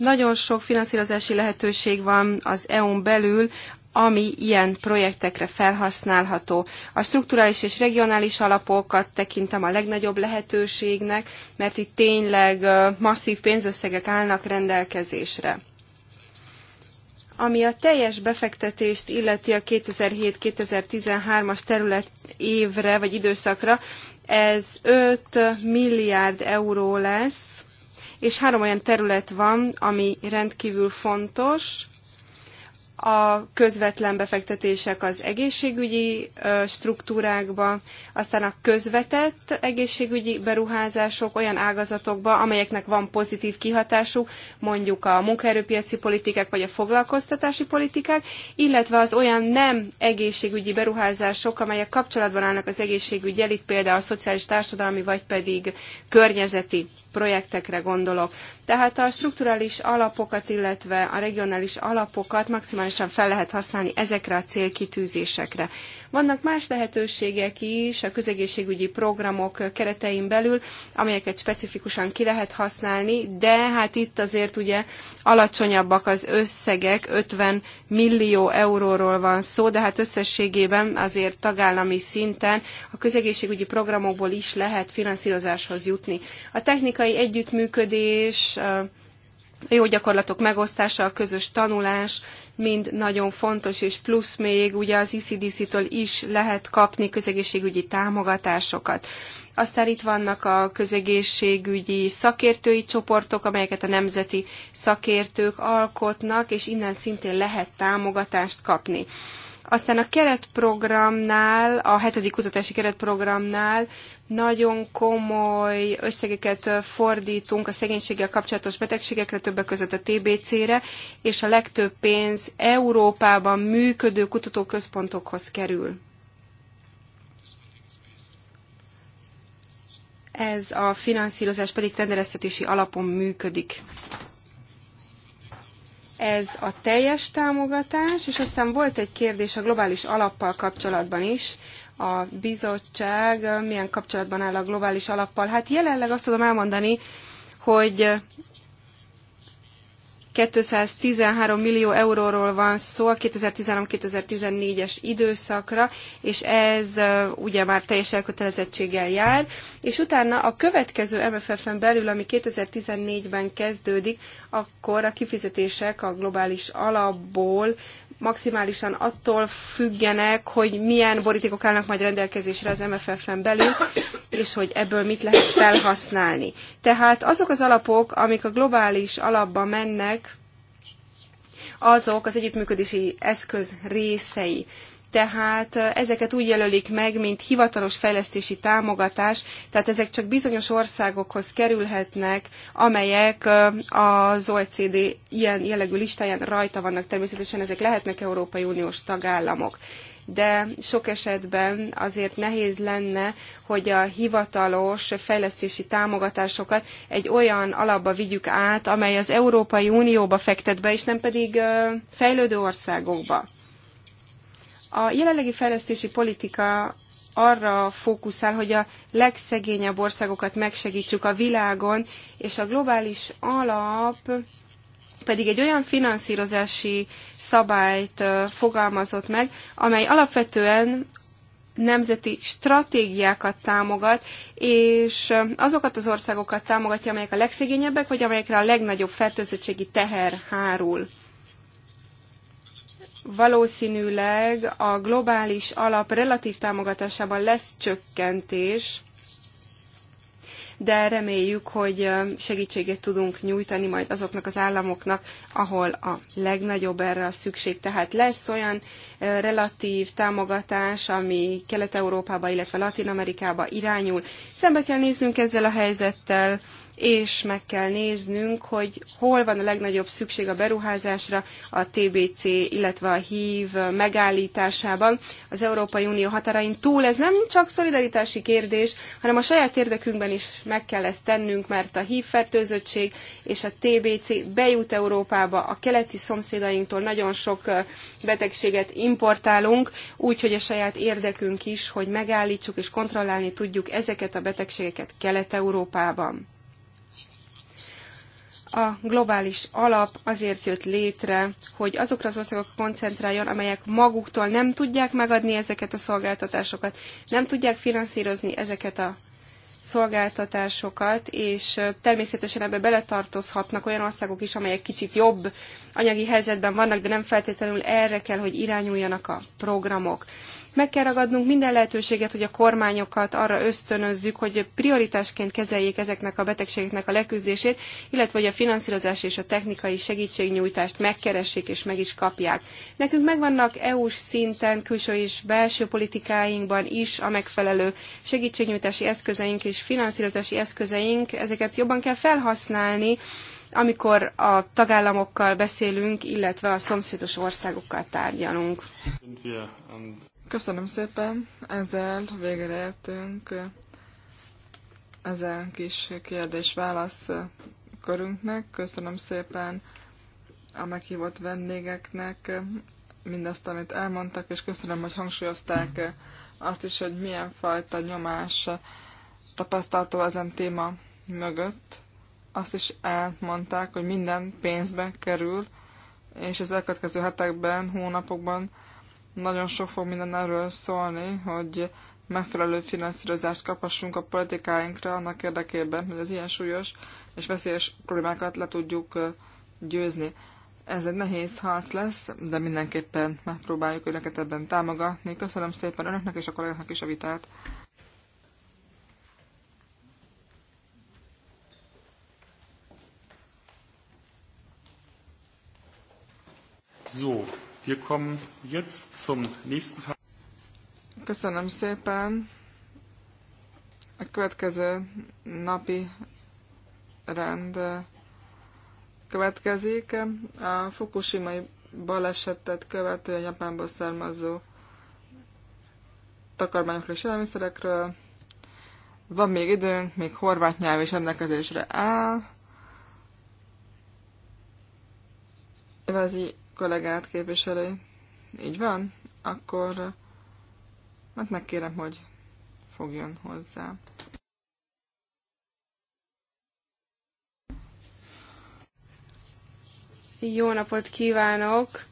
Nagyon sok finanszírozási lehetőség van az EU-n belül, ami ilyen projektekre felhasználható. A strukturális és regionális alapokat tekintem a legnagyobb lehetőségnek, mert itt tényleg masszív pénzösszegek állnak rendelkezésre. Ami a teljes befektetést illeti a 2007-2013-as terület évre vagy időszakra, ez 5 milliárd euró lesz, és három olyan terület van, ami rendkívül fontos, a közvetlen befektetések az egészségügyi struktúrákba, aztán a közvetett egészségügyi beruházások olyan ágazatokba, amelyeknek van pozitív kihatásuk, mondjuk a munkaerőpiaci politikák vagy a foglalkoztatási politikák, illetve az olyan nem egészségügyi beruházások, amelyek kapcsolatban állnak az egészségügyel, itt például a szociális társadalmi vagy pedig környezeti projektekre gondolok. Tehát a strukturális alapokat, illetve a regionális alapokat maximálisan fel lehet használni ezekre a célkitűzésekre. Vannak más lehetőségek is a közegészségügyi programok keretein belül, amelyeket specifikusan ki lehet használni, de hát itt azért ugye alacsonyabbak az összegek, 50 millió euróról van szó, de hát összességében azért tagállami szinten a közegészségügyi programokból is lehet finanszírozáshoz jutni. A technikai együttműködés, a jó gyakorlatok megosztása, a közös tanulás mind nagyon fontos, és plusz még ugye az ICDC-től e is lehet kapni közegészségügyi támogatásokat. Aztán itt vannak a közegészségügyi szakértői csoportok, amelyeket a nemzeti szakértők alkotnak, és innen szintén lehet támogatást kapni. Aztán a keretprogramnál, a hetedik kutatási keretprogramnál nagyon komoly összegeket fordítunk a szegénységgel kapcsolatos betegségekre, többek között a TBC-re, és a legtöbb pénz Európában működő kutatóközpontokhoz kerül. Ez a finanszírozás pedig tendereztetési alapon működik. Ez a teljes támogatás, és aztán volt egy kérdés a globális alappal kapcsolatban is, a bizottság milyen kapcsolatban áll a globális alappal. Hát jelenleg azt tudom elmondani, hogy 213 millió euróról van szó a 2013-2014-es időszakra, és ez ugye már teljes elkötelezettséggel jár, és utána a következő MFF-en belül, ami 2014-ben kezdődik, akkor a kifizetések a globális alapból maximálisan attól függenek, hogy milyen borítékok állnak majd rendelkezésre az MFF-en belül, és hogy ebből mit lehet felhasználni. Tehát azok az alapok, amik a globális alapba mennek, azok az együttműködési eszköz részei tehát ezeket úgy jelölik meg, mint hivatalos fejlesztési támogatás, tehát ezek csak bizonyos országokhoz kerülhetnek, amelyek az OECD ilyen jellegű listáján rajta vannak. Természetesen ezek lehetnek Európai Uniós tagállamok de sok esetben azért nehéz lenne, hogy a hivatalos fejlesztési támogatásokat egy olyan alapba vigyük át, amely az Európai Unióba fektet be, és nem pedig fejlődő országokba. A jelenlegi fejlesztési politika arra fókuszál, hogy a legszegényebb országokat megsegítsük a világon, és a globális alap pedig egy olyan finanszírozási szabályt fogalmazott meg, amely alapvetően nemzeti stratégiákat támogat, és azokat az országokat támogatja, amelyek a legszegényebbek, vagy amelyekre a legnagyobb fertőzöttségi teher hárul valószínűleg a globális alap relatív támogatásában lesz csökkentés, de reméljük, hogy segítséget tudunk nyújtani majd azoknak az államoknak, ahol a legnagyobb erre a szükség. Tehát lesz olyan relatív támogatás, ami Kelet-Európába, illetve Latin-Amerikába irányul. Szembe kell néznünk ezzel a helyzettel, és meg kell néznünk, hogy hol van a legnagyobb szükség a beruházásra a TBC, illetve a HIV megállításában. Az Európai Unió határain túl ez nem csak szolidaritási kérdés, hanem a saját érdekünkben is meg kell ezt tennünk, mert a HIV fertőzöttség és a TBC bejut Európába, a keleti szomszédainktól nagyon sok betegséget importálunk, úgyhogy a saját érdekünk is, hogy megállítsuk és kontrollálni tudjuk ezeket a betegségeket Kelet-Európában a globális alap azért jött létre, hogy azokra az országokra koncentráljon, amelyek maguktól nem tudják megadni ezeket a szolgáltatásokat, nem tudják finanszírozni ezeket a szolgáltatásokat, és természetesen ebbe beletartozhatnak olyan országok is, amelyek kicsit jobb anyagi helyzetben vannak, de nem feltétlenül erre kell, hogy irányuljanak a programok. Meg kell ragadnunk minden lehetőséget, hogy a kormányokat arra ösztönözzük, hogy prioritásként kezeljék ezeknek a betegségeknek a leküzdését, illetve hogy a finanszírozás és a technikai segítségnyújtást megkeressék és meg is kapják. Nekünk megvannak EU-s szinten, külső és belső politikáinkban is a megfelelő segítségnyújtási eszközeink és finanszírozási eszközeink, ezeket jobban kell felhasználni, amikor a tagállamokkal beszélünk, illetve a szomszédos országokkal tárgyalunk. Köszönöm szépen, ezzel végre értünk eh, ezen kis kérdés-válasz eh, körünknek. Köszönöm szépen a meghívott vendégeknek eh, mindazt, amit elmondtak, és köszönöm, hogy hangsúlyozták azt is, hogy milyen fajta nyomás tapasztalható ezen téma mögött. Azt is elmondták, hogy minden pénzbe kerül, és az elkövetkező hetekben, hónapokban nagyon sok fog minden erről szólni, hogy megfelelő finanszírozást kaphassunk a politikáinkra annak érdekében, hogy az ilyen súlyos és veszélyes problémákat le tudjuk győzni. Ez egy nehéz harc lesz, de mindenképpen megpróbáljuk önöket ebben támogatni. Köszönöm szépen önöknek és a kollégáknak is a vitát. So, Wir kommen jetzt zum nächsten Köszönöm szépen. A következő napi rend eh, következik. A fukushima balesetet követő a Japánból származó takarmányokról és élelmiszerekről. Van még időnk, még horvát nyelv is rendelkezésre áll. Evazi kollégát képviselő. Így van? Akkor hát megkérem, hogy fogjon hozzá. Jó napot kívánok!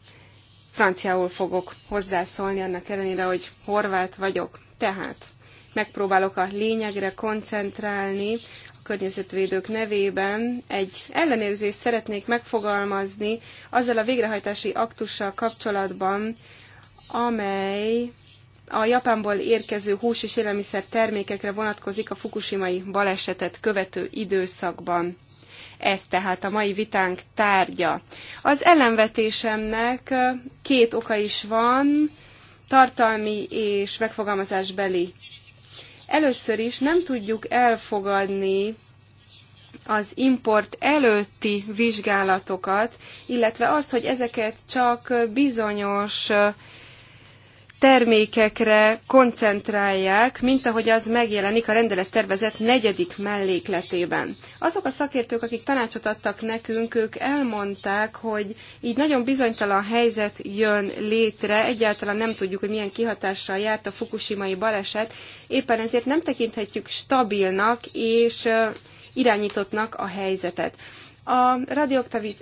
Franciául fogok hozzászólni, annak ellenére, hogy horvát vagyok. Tehát megpróbálok a lényegre koncentrálni, környezetvédők nevében egy ellenérzést szeretnék megfogalmazni azzal a végrehajtási aktussal kapcsolatban, amely a Japánból érkező hús és élelmiszer termékekre vonatkozik a fukushimai balesetet követő időszakban. Ez tehát a mai vitánk tárgya. Az ellenvetésemnek két oka is van, tartalmi és megfogalmazásbeli Először is nem tudjuk elfogadni az import előtti vizsgálatokat, illetve azt, hogy ezeket csak bizonyos termékekre koncentrálják, mint ahogy az megjelenik a rendelettervezet negyedik mellékletében. Azok a szakértők, akik tanácsot adtak nekünk, ők elmondták, hogy így nagyon bizonytalan helyzet jön létre, egyáltalán nem tudjuk, hogy milyen kihatással járt a fukushimai baleset, éppen ezért nem tekinthetjük stabilnak és irányítottnak a helyzetet a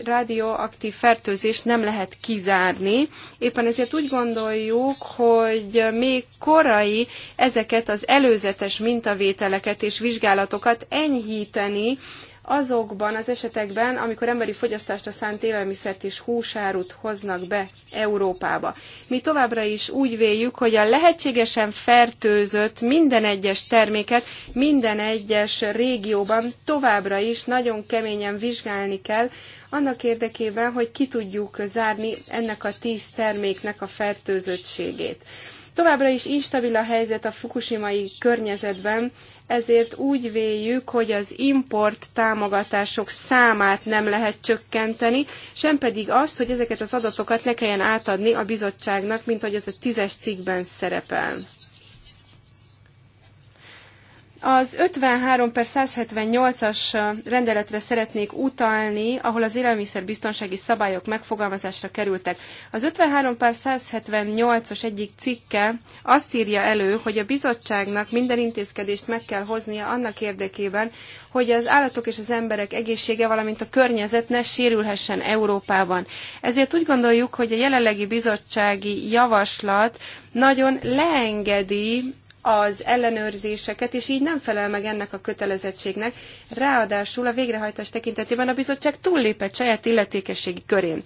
radioaktív fertőzést nem lehet kizárni, éppen ezért úgy gondoljuk, hogy még korai ezeket az előzetes mintavételeket és vizsgálatokat enyhíteni, azokban az esetekben, amikor emberi fogyasztásra szánt élelmiszert és húsárut hoznak be Európába. Mi továbbra is úgy véljük, hogy a lehetségesen fertőzött minden egyes terméket minden egyes régióban továbbra is nagyon keményen vizsgálni kell, annak érdekében, hogy ki tudjuk zárni ennek a tíz terméknek a fertőzöttségét. Továbbra is instabil a helyzet a fukushimai környezetben, ezért úgy véljük, hogy az import támogatások számát nem lehet csökkenteni, sem pedig azt, hogy ezeket az adatokat ne kelljen átadni a bizottságnak, mint hogy ez a tízes cikkben szerepel. Az 53 per 178-as rendeletre szeretnék utalni, ahol az élelmiszerbiztonsági szabályok megfogalmazásra kerültek. Az 53 per 178-as egyik cikke azt írja elő, hogy a bizottságnak minden intézkedést meg kell hoznia annak érdekében, hogy az állatok és az emberek egészsége, valamint a környezet ne sérülhessen Európában. Ezért úgy gondoljuk, hogy a jelenlegi bizottsági javaslat nagyon leengedi az ellenőrzéseket, és így nem felel meg ennek a kötelezettségnek. Ráadásul a végrehajtás tekintetében a bizottság túllépett saját illetékességi körén.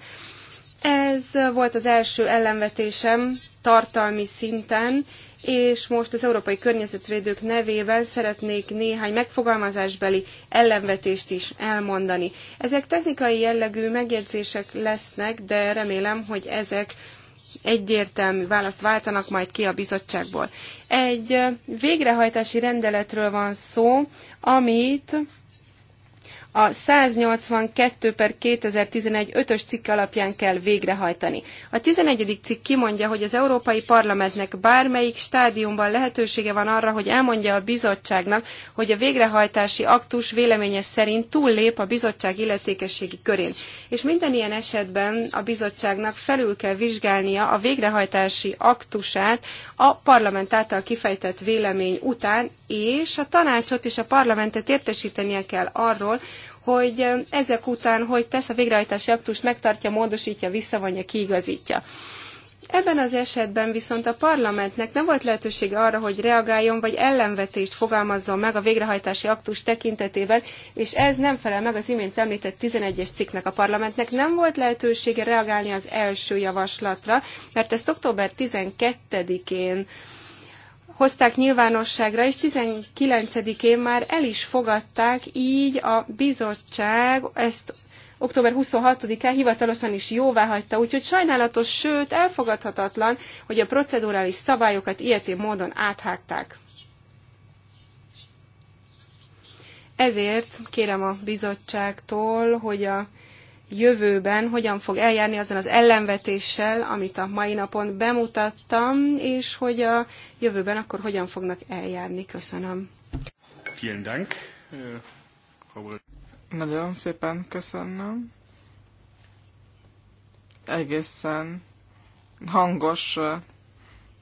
Ez volt az első ellenvetésem tartalmi szinten, és most az európai környezetvédők nevében szeretnék néhány megfogalmazásbeli ellenvetést is elmondani. Ezek technikai jellegű megjegyzések lesznek, de remélem, hogy ezek egyértelmű választ váltanak majd ki a bizottságból. Egy végrehajtási rendeletről van szó, amit a 182 per 2011 5-ös cikk alapján kell végrehajtani. A 11. cikk kimondja, hogy az Európai Parlamentnek bármelyik stádiumban lehetősége van arra, hogy elmondja a bizottságnak, hogy a végrehajtási aktus véleménye szerint túllép a bizottság illetékességi körén. És minden ilyen esetben a bizottságnak felül kell vizsgálnia a végrehajtási aktusát a parlament által kifejtett vélemény után, és a tanácsot és a parlamentet értesítenie kell arról, hogy ezek után hogy tesz a végrehajtási aktust, megtartja, módosítja, visszavonja, kiigazítja. Ebben az esetben viszont a parlamentnek nem volt lehetősége arra, hogy reagáljon vagy ellenvetést fogalmazzon meg a végrehajtási aktus tekintetében, és ez nem felel meg az imént említett 11-es cikknek. A parlamentnek nem volt lehetősége reagálni az első javaslatra, mert ezt október 12-én hozták nyilvánosságra, és 19-én már el is fogadták, így a bizottság ezt október 26-án hivatalosan is jóváhagyta, úgyhogy sajnálatos, sőt elfogadhatatlan, hogy a procedurális szabályokat ilyetén módon áthágták. Ezért kérem a bizottságtól, hogy a jövőben hogyan fog eljárni azon az ellenvetéssel, amit a mai napon bemutattam, és hogy a jövőben akkor hogyan fognak eljárni. Köszönöm. Vielen Dank. Äh, Nagyon szépen köszönöm. Egészen hangos äh,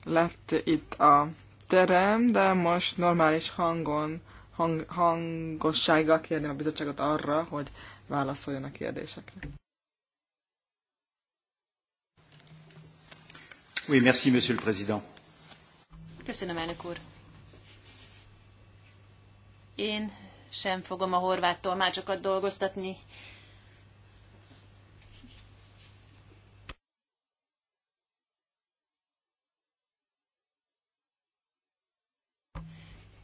lett itt a terem, de most normális hangon, hang, hangossággal kérném a bizottságot arra, hogy válaszoljon a kérdésekre. Oui, merci, monsieur le président. Köszönöm, elnök úr. Én sem fogom a horvát tolmácsokat dolgoztatni.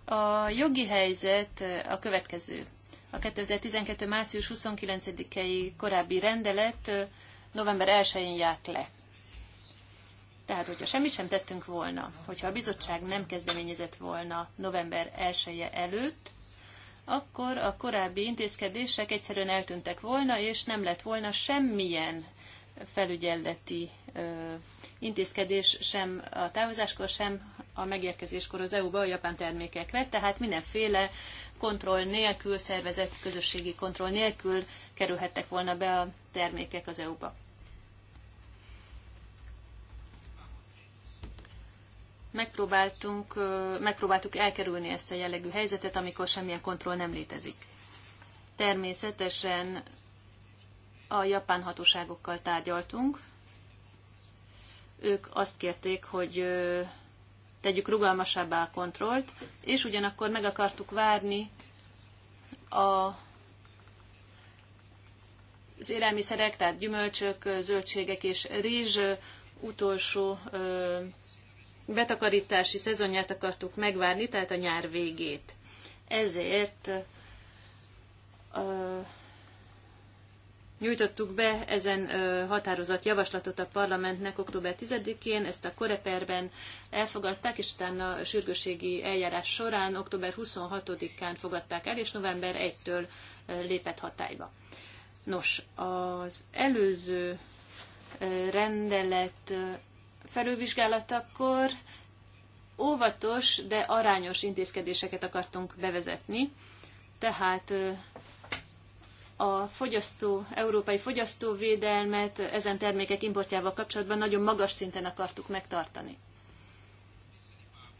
A jogi helyzet a következő. A 2012. március 29-i korábbi rendelet november 1-én járt le. Tehát, hogyha semmit sem tettünk volna, hogyha a bizottság nem kezdeményezett volna november 1 -e előtt, akkor a korábbi intézkedések egyszerűen eltűntek volna, és nem lett volna semmilyen felügyeleti ö, intézkedés sem a távozáskor, sem a megérkezéskor az EU-ba a japán termékekre, tehát mindenféle kontroll nélkül, szervezett közösségi kontroll nélkül kerülhettek volna be a termékek az EU-ba. Megpróbáltunk, megpróbáltuk elkerülni ezt a jellegű helyzetet, amikor semmilyen kontroll nem létezik. Természetesen a japán hatóságokkal tárgyaltunk. Ők azt kérték, hogy tegyük rugalmasabbá a kontrollt, és ugyanakkor meg akartuk várni a az élelmiszerek, tehát gyümölcsök, zöldségek és rizs utolsó betakarítási szezonját akartuk megvárni, tehát a nyár végét. Ezért Nyújtottuk be ezen határozat javaslatot a parlamentnek október 10-én, ezt a koreperben elfogadták, és utána a sürgőségi eljárás során október 26-án fogadták el, és november 1-től lépett hatályba. Nos, az előző rendelet felülvizsgálatakor óvatos, de arányos intézkedéseket akartunk bevezetni, tehát a fogyasztó, európai fogyasztóvédelmet ezen termékek importjával kapcsolatban nagyon magas szinten akartuk megtartani.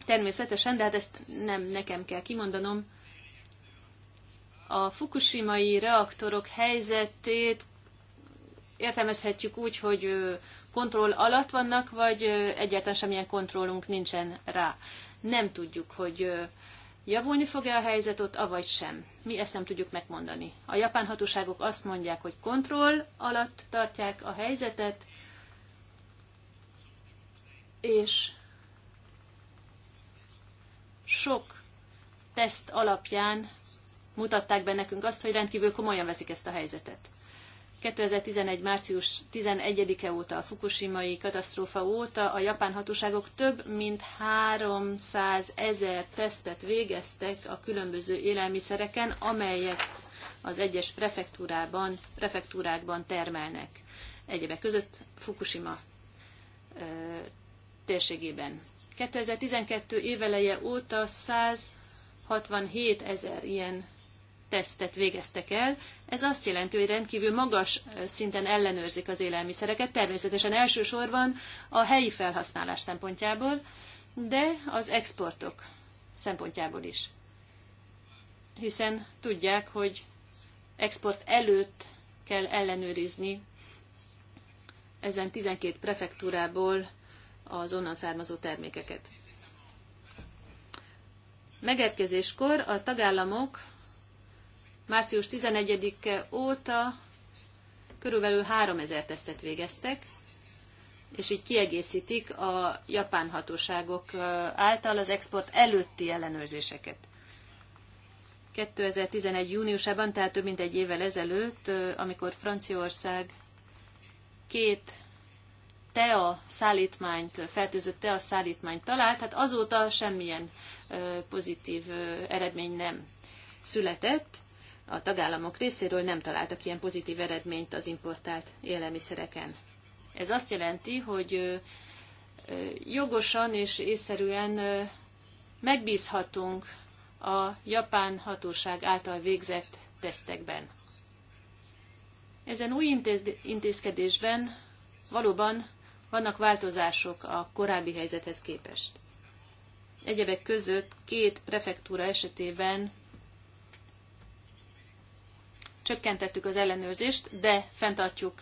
Természetesen, de hát ezt nem nekem kell kimondanom, a fukushimai reaktorok helyzetét értelmezhetjük úgy, hogy kontroll alatt vannak, vagy egyáltalán semmilyen kontrollunk nincsen rá. Nem tudjuk, hogy Javulni fog-e a helyzet ott, avagy sem? Mi ezt nem tudjuk megmondani. A japán hatóságok azt mondják, hogy kontroll alatt tartják a helyzetet, és sok teszt alapján mutatták be nekünk azt, hogy rendkívül komolyan veszik ezt a helyzetet. 2011. március 11-e óta, a fukushimai katasztrófa óta a japán hatóságok több mint 300 ezer tesztet végeztek a különböző élelmiszereken, amelyek az egyes prefektúrában, prefektúrákban termelnek. Egyebek között Fukushima ö, térségében. 2012 éveleje óta 167 ezer ilyen tesztet végeztek el. Ez azt jelenti, hogy rendkívül magas szinten ellenőrzik az élelmiszereket, természetesen elsősorban a helyi felhasználás szempontjából, de az exportok szempontjából is. Hiszen tudják, hogy export előtt kell ellenőrizni ezen 12 prefektúrából az onnan származó termékeket. Megérkezéskor a tagállamok március 11-e óta körülbelül 3000 tesztet végeztek, és így kiegészítik a japán hatóságok által az export előtti ellenőrzéseket. 2011. júniusában, tehát több mint egy évvel ezelőtt, amikor Franciaország két tea szállítmányt, fertőzött tea szállítmányt talált, hát azóta semmilyen pozitív eredmény nem született a tagállamok részéről nem találtak ilyen pozitív eredményt az importált élelmiszereken. Ez azt jelenti, hogy jogosan és észszerűen megbízhatunk a japán hatóság által végzett tesztekben. Ezen új intézkedésben valóban vannak változások a korábbi helyzethez képest. Egyebek között két prefektúra esetében csökkentettük az ellenőrzést, de fenntartjuk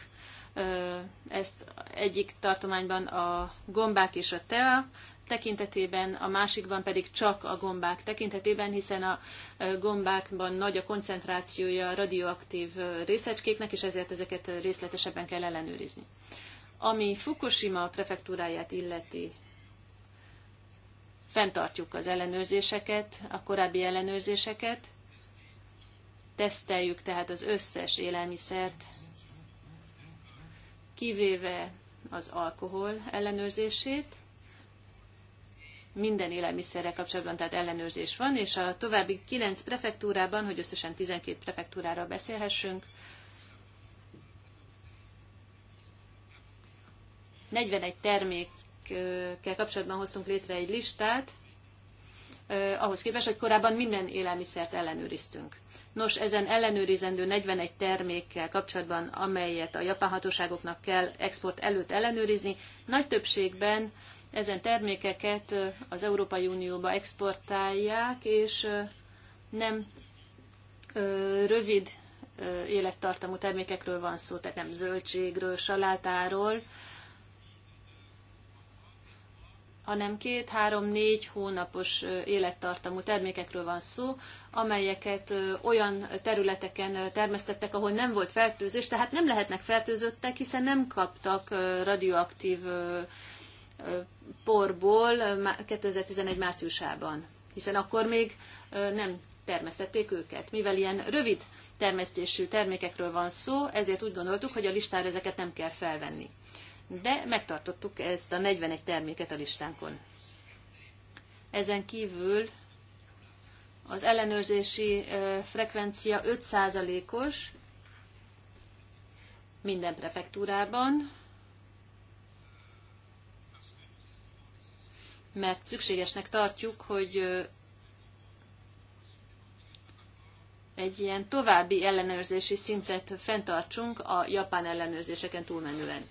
ezt egyik tartományban a gombák és a tea tekintetében, a másikban pedig csak a gombák tekintetében, hiszen a gombákban nagy a koncentrációja a radioaktív részecskéknek, és ezért ezeket részletesebben kell ellenőrizni. Ami Fukushima prefektúráját illeti, fenntartjuk az ellenőrzéseket, a korábbi ellenőrzéseket, Teszteljük tehát az összes élelmiszert, kivéve az alkohol ellenőrzését, minden élelmiszerrel kapcsolatban, tehát ellenőrzés van, és a további 9 prefektúrában, hogy összesen 12 prefektúrára beszélhessünk, 41 termékkel kapcsolatban hoztunk létre egy listát, eh, ahhoz képest, hogy korábban minden élelmiszert ellenőriztünk. Nos, ezen ellenőrizendő 41 termékkel kapcsolatban, amelyet a japán hatóságoknak kell export előtt ellenőrizni, nagy többségben ezen termékeket az Európai Unióba exportálják, és nem rövid élettartamú termékekről van szó, tehát nem zöldségről, salátáról, hanem két-három-négy hónapos élettartamú termékekről van szó, amelyeket olyan területeken termesztettek, ahol nem volt fertőzés, tehát nem lehetnek fertőzöttek, hiszen nem kaptak radioaktív porból 2011 márciusában, hiszen akkor még nem termesztették őket. Mivel ilyen rövid termesztésű termékekről van szó, ezért úgy gondoltuk, hogy a listára ezeket nem kell felvenni de megtartottuk ezt a 41 terméket a listánkon. Ezen kívül az ellenőrzési frekvencia 5%-os minden prefektúrában, mert szükségesnek tartjuk, hogy egy ilyen további ellenőrzési szintet fenntartsunk a japán ellenőrzéseken túlmenően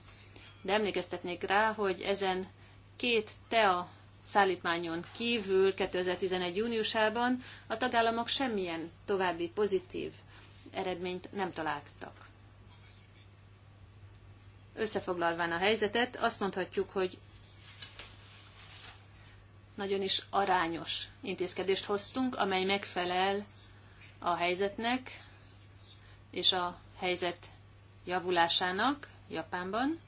de emlékeztetnék rá, hogy ezen két tea szállítmányon kívül 2011. júniusában a tagállamok semmilyen további pozitív eredményt nem találtak. Összefoglalván a helyzetet, azt mondhatjuk, hogy nagyon is arányos intézkedést hoztunk, amely megfelel a helyzetnek és a helyzet javulásának Japánban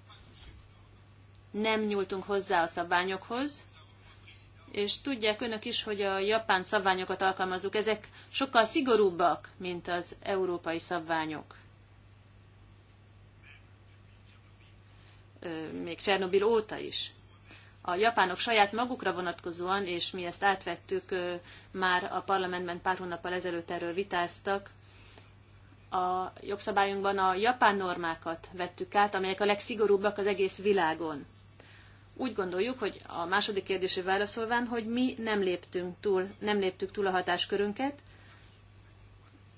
nem nyúltunk hozzá a szabványokhoz, és tudják önök is, hogy a japán szabványokat alkalmazunk, ezek sokkal szigorúbbak, mint az európai szabványok. Még Csernobil óta is. A japánok saját magukra vonatkozóan, és mi ezt átvettük, már a parlamentben pár hónappal ezelőtt erről vitáztak, a jogszabályunkban a japán normákat vettük át, amelyek a legszigorúbbak az egész világon úgy gondoljuk, hogy a második kérdésre válaszolván, hogy mi nem léptünk túl, nem léptük túl a hatáskörünket.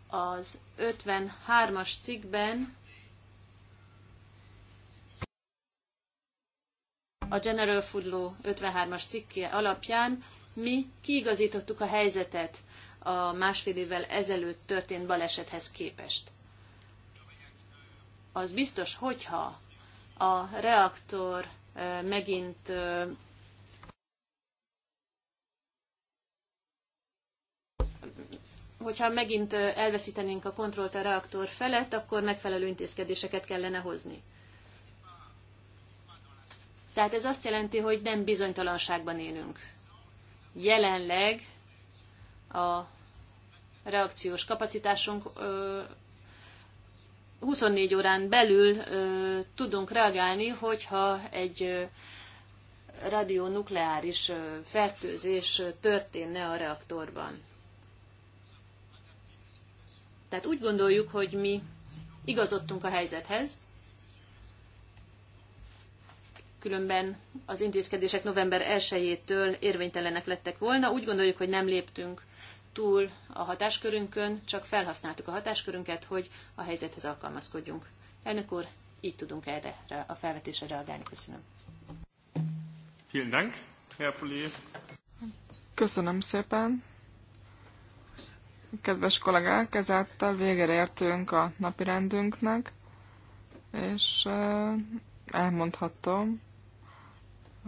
Az 53-as cikkben a General Food Law 53-as cikke alapján mi kiigazítottuk a helyzetet a másfél évvel ezelőtt történt balesethez képest. Az biztos, hogyha a reaktor megint hogyha megint elveszítenénk a kontrollt a reaktor felett, akkor megfelelő intézkedéseket kellene hozni. Tehát ez azt jelenti, hogy nem bizonytalanságban élünk. Jelenleg a reakciós kapacitásunk 24 órán belül ö, tudunk reagálni, hogyha egy ö, radionukleáris ö, fertőzés ö, történne a reaktorban. Tehát úgy gondoljuk, hogy mi igazodtunk a helyzethez, különben az intézkedések november 1-től érvénytelenek lettek volna. Úgy gondoljuk, hogy nem léptünk túl a hatáskörünkön, csak felhasználtuk a hatáskörünket, hogy a helyzethez alkalmazkodjunk. Elnök úr, így tudunk erre a felvetésre reagálni. Köszönöm. Vielen Dank, Herr Köszönöm szépen. Kedves kollégák, ezáltal végére értünk a napi rendünknek, és eh, elmondhatom,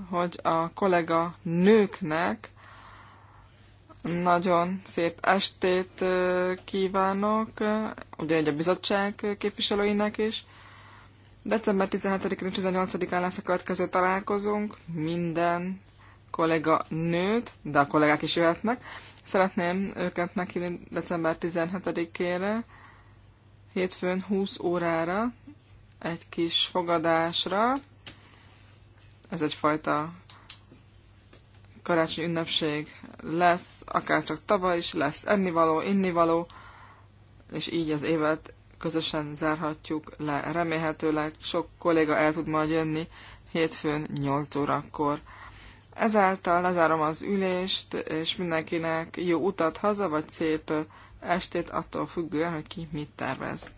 hogy a kollega nőknek nagyon szép estét kívánok, ugye a bizottság képviselőinek is. December 17-én és 18-án lesz a következő találkozónk. Minden kollega nőt, de a kollégák is jöhetnek. Szeretném őket meghívni december 17-ére, hétfőn 20 órára, egy kis fogadásra. Ez egyfajta karácsony ünnepség lesz, akár csak tavaly is lesz ennivaló, innivaló, és így az évet közösen zárhatjuk le. Remélhetőleg sok kolléga el tud majd jönni hétfőn 8 órakor. Ezáltal lezárom az ülést, és mindenkinek jó utat haza, vagy szép estét attól függően, hogy ki mit tervez.